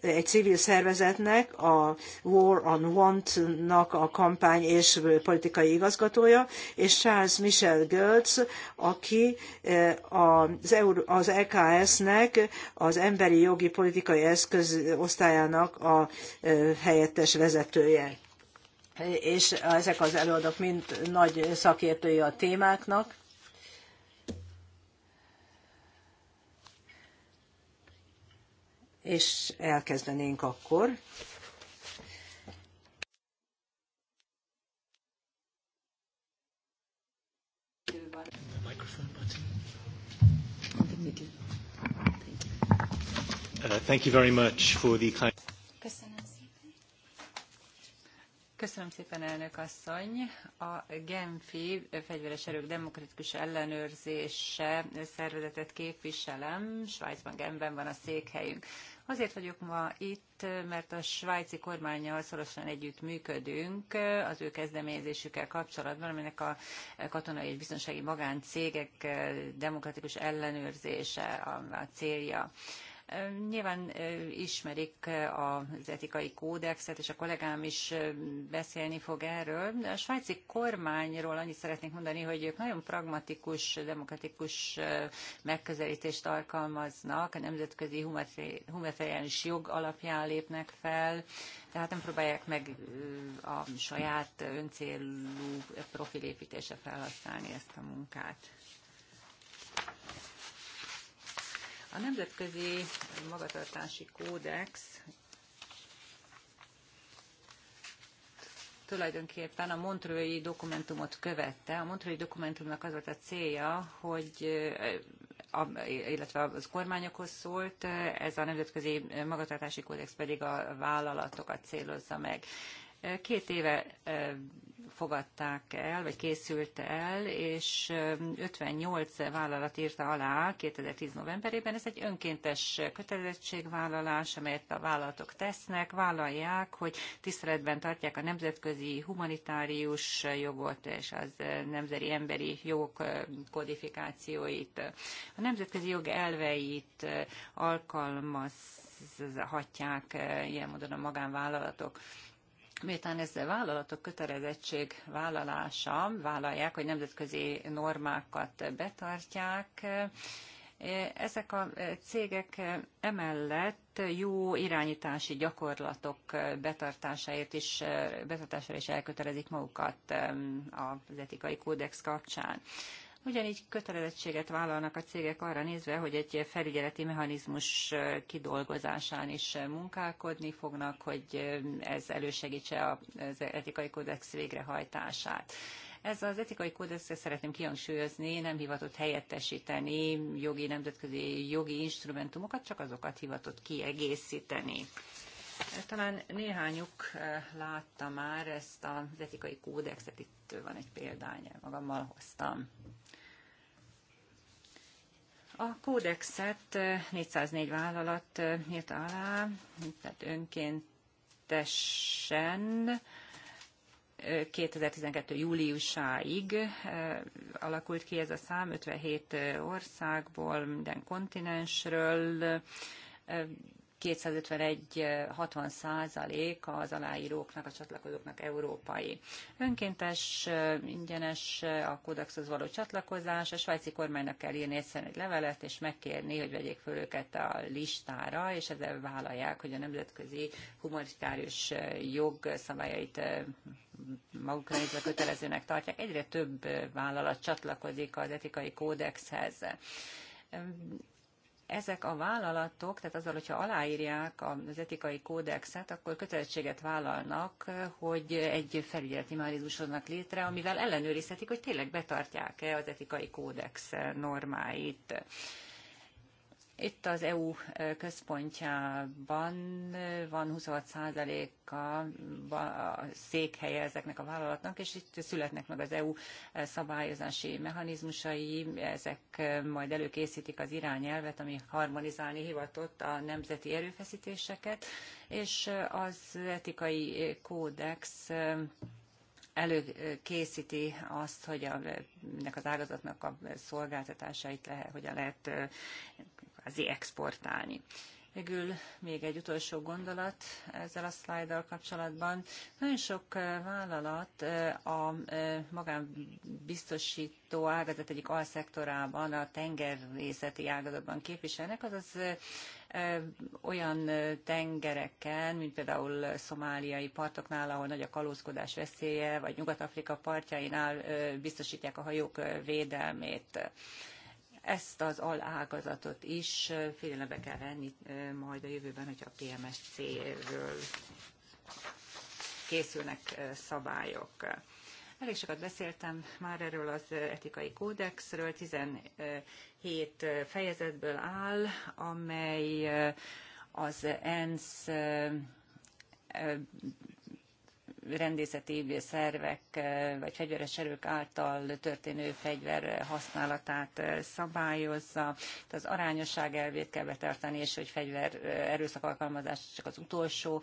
egy civil szervezetnek, a War on Want-nak a kampány és politikai igazgatója, és Charles Michel Götz, aki eh, az, EKS-nek, e az emberi jogi politikai eszköz osztályának a eh, helyettes vezetője. És ezek az előadók mind nagy szakértői a témáknak és elkezdenénk akkor. Uh, thank you very much for the kind... Köszönöm szépen. Köszönöm szépen, elnök asszony. A Genfi Fegyveres Erők Demokratikus Ellenőrzése szervezetet képviselem. Svájcban, Genben van a székhelyünk. Azért vagyok ma itt, mert a svájci kormányjal szorosan együtt működünk az ő kezdeményezésükkel kapcsolatban, aminek a katonai és biztonsági magáncégek demokratikus ellenőrzése a célja. Nyilván ismerik az etikai kódexet, és a kollégám is beszélni fog erről. A svájci kormányról annyit szeretnék mondani, hogy ők nagyon pragmatikus, demokratikus megközelítést alkalmaznak, a nemzetközi humefejelens jog alapján lépnek fel, tehát nem próbálják meg a saját öncélú profilépítése felhasználni ezt a munkát. A Nemzetközi Magatartási Kódex tulajdonképpen a Montrői dokumentumot követte. A Montrői dokumentumnak az volt a célja, hogy eh, a, illetve az kormányokhoz szólt, ez a nemzetközi magatartási kódex pedig a vállalatokat célozza meg. Két éve fogadták el, vagy készült el, és 58 vállalat írta alá 2010 novemberében. Ez egy önkéntes kötelezettségvállalás, amelyet a vállalatok tesznek, vállalják, hogy tiszteletben tartják a nemzetközi humanitárius jogot és az nemzeti emberi jogok kodifikációit. A nemzetközi jog elveit alkalmazhatják ilyen módon a magánvállalatok miután ez a vállalatok kötelezettség vállalása, vállalják, hogy nemzetközi normákat betartják, ezek a cégek emellett jó irányítási gyakorlatok betartásáért is, betartására is elkötelezik magukat ehm, az etikai kódex kapcsán. Ugyanígy kötelezettséget vállalnak a cégek arra nézve, hogy egy felügyeleti mechanizmus kidolgozásán is munkálkodni fognak, hogy ez elősegítse az etikai kódex végrehajtását. Ez az etikai kódex, ezt szeretném kihangsúlyozni, nem hivatott helyettesíteni jogi, nemzetközi jogi instrumentumokat, csak azokat hivatott kiegészíteni. Talán néhányuk eh, látta már ezt az etikai kódexet, itt van egy példány, magammal hoztam. A kódexet 404 vállalat írta alá, tehát önkéntesen 2012. júliusáig alakult ki ez a szám, 57 országból, minden kontinensről 251-60 százalék az aláíróknak, a csatlakozóknak európai. Önkéntes, ingyenes a kódexhoz való csatlakozás, a svájci kormánynak kell írni egyszerűen egy levelet, és megkérni, hogy vegyék föl őket a listára, és ezzel vállalják, hogy a nemzetközi humanitárius jog szabályait eh, magukra nézve kötelezőnek tartják. Egyre több vállalat csatlakozik az etikai kódexhez ezek a vállalatok, tehát azzal, hogyha aláírják az etikai kódexet, akkor kötelezettséget vállalnak, hogy egy felügyeleti mechanizmus hoznak létre, amivel ellenőrizhetik, hogy tényleg betartják-e az etikai kódex normáit. Itt az EU központjában van 26%-a székhelye ezeknek a vállalatnak, és itt születnek meg az EU szabályozási mechanizmusai, ezek majd előkészítik az irányelvet, ami harmonizálni hivatott a nemzeti erőfeszítéseket, és az etikai kódex előkészíti azt, hogy a, ennek az ágazatnak a szolgáltatásait lehet, hogyan lehet kvázi exportálni. Végül még egy utolsó gondolat ezzel a szlájddal kapcsolatban. Nagyon sok eh, vállalat eh, a eh, magánbiztosító ágazat egyik alszektorában, a tengerészeti ágazatban képviselnek, azaz olyan tengereken, mint például szomáliai partoknál, ahol nagy a kalózkodás veszélye, vagy Nyugat-Afrika partjainál biztosítják a hajók védelmét ezt az alágazatot is figyelembe kell venni majd a jövőben, hogyha a PMSC-ről készülnek szabályok. Elég sokat beszéltem már erről az etikai kódexről, 17 fejezetből áll, amely az ENSZ rendészeti szervek vagy fegyveres erők által történő fegyver használatát szabályozza. Az arányosság elvét kell betartani, és hogy fegyver erőszak alkalmazás csak az utolsó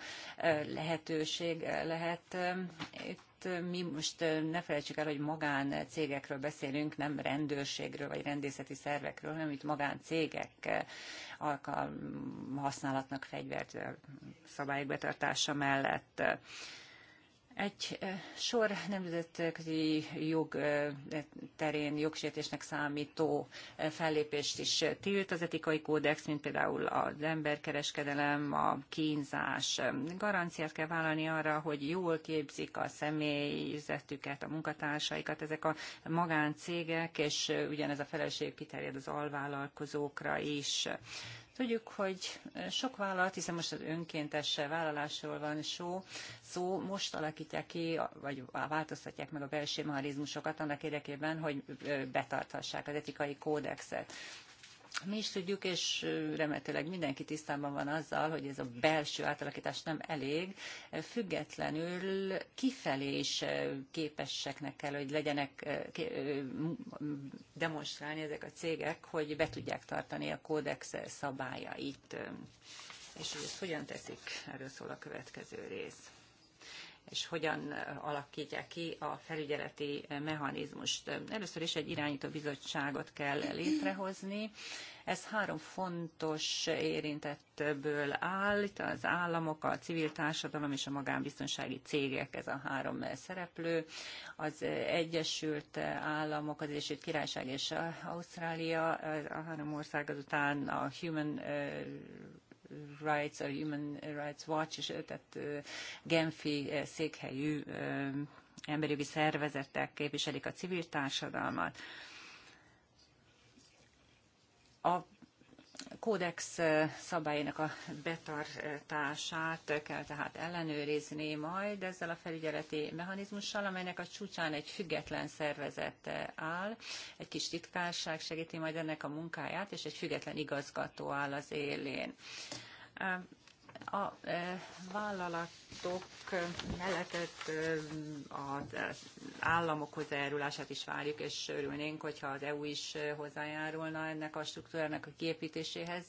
lehetőség lehet. Itt mi most ne felejtsük el, hogy magán cégekről beszélünk, nem rendőrségről vagy rendészeti szervekről, hanem itt magán cégek alkalm, használatnak fegyvert szabályok betartása mellett. Egy sor nemzetközi jog terén jogsértésnek számító fellépést is tilt az etikai kódex, mint például az emberkereskedelem, a kínzás. Garanciát kell vállalni arra, hogy jól képzik a személyzetüket, a munkatársaikat, ezek a magáncégek, és ugyanez a felelősség kiterjed az alvállalkozókra is. Tudjuk, hogy sok vállalat, hiszen most az önkéntes vállalásról van szó, szó most alakítják ki, vagy változtatják meg a belső mechanizmusokat annak érdekében, hogy betarthassák az etikai kódexet mi is tudjuk, és remetőleg mindenki tisztában van azzal, hogy ez a belső átalakítás nem elég. Függetlenül kifelé is képeseknek kell, hogy legyenek demonstrálni ezek a cégek, hogy be tudják tartani a kódex szabályait. És hogy ezt hogyan teszik, erről szól a következő rész és hogyan alakítják ki a felügyeleti mechanizmust. Először is egy irányító bizottságot kell létrehozni. Ez három fontos érintettből áll, itt az államok, a civil társadalom és a magánbiztonsági cégek, ez a három szereplő. Az Egyesült Államok, az Egyesült Királyság és Ausztrália, a három ország azután a Human Rights, a Human Rights Watch, és tehát Genfi székhelyű emberjogi szervezetek képviselik a civil társadalmat. A kódex szabályainak a betartását kell tehát ellenőrizni majd ezzel a felügyeleti mechanizmussal, amelynek a csúcsán egy független szervezet áll, egy kis titkárság segíti majd ennek a munkáját, és egy független igazgató áll az élén a e, vállalatok mellettett az e, államok hozzájárulását is várjuk, és örülnénk, hogyha az EU is e, hozzájárulna ennek a struktúrának a kiépítéséhez.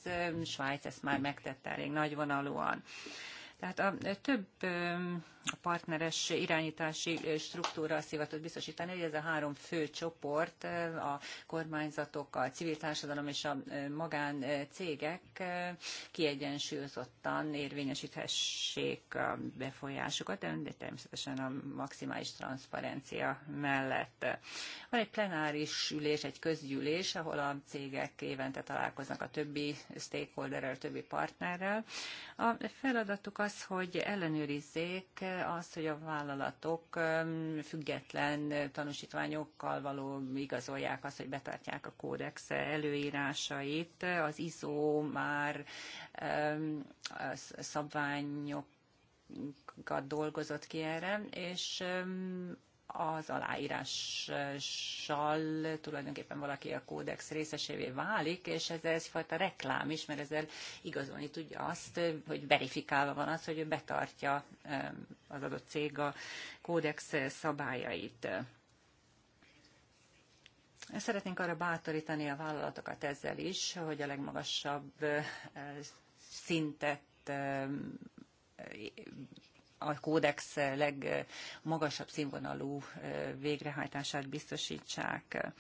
Svájc ezt már megtette elég nagyvonalúan. Tehát a több partneres irányítási struktúra szivatott biztosítani, hogy ez a három fő csoport, a kormányzatok, a civil társadalom és a magáncégek kiegyensúlyozottan érvényesíthessék a befolyásukat, de természetesen a maximális transzparencia mellett. Van egy plenáris ülés, egy közgyűlés, ahol a cégek évente találkoznak a többi stakeholderrel, a többi partnerrel. A feladatukat az, hogy ellenőrizzék azt, hogy a vállalatok független tanúsítványokkal való igazolják azt, hogy betartják a kódex előírásait. Az ISO már szabványok dolgozott ki erre, és az aláírással tulajdonképpen valaki a kódex részesévé válik, és ez egyfajta reklám is, mert ezzel igazolni tudja azt, hogy verifikálva van az, hogy ő betartja az adott cég a kódex szabályait. Szeretnénk arra bátorítani a vállalatokat ezzel is, hogy a legmagasabb eh, szintet a kódex legmagasabb színvonalú végrehajtását biztosítsák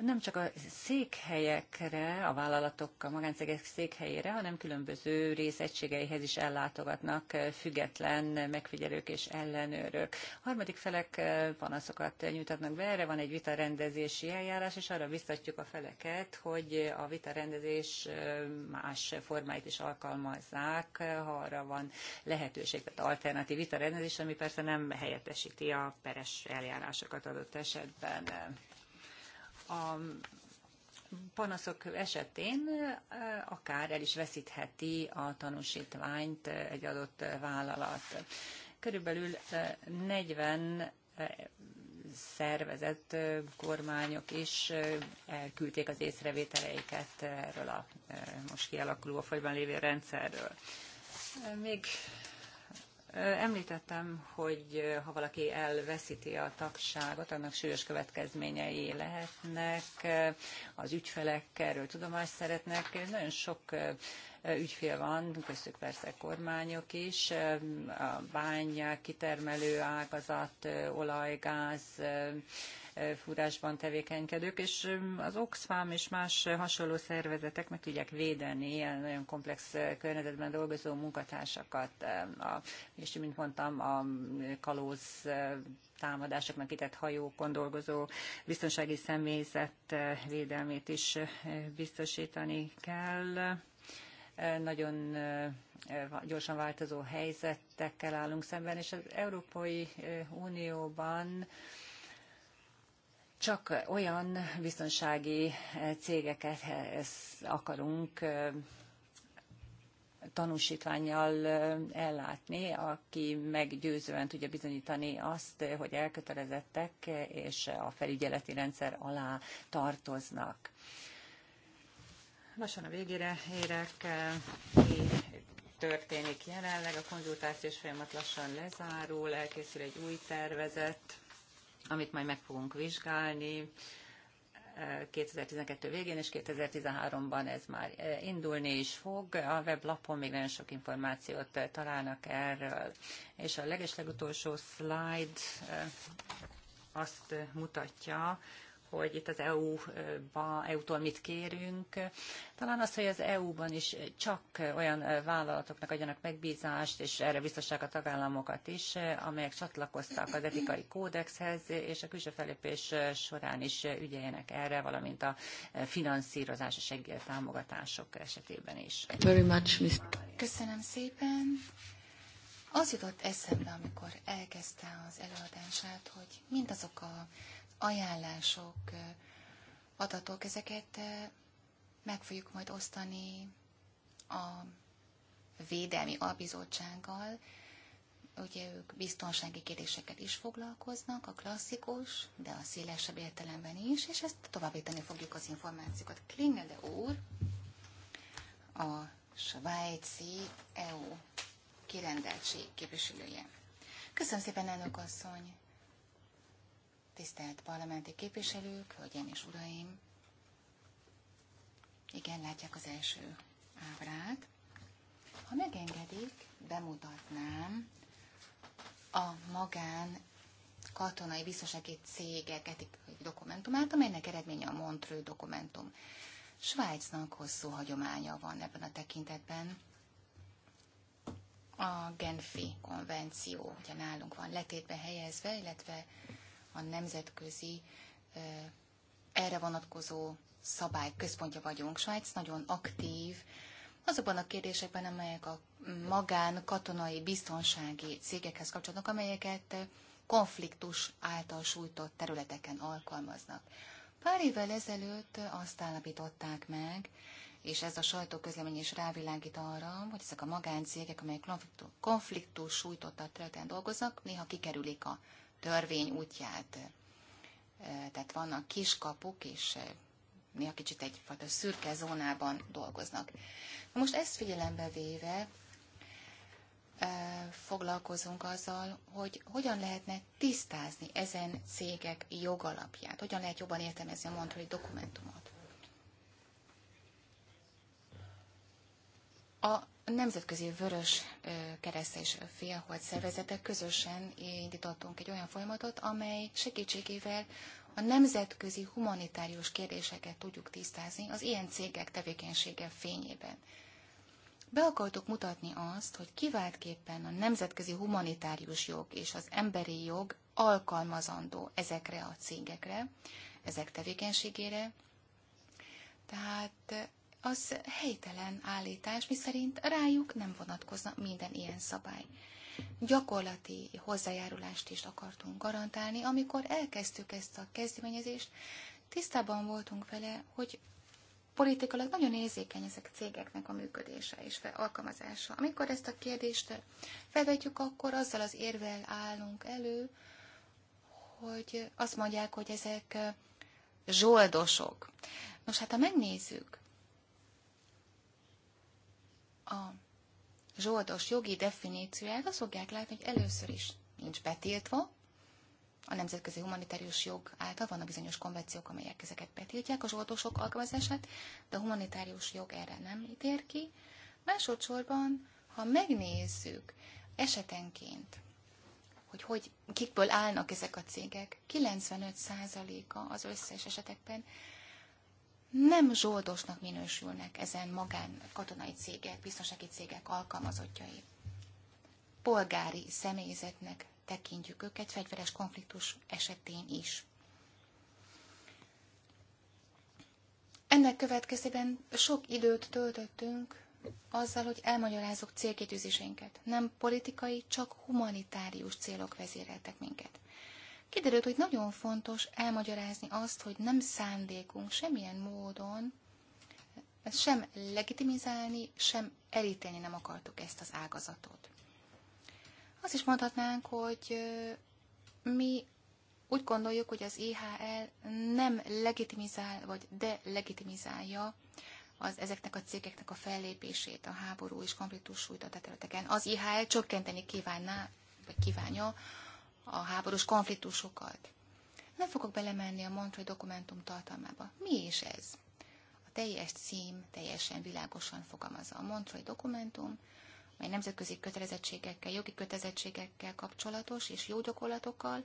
nem csak a székhelyekre, a vállalatok, a magáncégek székhelyére, hanem különböző részegységeihez is ellátogatnak eh, független megfigyelők és ellenőrök. Harmadik felek eh, panaszokat nyújtatnak be, erre van egy vitarendezési eljárás, és arra biztatjuk a feleket, hogy a vitarendezés eh, más formáit is alkalmazzák, ha arra van lehetőség, tehát alternatív vitarendezés, ami persze nem helyettesíti a peres eljárásokat adott esetben a panaszok esetén akár el is veszítheti a tanúsítványt egy adott vállalat. Körülbelül 40 szervezett kormányok is elküldték az észrevételeiket erről a most kialakuló a folyban lévő rendszerről. Még Említettem, hogy ha valaki elveszíti a tagságot, annak súlyos következményei lehetnek, az ügyfelek erről tudomást szeretnek. Nagyon sok ügyfél van, köztük persze kormányok is, a bányák, kitermelő ágazat, olaj, gáz, fúrásban tevékenykedők, és az Oxfam és más hasonló szervezetek meg tudják védeni ilyen nagyon komplex környezetben dolgozó munkatársakat. A, és mint mondtam, a kalóz támadásoknak itt hajókon dolgozó biztonsági személyzet védelmét is biztosítani kell nagyon eh, gyorsan változó helyzetekkel állunk szemben, és az Európai eh, Unióban csak olyan biztonsági eh, cégeket akarunk tanúsítványjal ellátni, aki meggyőzően tudja bizonyítani azt, hogy elkötelezettek és a felügyeleti rendszer alá tartoznak lassan a végére érek, mi történik jelenleg, a konzultációs folyamat lassan lezárul, elkészül egy új tervezet, amit majd meg fogunk vizsgálni. 2012 eh, végén és 2013-ban ez már eh, indulni is fog. A weblapon még nagyon sok információt eh, találnak erről. És a legeslegutolsó slide azt mutatja, hogy itt az EU-ba, EU-tól mit kérünk. Talán az, hogy az EU-ban is csak olyan vállalatoknak adjanak megbízást, és erre biztosak a tagállamokat is, amelyek csatlakoztak az etikai kódexhez, és a külső felépés során is ügyeljenek erre, valamint a finanszírozás és támogatások esetében is. Very much, Köszönöm szépen. Az jutott eszembe, amikor elkezdte az előadását, hogy mindazok a ajánlások, adatok, ezeket meg fogjuk majd osztani a Védelmi Albizottsággal. Ugye ők biztonsági kérdéseket is foglalkoznak, a klasszikus, de a szélesebb értelemben is, és ezt továbbítani fogjuk az információkat. Klingele úr, a svájci EU kirendeltség képviselője. Köszönöm szépen, elnök asszony! tisztelt parlamenti képviselők, hölgyeim és uraim! Igen, látják az első ábrát. Ha megengedik, bemutatnám a magán katonai biztonsági cégek etikai dokumentumát, amelynek eredménye a Montreux dokumentum. Svájcnak hosszú hagyománya van ebben a tekintetben. A Genfi konvenció, ugye nálunk van letétbe helyezve, illetve a nemzetközi erre vonatkozó szabály központja vagyunk. Svájc nagyon aktív azokban a kérdésekben, amelyek a magán katonai biztonsági cégekhez kapcsolódnak, amelyeket konfliktus által sújtott területeken alkalmaznak. Pár évvel ezelőtt azt állapították meg, és ez a sajtóközlemény is rávilágít arra, hogy ezek a magáncégek, amelyek konfliktus sújtott a területen dolgoznak, néha kikerülik a törvény útját. Tehát vannak kiskapuk, és néha kicsit egyfajta szürke zónában dolgoznak. Na most ezt figyelembe véve foglalkozunk azzal, hogy hogyan lehetne tisztázni ezen cégek jogalapját, hogyan lehet jobban értelmezni a montrói dokumentumot. A a Nemzetközi Vörös Kereszt és Félhold szervezetek közösen indítottunk egy olyan folyamatot, amely segítségével a nemzetközi humanitárius kérdéseket tudjuk tisztázni az ilyen cégek tevékenysége fényében. Be akartuk mutatni azt, hogy kiváltképpen a nemzetközi humanitárius jog és az emberi jog alkalmazandó ezekre a cégekre, ezek tevékenységére. Tehát az helytelen állítás, miszerint rájuk nem vonatkozna minden ilyen szabály. Gyakorlati hozzájárulást is akartunk garantálni, amikor elkezdtük ezt a kezdeményezést, tisztában voltunk vele, hogy politikailag nagyon érzékeny ezek a cégeknek a működése és alkalmazása. Amikor ezt a kérdést felvetjük, akkor azzal az érvel állunk elő, hogy azt mondják, hogy ezek zsoldosok. Nos, hát ha megnézzük, a zsoldos jogi definícióját, azt fogják látni, hogy először is nincs betiltva, a nemzetközi humanitárius jog által vannak bizonyos konvenciók, amelyek ezeket betiltják a zsoldosok alkalmazását, de a humanitárius jog erre nem ítér ki. Másodszorban, ha megnézzük esetenként, hogy, hogy kikből állnak ezek a cégek, 95%-a az összes esetekben nem zsoldosnak minősülnek ezen magán katonai cégek, biztonsági cégek alkalmazottjai. Polgári személyzetnek tekintjük őket fegyveres konfliktus esetén is. Ennek következtében sok időt töltöttünk azzal, hogy elmagyarázok célkétűzéseinket. Nem politikai, csak humanitárius célok vezéreltek minket kiderült, hogy nagyon fontos elmagyarázni azt, hogy nem szándékunk semmilyen módon sem legitimizálni, sem elítélni nem akartuk ezt az ágazatot. Azt is mondhatnánk, hogy mi úgy gondoljuk, hogy az IHL nem legitimizál, vagy delegitimizálja az, ezeknek a cégeknek a fellépését a háború és konfliktus sújtott területeken. Az IHL csökkenteni kívánná, vagy kívánja a háborús konfliktusokat. Nem fogok belemenni a Montreux dokumentum tartalmába. Mi is ez? A teljes cím teljesen világosan fogalmazza a Montreux dokumentum, mely nemzetközi kötelezettségekkel, jogi kötelezettségekkel kapcsolatos és jó gyakorlatokkal,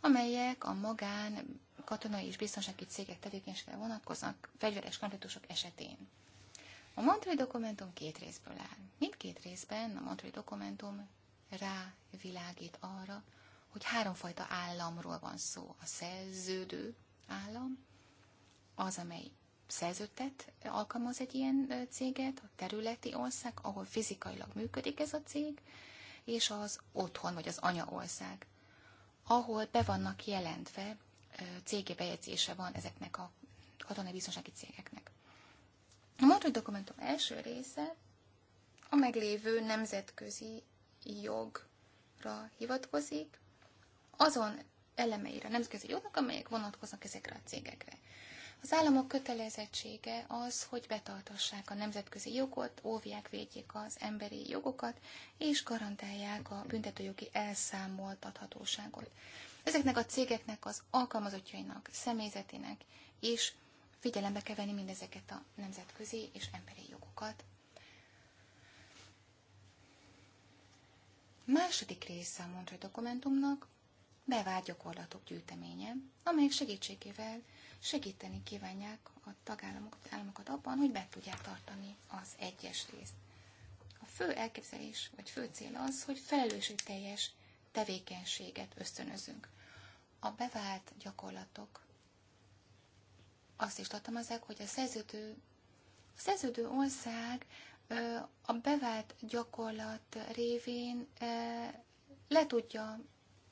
amelyek a magán katonai és biztonsági cégek tevékenységre vonatkoznak fegyveres konfliktusok esetén. A Montreux dokumentum két részből áll. Mindkét részben a Montreux dokumentum rávilágít arra, hogy háromfajta államról van szó. A szerződő állam, az, amely szerződtet, alkalmaz egy ilyen céget, a területi ország, ahol fizikailag működik ez a cég, és az otthon, vagy az anyaország, ahol be vannak jelentve, cégi bejegyzése van ezeknek a katonai biztonsági cégeknek. A Madrid dokumentum első része a meglévő nemzetközi jogra hivatkozik, azon elemeire a nemzetközi jognak, amelyek vonatkoznak ezekre a cégekre. Az államok kötelezettsége az, hogy betartassák a nemzetközi jogot, óvják, védjék az emberi jogokat, és garantálják a büntetőjogi elszámoltathatóságot. Ezeknek a cégeknek, az alkalmazottjainak, személyzetének is figyelembe kell venni mindezeket a nemzetközi és emberi jogokat. Második része a Montreux dokumentumnak bevált gyakorlatok gyűjteménye, amelyek segítségével segíteni kívánják a tagállamokat, államokat abban, hogy be tudják tartani az egyes részt. A fő elképzelés vagy fő cél az, hogy felelősségteljes tevékenységet ösztönözünk. A bevált gyakorlatok azt is tartalmazzák, hogy a szerződő, a szerződő ország a bevált gyakorlat révén le tudja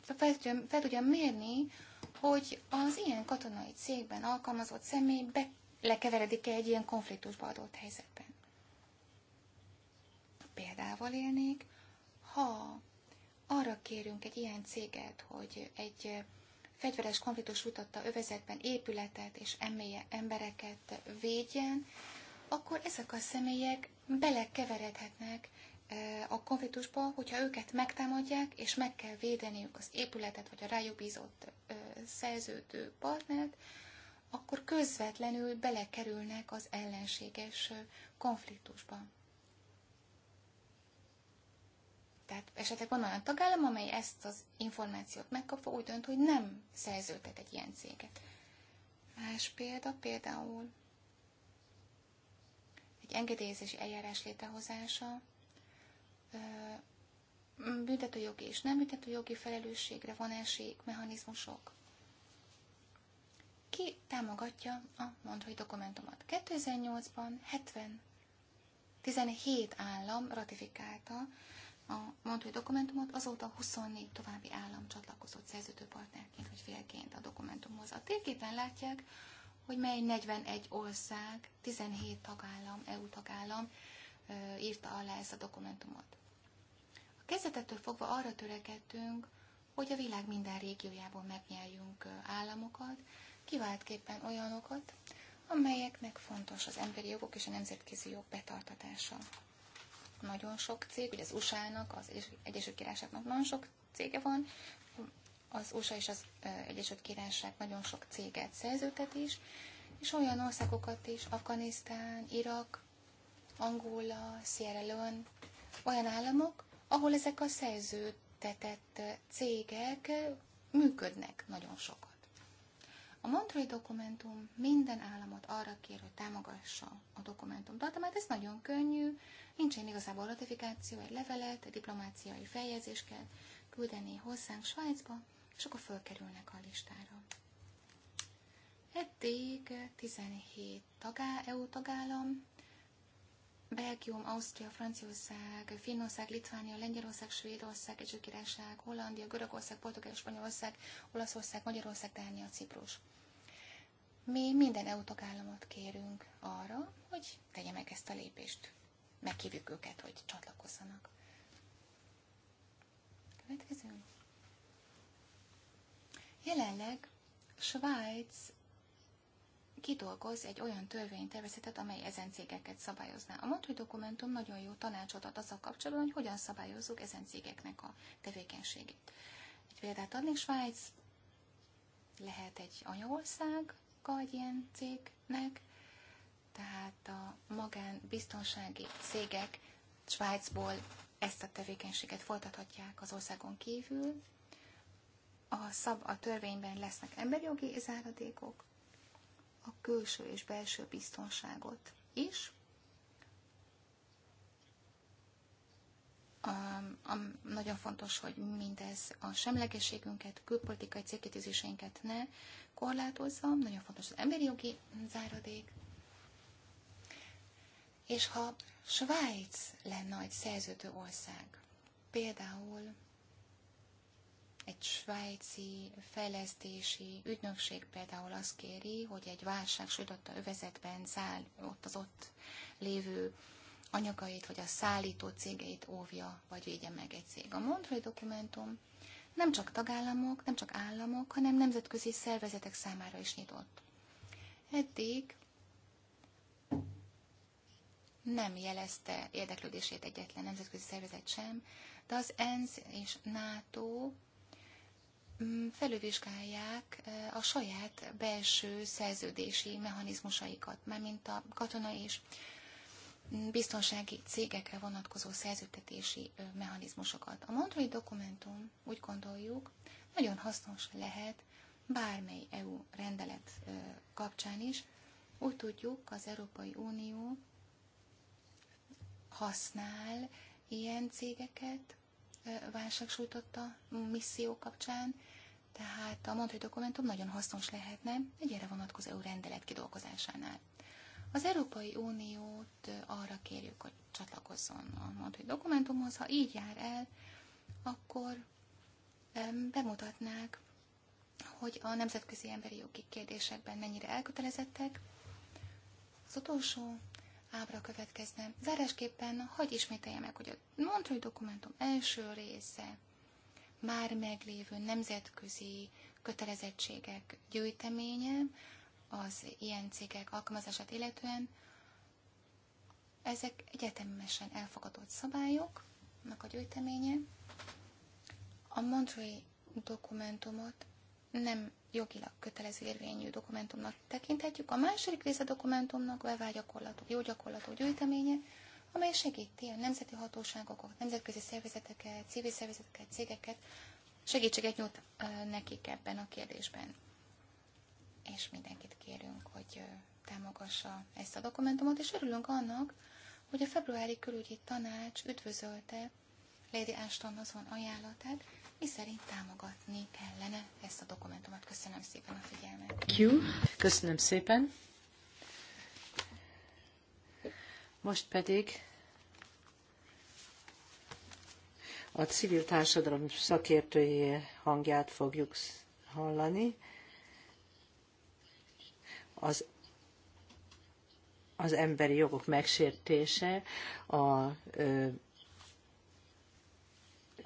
fel tudja, fel tudja mérni, hogy az ilyen katonai cégben alkalmazott személy belekeveredik-e egy ilyen konfliktusba adott helyzetben. Példával élnék, ha arra kérünk egy ilyen céget, hogy egy fegyveres konfliktus utatta övezetben épületet és embereket védjen, akkor ezek a személyek belekeveredhetnek a konfliktusba, hogyha őket megtámadják, és meg kell védeniük az épületet, vagy a rájuk bízott szerződő partnert, akkor közvetlenül belekerülnek az ellenséges konfliktusba. Tehát esetleg van olyan tagállam, amely ezt az információt megkapva úgy dönt, hogy nem szerződtet egy ilyen céget. Más példa például egy engedélyezési eljárás létrehozása, büntetőjogi és nem büntetőjogi felelősségre vonási mechanizmusok. Ki támogatja a mondhai dokumentumot? 2008-ban 70 17 állam ratifikálta a mondhai dokumentumot, azóta 24 további állam csatlakozott szerződő vagy félként a dokumentumhoz. A térképen látják, hogy mely 41 ország, 17 tagállam, EU tagállam írta alá ezt a dokumentumot. Kezdetektől fogva arra törekedtünk, hogy a világ minden régiójából megnyerjünk államokat, kiváltképpen olyanokat, amelyeknek fontos az emberi jogok és a nemzetközi jog betartatása. Nagyon sok cég, ugye az USA-nak, az Egyesült Királyságnak nagyon sok cége van, az USA és az Egyesült Királyság nagyon sok céget szerződtet is, és olyan országokat is, Afganisztán, Irak, Angola, Sierra Leone, olyan államok, ahol ezek a szerződtetett cégek működnek nagyon sokat. A Montreux dokumentum minden államot arra kér, hogy támogassa a dokumentum tartalmát, ez nagyon könnyű, nincsen igazából ratifikáció, egy levelet, egy diplomáciai feljegyzést kell küldeni hozzánk Svájcba, és akkor fölkerülnek a listára. Eddig 17 tagá, EU tagállam Belgium, Ausztria, Franciaország, Finnország, Litvánia, Lengyelország, Svédország, Egyesült Hollandia, Görögország, Portugál, Spanyolország, Olaszország, Magyarország, Dánia, Ciprus. Mi minden EU tagállamot kérünk arra, hogy tegye meg ezt a lépést. Meghívjuk őket, hogy csatlakozzanak. Következő. Jelenleg Svájc kidolgoz egy olyan törvénytervezetet, amely ezen cégeket szabályozná. A Montreux dokumentum nagyon jó tanácsot ad azzal kapcsolatban, hogy hogyan szabályozzuk ezen cégeknek a tevékenységét. Egy példát adnék, Svájc lehet egy anyaország, egy ilyen cégnek, tehát a magánbiztonsági cégek Svájcból ezt a tevékenységet folytathatják az országon kívül. A, szab, a törvényben lesznek emberjogi záradékok, a külső és belső biztonságot is, A, a, nagyon fontos, hogy mindez a semlegességünket, külpolitikai célkitűzéseinket ne korlátozza, nagyon fontos az emberi jogi záradék. És ha Svájc lenne egy szerződő ország, például egy svájci fejlesztési ügynökség például azt kéri, hogy egy válság sütötte övezetben száll ott az ott lévő anyagait, vagy a szállító cégeit óvja, vagy védje meg egy cég. A Montreux dokumentum nem csak tagállamok, nem csak államok, hanem nemzetközi szervezetek számára is nyitott. Eddig nem jelezte érdeklődését egyetlen nemzetközi szervezet sem, de az ENSZ és NATO felülvizsgálják a saját belső szerződési mechanizmusaikat, mint a katonai és biztonsági cégekre vonatkozó szerződtetési mechanizmusokat. A Montreux dokumentum úgy gondoljuk nagyon hasznos lehet bármely EU rendelet kapcsán is. Úgy tudjuk, az Európai Unió használ ilyen cégeket válságsújtotta misszió kapcsán, tehát a Madrid dokumentum nagyon hasznos lehetne egy erre vonatkozó EU rendelet kidolgozásánál. Az Európai Uniót arra kérjük, hogy csatlakozzon a Madrid dokumentumhoz. Ha így jár el, akkor bemutatnák, hogy a nemzetközi emberi jogi kérdésekben mennyire elkötelezettek. Az utolsó ábra következne. Zárásképpen hagyj ismételje meg, hogy a Montreux dokumentum első része már meglévő nemzetközi kötelezettségek gyűjteménye az ilyen cégek alkalmazását illetően, ezek egyetemesen elfogadott szabályoknak a gyűjteménye. A Montreux dokumentumot nem jogilag kötelező érvényű dokumentumnak tekinthetjük. A második része dokumentumnak bevált gyakorlatok, jó gyakorlatok gyűjteménye, amely segíti a nemzeti hatóságokat, nemzetközi szervezeteket, civil szervezeteket, cégeket, segítséget nyújt nekik ebben a kérdésben. És mindenkit kérünk, hogy támogassa ezt a dokumentumot, és örülünk annak, hogy a februári külügyi tanács üdvözölte Lady Ashton azon ajánlatát, miszerint támogatni kellene ezt a dokumentumot. Köszönöm szépen a figyelmet. Köszönöm szépen. Most pedig a civil társadalom szakértői hangját fogjuk hallani. Az, az emberi jogok megsértése a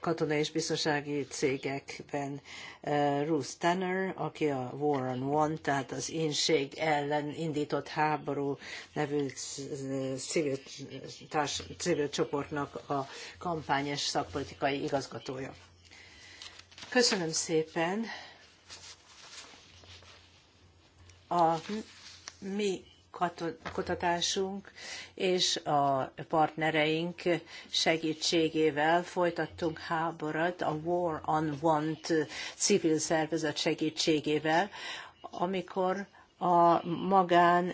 katonai és biztonsági cégekben eh, Ruth Tanner, aki a War on One, tehát az inség ellen indított háború nevű civil, társ, civil csoportnak a kampányos szakpolitikai igazgatója. Köszönöm szépen. A mi kutatásunk és a partnereink segítségével folytattunk háborút a War on Want civil szervezet segítségével, amikor a magán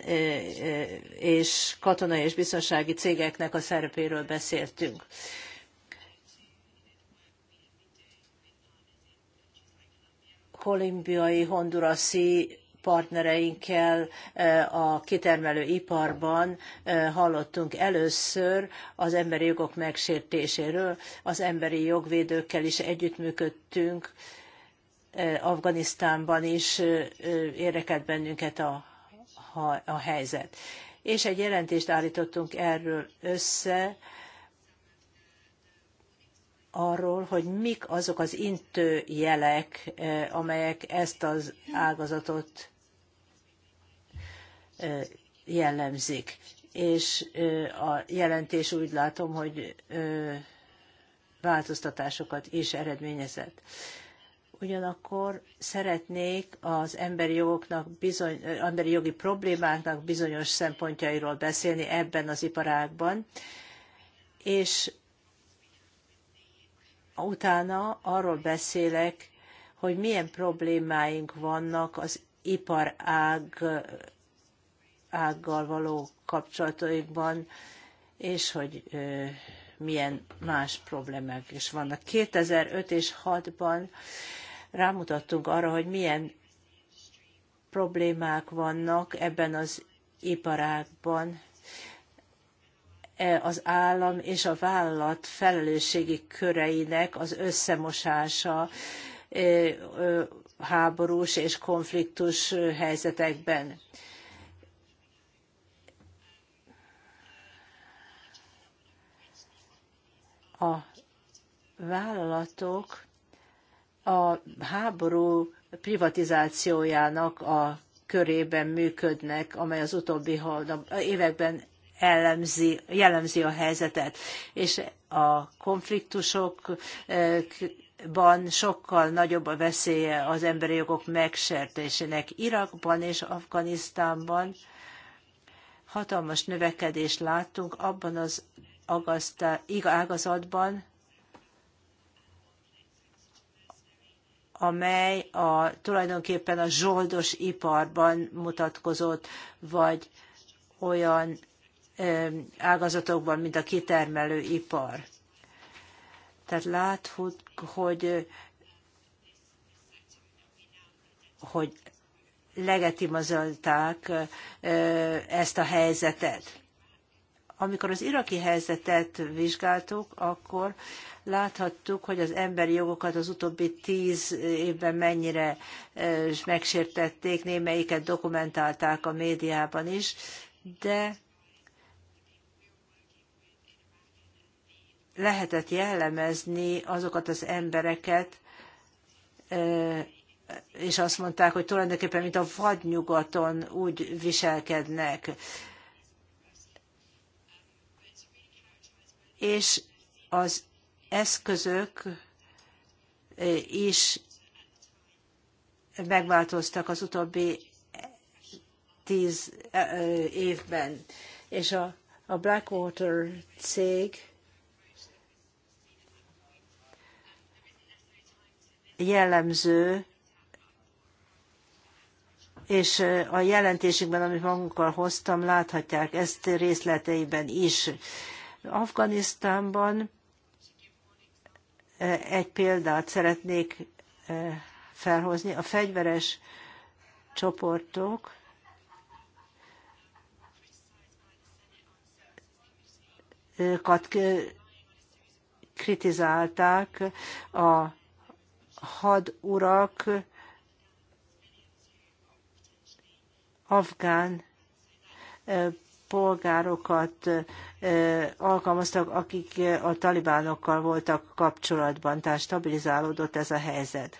és katonai és biztonsági cégeknek a szerepéről beszéltünk. kolumbiai, hondurasi partnereinkkel e, a kitermelő iparban e, hallottunk először az emberi jogok megsértéséről. Az emberi jogvédőkkel is együttműködtünk, e, Afganisztánban is érdekelt bennünket a, a, a helyzet. És egy jelentést állítottunk erről össze, arról, hogy mik azok az intő jelek, amelyek ezt az ágazatot jellemzik. És a jelentés úgy látom, hogy változtatásokat is eredményezett. Ugyanakkor szeretnék az emberi, jogoknak bizony, emberi jogi problémáknak bizonyos szempontjairól beszélni ebben az iparágban, és utána arról beszélek, hogy milyen problémáink vannak az iparág ággal való kapcsolataikban, és hogy milyen más problémák is vannak. 2005 és 2006-ban rámutattunk arra, hogy milyen problémák vannak ebben az iparágban, e, az állam és a vállalat felelősségi köreinek az összemosása e, háborús és konfliktus helyzetekben. a vállalatok a háború privatizációjának a körében működnek, amely az utóbbi években ellemzi, jellemzi a helyzetet, és a konfliktusokban sokkal nagyobb a veszélye az emberi jogok megsértésének. Irakban és Afganisztánban hatalmas növekedést láttunk abban az ágazatban, amely a, tulajdonképpen a zsoldos iparban mutatkozott, vagy olyan ágazatokban, mint a kitermelő ipar. Tehát láthat, hogy, hogy legitimizálták ezt a helyzetet. Amikor az iraki helyzetet vizsgáltuk, akkor láthattuk, hogy az emberi jogokat az utóbbi tíz évben mennyire e, megsértették, némelyiket dokumentálták a médiában is, de lehetett jellemezni azokat az embereket, e, és azt mondták, hogy tulajdonképpen, mint a vadnyugaton úgy viselkednek. és az eszközök eh, is megváltoztak az utóbbi tíz eh, eh, évben. És a, a Blackwater cég jellemző, és a jelentésükben, amit magunkkal hoztam, láthatják ezt részleteiben is. Afganisztánban eh, egy példát szeretnék eh, felhozni. A fegyveres csoportok kat kritizálták a hadurak afgán eh, polgárokat alkalmaztak, akik a talibánokkal voltak kapcsolatban, tehát stabilizálódott ez a helyzet.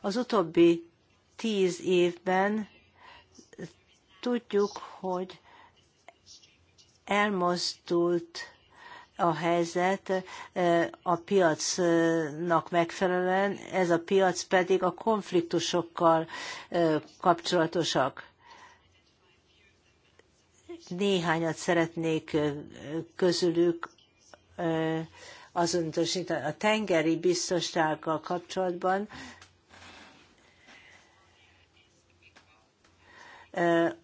Az utóbbi tíz évben tudjuk, hogy elmozdult a helyzet a piacnak megfelelően, ez a piac pedig a konfliktusokkal kapcsolatosak néhányat szeretnék közülük azonosítani. A tengeri biztonsággal kapcsolatban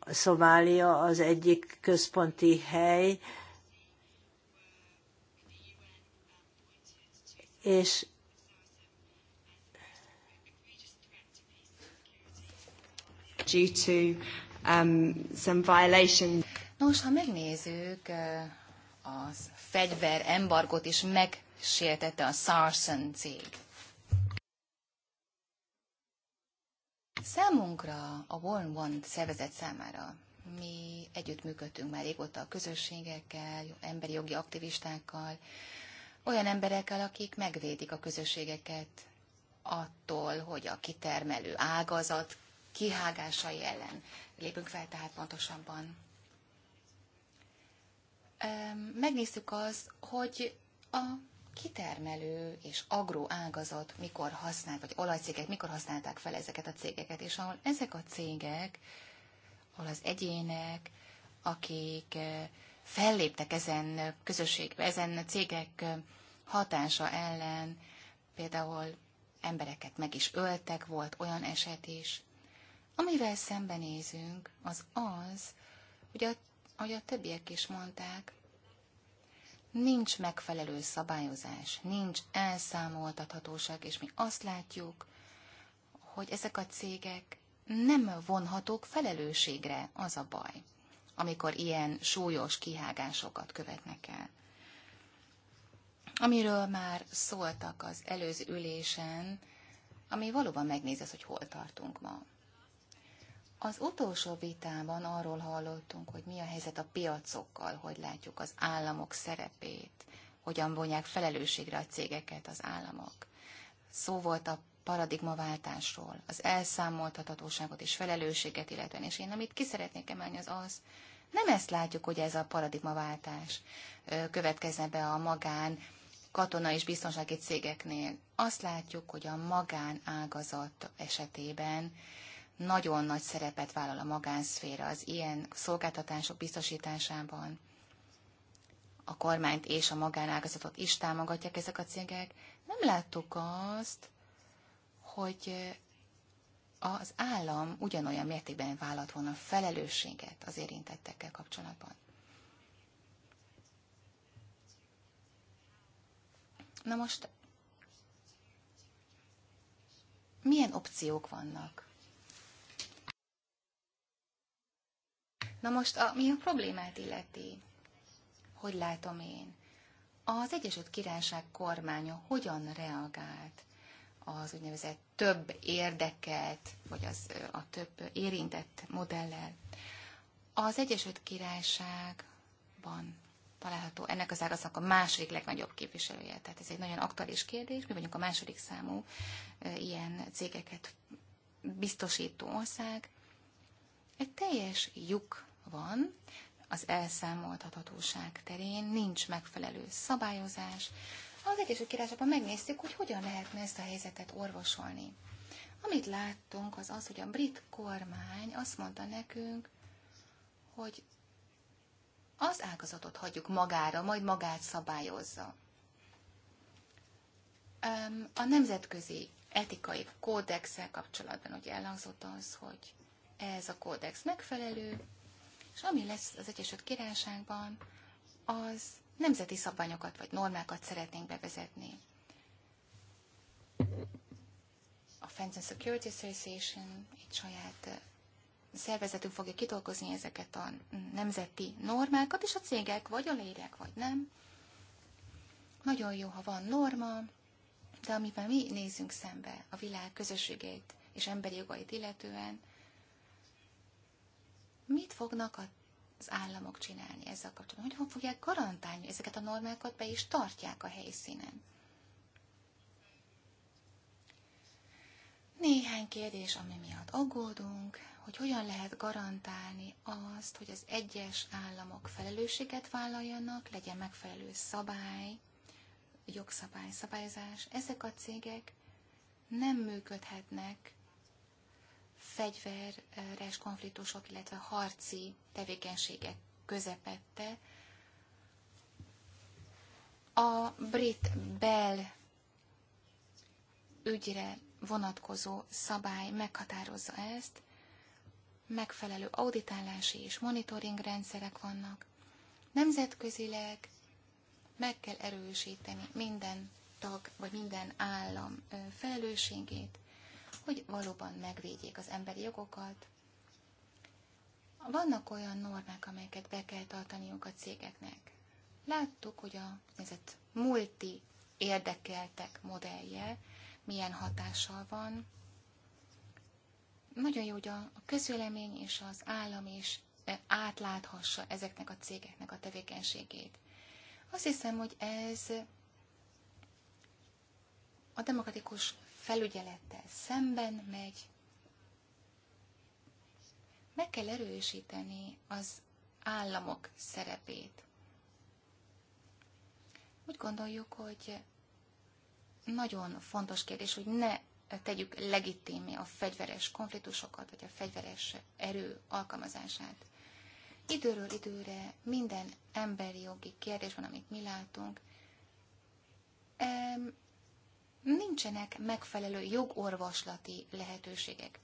Szomália az egyik központi hely, és due to um, some Nos, ha megnézzük, az fegyver embargot is megsértette a Sarsen cég. Számunkra, a One One szervezet számára mi együttműködtünk már régóta a közösségekkel, emberi jogi aktivistákkal, olyan emberekkel, akik megvédik a közösségeket attól, hogy a kitermelő ágazat kihágásai ellen lépünk fel, tehát pontosabban. Megnéztük az, hogy a kitermelő és agroágazat mikor használt, vagy olajcégek mikor használták fel ezeket a cégeket, és ahol ezek a cégek, ahol az egyének, akik felléptek ezen közösségbe, ezen cégek hatása ellen, például embereket meg is öltek, volt olyan eset is, Amivel szembenézünk, az az, hogy a, ahogy a többiek is mondták, nincs megfelelő szabályozás, nincs elszámoltathatóság, és mi azt látjuk, hogy ezek a cégek nem vonhatók felelősségre, az a baj, amikor ilyen súlyos kihágásokat követnek el. Amiről már szóltak az előző ülésen, ami valóban megnéz hogy hol tartunk ma. Az utolsó vitában arról hallottunk, hogy mi a helyzet a piacokkal, hogy látjuk az államok szerepét, hogyan vonják felelősségre a cégeket az államok. Szó volt a paradigmaváltásról, az elszámoltathatóságot és felelősséget illetően, és én amit ki szeretnék emelni az az, nem ezt látjuk, hogy ez a paradigmaváltás következne be a magán katona és biztonsági cégeknél. Azt látjuk, hogy a magán ágazat esetében nagyon nagy szerepet vállal a magánszféra az ilyen szolgáltatások biztosításában. A kormányt és a magánágazatot is támogatják ezek a cégek. Nem láttuk azt, hogy az állam ugyanolyan mértékben vállalt volna felelősséget az érintettekkel kapcsolatban. Na most, milyen opciók vannak? Na most, a, mi a problémát illeti? Hogy látom én? Az Egyesült Királyság kormánya hogyan reagált az úgynevezett több érdeket, vagy az, a több érintett modellel? Az Egyesült Királyságban található ennek az ágazatnak a második legnagyobb képviselője. Tehát ez egy nagyon aktuális kérdés. Mi vagyunk a második számú ilyen cégeket biztosító ország. Egy teljes lyuk van az elszámoltathatóság terén, nincs megfelelő szabályozás. Az Egyesült Királyságban megnéztük, hogy hogyan lehetne ezt a helyzetet orvosolni. Amit láttunk, az az, hogy a brit kormány azt mondta nekünk, hogy az ágazatot hagyjuk magára, majd magát szabályozza. A nemzetközi etikai kódexel kapcsolatban ugye elhangzott az, hogy ez a kódex megfelelő, és ami lesz az Egyesült Királyságban, az nemzeti szabványokat vagy normákat szeretnénk bevezetni. A Fence and Security Association egy saját szervezetünk fogja kidolgozni ezeket a nemzeti normákat, és a cégek vagy aláírják, vagy nem. Nagyon jó, ha van norma, de amivel mi nézünk szembe a világ közösségét és emberi jogait illetően, mit fognak az államok csinálni ezzel kapcsolatban? Hogyan fogják garantálni, hogy ezeket a normákat be is tartják a helyszínen? Néhány kérdés, ami miatt aggódunk, hogy hogyan lehet garantálni azt, hogy az egyes államok felelősséget vállaljanak, legyen megfelelő szabály, jogszabály, szabályzás. Ezek a cégek nem működhetnek fegyveres konfliktusok, illetve harci tevékenységek közepette. A brit bel ügyre vonatkozó szabály meghatározza ezt, megfelelő auditálási és monitoring rendszerek vannak. Nemzetközileg meg kell erősíteni minden tag vagy minden állam felelősségét, hogy valóban megvédjék az emberi jogokat. Vannak olyan normák, amelyeket be kell tartaniuk a cégeknek. Láttuk, hogy a nézett multi érdekeltek modellje milyen hatással van. Nagyon jó, hogy a közvélemény és az állam is e, átláthassa ezeknek a cégeknek a tevékenységét. Azt hiszem, hogy ez a demokratikus felügyelettel szemben megy. Meg kell erősíteni az államok szerepét. Úgy gondoljuk, hogy nagyon fontos kérdés, hogy ne tegyük legitimé a fegyveres konfliktusokat, vagy a fegyveres erő alkalmazását. Időről időre minden emberi jogi kérdésben, amit mi látunk, nincsenek megfelelő jogorvoslati lehetőségek.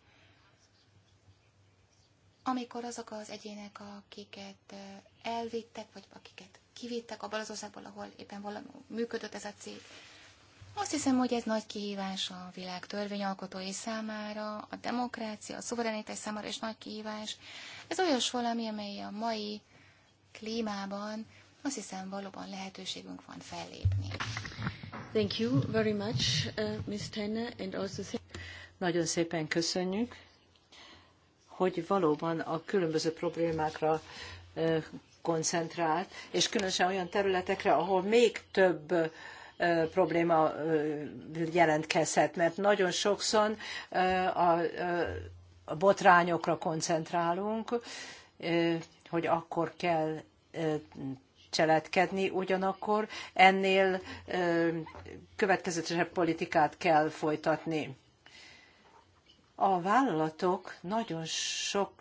Amikor azok az egyének, akiket elvittek, vagy akiket kivittek abban az országból, ahol éppen valami működött ez a cég, azt hiszem, hogy ez nagy kihívás a világ törvényalkotói számára, a demokrácia, a szuverenitás számára is nagy kihívás. Ez olyas valami, amely a mai klímában azt hiszem valóban lehetőségünk van fellépni. Thank you very much, uh, Ms. and also... Nagyon szépen köszönjük, hogy valóban a különböző problémákra uh, koncentrált, és különösen olyan területekre, ahol még több uh, probléma jelentkezhet, mert nagyon sokszor a botrányokra koncentrálunk, hogy akkor kell cselekedni, ugyanakkor ennél következetesebb politikát kell folytatni. A vállalatok nagyon sok,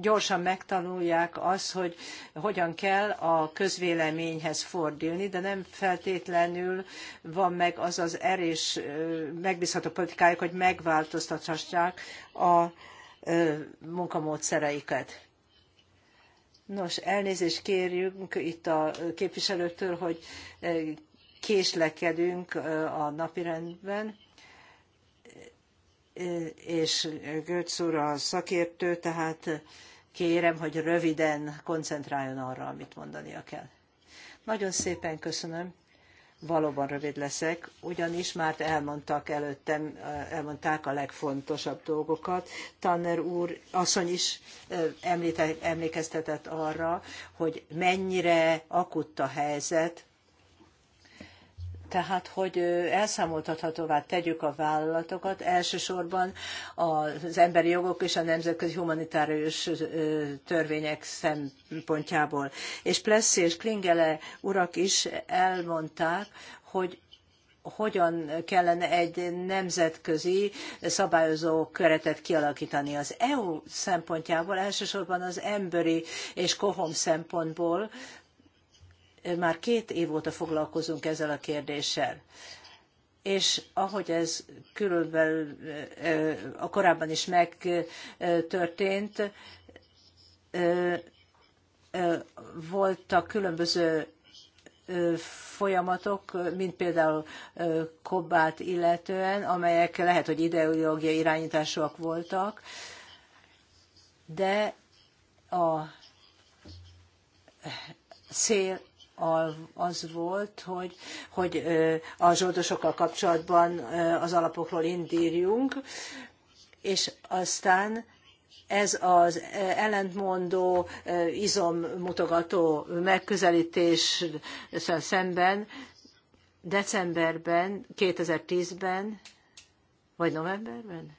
gyorsan megtanulják az, hogy hogyan kell a közvéleményhez fordulni, de nem feltétlenül van meg az az erős, megbízható politikájuk, hogy megváltoztathassák a munkamódszereiket. Nos, elnézést kérjünk itt a képviselőtől, hogy eh, késlekedünk eh, a napirendben, eh, és Götz úr a szakértő, tehát kérem, hogy röviden koncentráljon arra, amit mondania kell. Nagyon szépen köszönöm valóban rövid leszek, ugyanis már elmondtak előttem, eh, elmondták a legfontosabb dolgokat. Tanner úr, asszony is eh, emlékeztetett arra, hogy mennyire akut a helyzet, tehát hogy elszámoltathatóvá tegyük a vállalatokat, elsősorban az emberi jogok és a nemzetközi humanitárius törvények szempontjából. És Plessy és Klingele urak is elmondták, hogy hogyan kellene egy nemzetközi szabályozó keretet kialakítani. Az EU szempontjából, elsősorban az emberi és kohom szempontból már két év óta foglalkozunk ezzel a kérdéssel. És ahogy ez körülbelül a korábban is megtörtént, voltak különböző folyamatok, mint például Kobát illetően, amelyek lehet, hogy ideológiai irányításúak voltak, de a szél az volt, hogy, hogy a zsoldosokkal kapcsolatban az alapokról indírjunk, és aztán ez az ellentmondó, izommutogató megközelítés szemben decemberben, 2010-ben, vagy novemberben?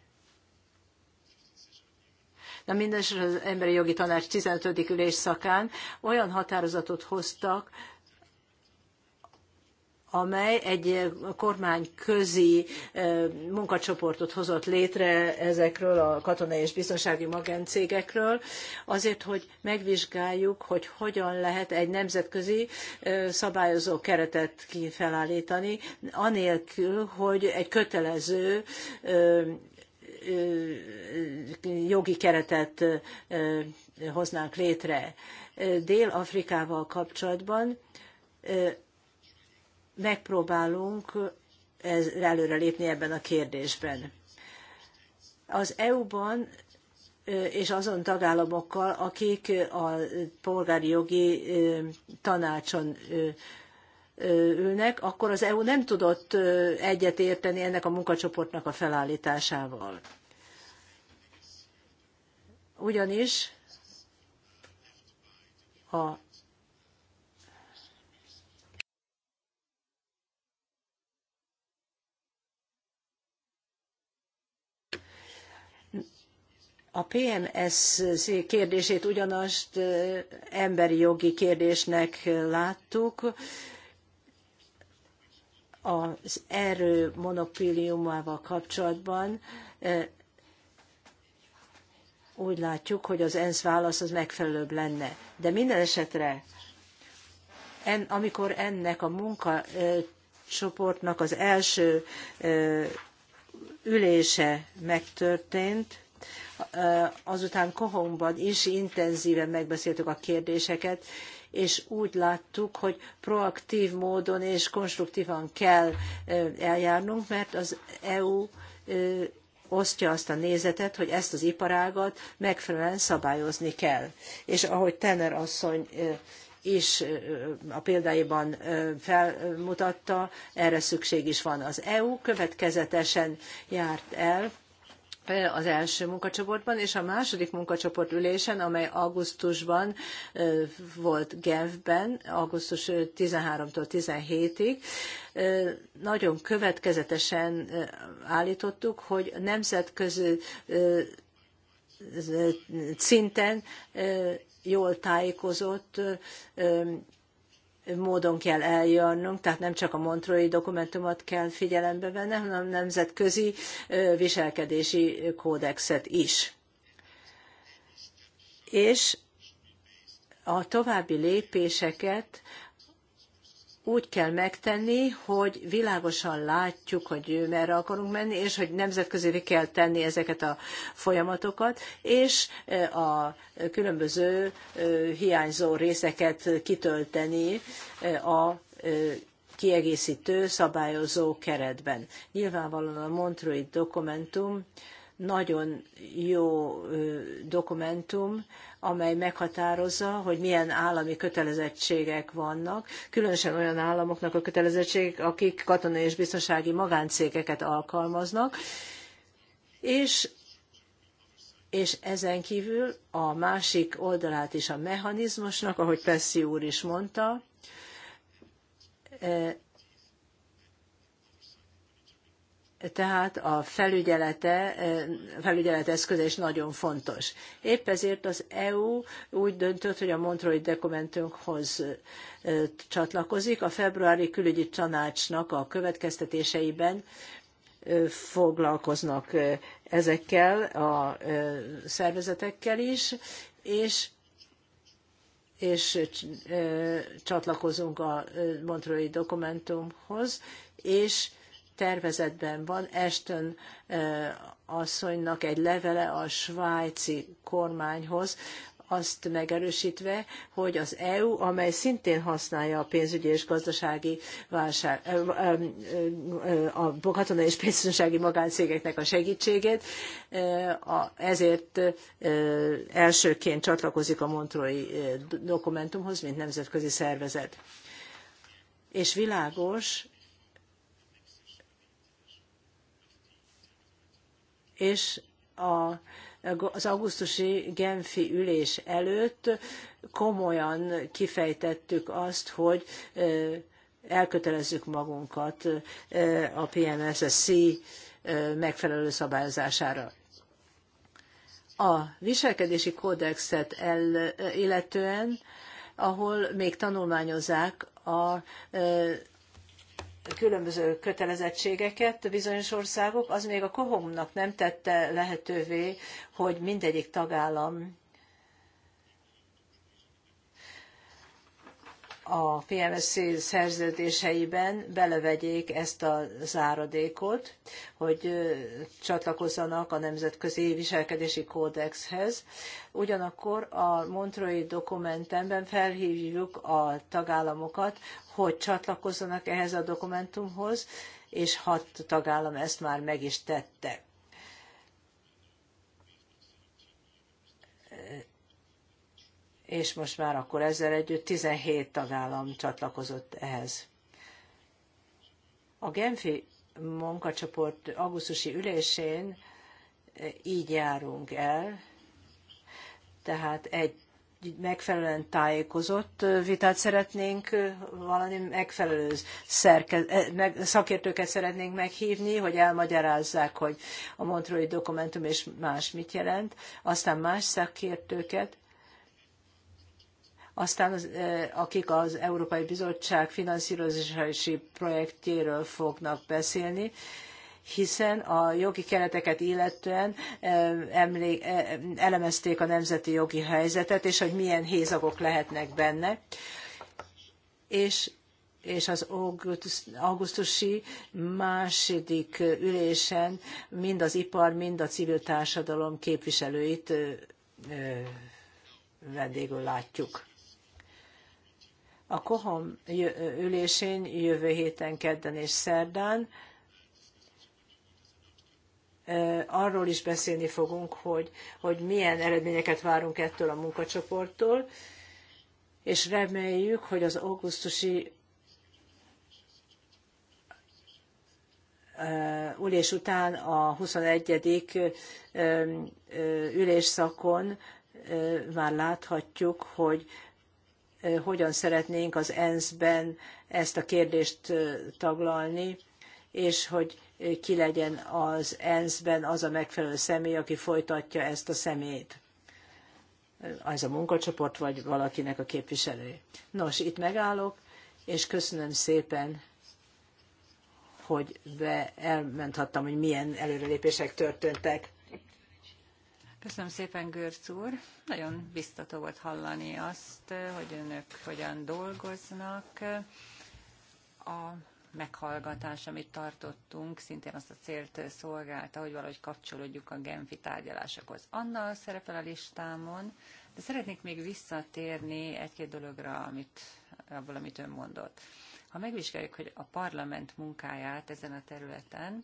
Na mindenesetre az Emberi Jogi Tanács 15. ülés szakán olyan határozatot hoztak, amely egy eh, kormányközi eh, munkacsoportot hozott létre ezekről a katonai és biztonsági magáncégekről, azért, hogy megvizsgáljuk, hogy hogyan lehet egy nemzetközi eh, szabályozó keretet felállítani, anélkül, hogy egy kötelező jogi keretet hoznánk létre. Dél-Afrikával kapcsolatban megpróbálunk előre lépni ebben a kérdésben. Az EU-ban és azon tagállamokkal, akik a polgári jogi tanácson ülnek, akkor az EU nem tudott egyetérteni ennek a munkacsoportnak a felállításával. Ugyanis a A PMS kérdését ugyanazt emberi jogi kérdésnek láttuk, az erő monopóliumával kapcsolatban úgy látjuk, hogy az ENSZ válasz az megfelelőbb lenne. De minden esetre, en, amikor ennek a munkacsoportnak az első ülése megtörtént, azután Kohongban is intenzíven megbeszéltük a kérdéseket, és úgy láttuk, hogy proaktív módon és konstruktívan kell eljárnunk, mert az EU osztja azt a nézetet, hogy ezt az iparágat megfelelően szabályozni kell. És ahogy Tenner asszony is a példáiban felmutatta, erre szükség is van. Az EU következetesen járt el, az első munkacsoportban, és a második munkacsoport ülésen, amely augusztusban volt Genfben, augusztus 13-tól 17-ig, nagyon következetesen állítottuk, hogy nemzetközi szinten jól tájékozott módon kell eljönnünk, tehát nem csak a montrói dokumentumot kell figyelembe venni, hanem nemzetközi viselkedési kódexet is. És a további lépéseket úgy kell megtenni, hogy világosan látjuk, hogy merre akarunk menni, és hogy nemzetközivé kell tenni ezeket a folyamatokat, és e, a különböző e, hiányzó részeket kitölteni e, a kiegészítő szabályozó keretben. Nyilvánvalóan a Montreux dokumentum nagyon jó dokumentum, amely meghatározza, hogy milyen állami kötelezettségek vannak, különösen olyan államoknak a kötelezettségek, akik katonai és biztonsági magáncégeket alkalmaznak, és és ezen kívül a másik oldalát is a mechanizmusnak, ahogy Pessi úr is mondta, tehát a felügyelete, felügyelet eszköze is nagyon fontos. Épp ezért az EU úgy döntött, hogy a Montreuxi dokumentumhoz csatlakozik. A februári külügyi tanácsnak a következtetéseiben foglalkoznak ezekkel a szervezetekkel is, és és csatlakozunk a Montreuxi dokumentumhoz, és tervezetben van Ashton asszonynak egy levele a svájci kormányhoz, azt megerősítve, hogy az EU, amely szintén használja a pénzügyi és gazdasági válság, a katonai és pénzügyi magáncégeknek a segítségét, ezért elsőként csatlakozik a Montrói dokumentumhoz, mint nemzetközi szervezet. És világos, és a, az augusztusi Genfi ülés előtt komolyan kifejtettük azt, hogy elkötelezzük magunkat a PMSSC megfelelő szabályozására. A viselkedési kódexet el, illetően, ahol még tanulmányozzák a különböző kötelezettségeket bizonyos országok, az még a nak nem tette lehetővé, hogy mindegyik tagállam a PMSZ szerződéseiben belevegyék ezt a záradékot, hogy csatlakozzanak a Nemzetközi Viselkedési Kódexhez. Ugyanakkor a Montreux dokumentumban felhívjuk a tagállamokat, hogy csatlakozzanak ehhez a dokumentumhoz, és hat tagállam ezt már meg is tette. és most már akkor ezzel együtt 17 tagállam csatlakozott ehhez. A Genfi munkacsoport augusztusi ülésén eh, így járunk el, tehát egy megfelelően tájékozott eh, vitát szeretnénk, eh, valami megfelelő szerke- meg, szakértőket szeretnénk meghívni, hogy elmagyarázzák, hogy a montrói dokumentum és más mit jelent, aztán más szakértőket, aztán az, akik az Európai Bizottság finanszírozási projektjéről fognak beszélni, hiszen a jogi kereteket illetően emlé, elemezték a nemzeti jogi helyzetet, és hogy milyen hézagok lehetnek benne. És és az augusztusi második ülésen mind az ipar, mind a civil társadalom képviselőit vendégül látjuk. A Kohom ülésén jövő héten, kedden és szerdán arról is beszélni fogunk, hogy, hogy milyen eredményeket várunk ettől a munkacsoporttól, és reméljük, hogy az augusztusi ülés után a 21. ülésszakon már láthatjuk, hogy hogyan szeretnénk az ENSZ-ben ezt a kérdést taglalni, és hogy ki legyen az ENSZ-ben az a megfelelő személy, aki folytatja ezt a szemét. Az a munkacsoport, vagy valakinek a képviselője. Nos, itt megállok, és köszönöm szépen, hogy be elmenthattam, hogy milyen előrelépések történtek. Köszönöm szépen, Görc úr. Nagyon biztató volt hallani azt, hogy önök hogyan dolgoznak. A meghallgatás, amit tartottunk, szintén azt a célt szolgálta, hogy valahogy kapcsolódjuk a Genfi tárgyalásokhoz. Anna szerepel a listámon, de szeretnék még visszatérni egy-két dologra, amit, abból, amit ön mondott. Ha megvizsgáljuk, hogy a parlament munkáját ezen a területen,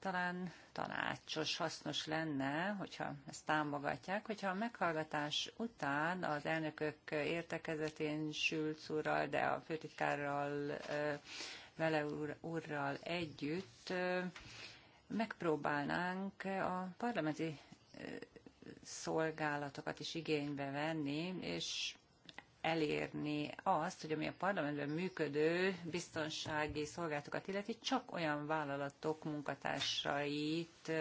talán tanácsos, hasznos lenne, hogyha ezt támogatják, hogyha a meghallgatás után az elnökök értekezetén Sülc úrral, de a főtitkárral, vele úr, úrral együtt megpróbálnánk a parlamenti szolgálatokat is igénybe venni, és elérni azt, hogy ami a parlamentben működő biztonsági szolgálatokat illeti, csak olyan vállalatok munkatársait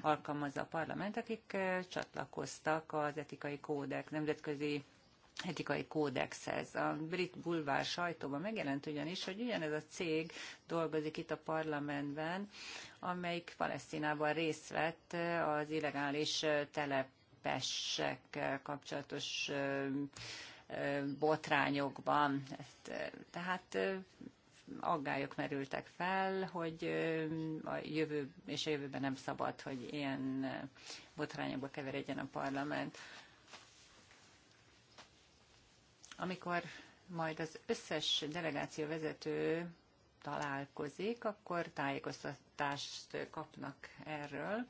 alkalmazza a parlament, akik eh, csatlakoztak az etikai kódex, nemzetközi etikai kódexhez. A brit bulvár sajtóban megjelent ugyanis, hogy ugyanez a cég dolgozik itt a parlamentben, amelyik Palesztinában részt vett eh, az illegális eh, telepesek kapcsolatos botrányokban. Tehát aggályok merültek fel, hogy a jövő és a jövőben nem szabad, hogy ilyen botrányokba keveredjen a parlament. Amikor majd az összes delegáció vezető találkozik, akkor tájékoztatást kapnak erről,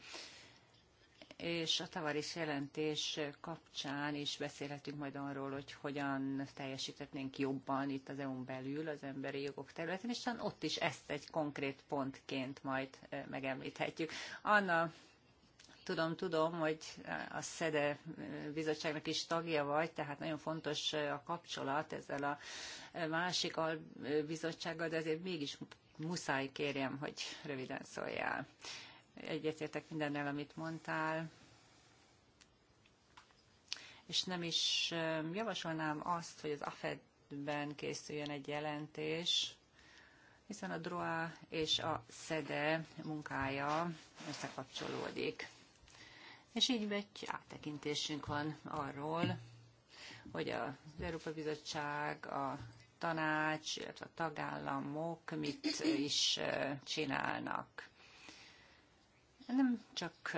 és a tavaris jelentés kapcsán is beszélhetünk majd arról, hogy hogyan teljesíthetnénk jobban itt az EU-n belül az emberi jogok területén, és ott is ezt egy konkrét pontként majd megemlíthetjük. Anna, tudom, tudom, hogy a SZEDE bizottságnak is tagja vagy, tehát nagyon fontos a kapcsolat ezzel a másik bizottsággal, de azért mégis muszáj kérjem, hogy röviden szóljál egyetértek mindennel, amit mondtál, és nem is javasolnám azt, hogy az AFED-ben készüljön egy jelentés, hiszen a DROA és a SZEDE munkája összekapcsolódik. És így egy áttekintésünk van arról, hogy az Európa Bizottság, a tanács, illetve a tagállamok mit is csinálnak nem csak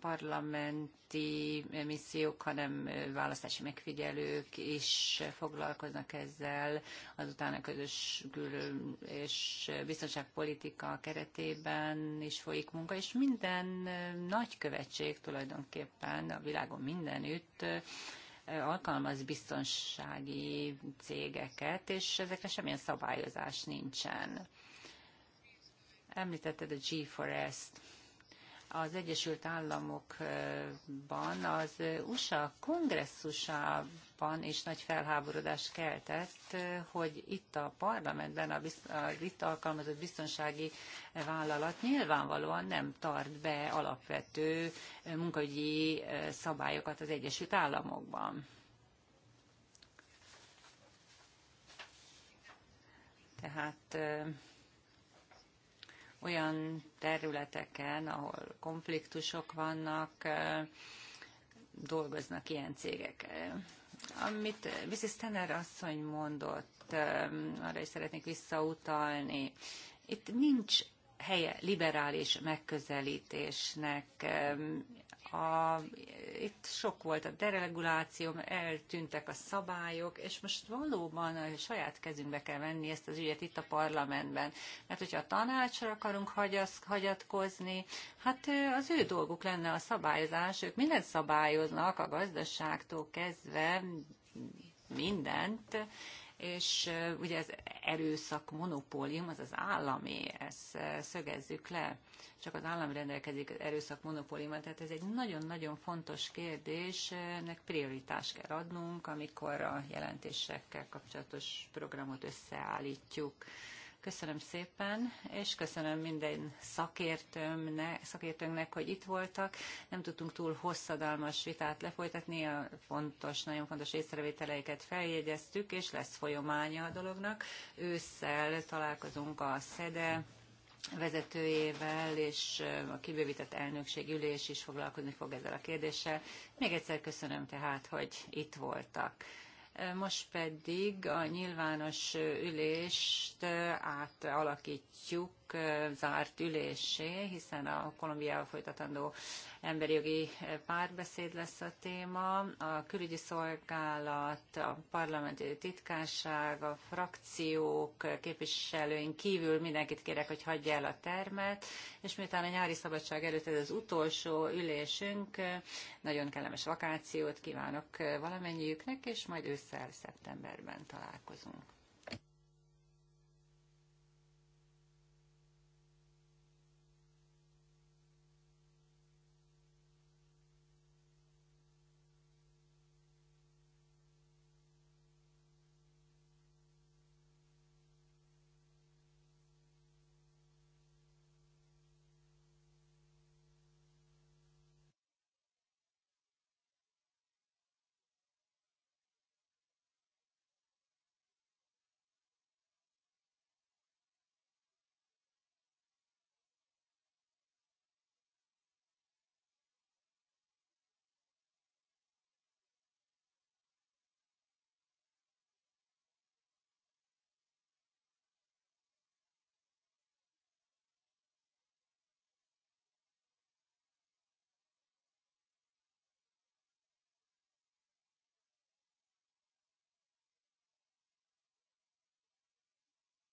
parlamenti missziók, hanem választási megfigyelők is foglalkoznak ezzel, azután a közös kül- és biztonságpolitika keretében is folyik munka, és minden nagy követség tulajdonképpen a világon mindenütt alkalmaz biztonsági cégeket, és ezekre semmilyen szabályozás nincsen. Említetted a G4S-t az Egyesült Államokban, az USA kongresszusában is nagy felháborodás keltett, hogy itt a parlamentben a az itt alkalmazott biztonsági vállalat nyilvánvalóan nem tart be alapvető munkaügyi szabályokat az Egyesült Államokban. Tehát olyan területeken, ahol konfliktusok vannak, dolgoznak ilyen cégek. Amit Mrs. Stenner asszony mondott, arra is szeretnék visszautalni. Itt nincs helye liberális megközelítésnek. A itt sok volt a dereguláció, eltűntek a szabályok, és most valóban a saját kezünkbe kell venni ezt az ügyet itt a parlamentben. Mert hogyha a tanácsra akarunk hagyaz, hagyatkozni, hát az ő dolguk lenne a szabályozás, ők mindent szabályoznak, a gazdaságtól kezdve mindent, és ugye az erőszak monopólium az az állami, ezt szögezzük le, csak az állam rendelkezik az erőszak monopóliummal, tehát ez egy nagyon-nagyon fontos kérdés, ennek prioritást kell adnunk, amikor a jelentésekkel kapcsolatos programot összeállítjuk. Köszönöm szépen, és köszönöm minden szakértőmnek, szakértőnknek, hogy itt voltak. Nem tudtunk túl hosszadalmas vitát lefolytatni, a fontos, nagyon fontos észrevételeiket feljegyeztük, és lesz folyománya a dolognak. Ősszel találkozunk a SZEDE vezetőjével, és a kibővített elnökség ülés is foglalkozni fog ezzel a kérdéssel. Még egyszer köszönöm tehát, hogy itt voltak. Most pedig a nyilvános ülést eh, átalakítjuk zárt ülésé, hiszen a Kolumbiával folytatandó emberi jogi párbeszéd lesz a téma. A külügyi szolgálat, a parlamenti titkárság, a frakciók, képviselőink kívül mindenkit kérek, hogy hagyja el a termet, és miután a nyári szabadság előtt ez az utolsó ülésünk, nagyon kellemes vakációt kívánok valamennyiüknek, és majd ősszel szeptemberben találkozunk.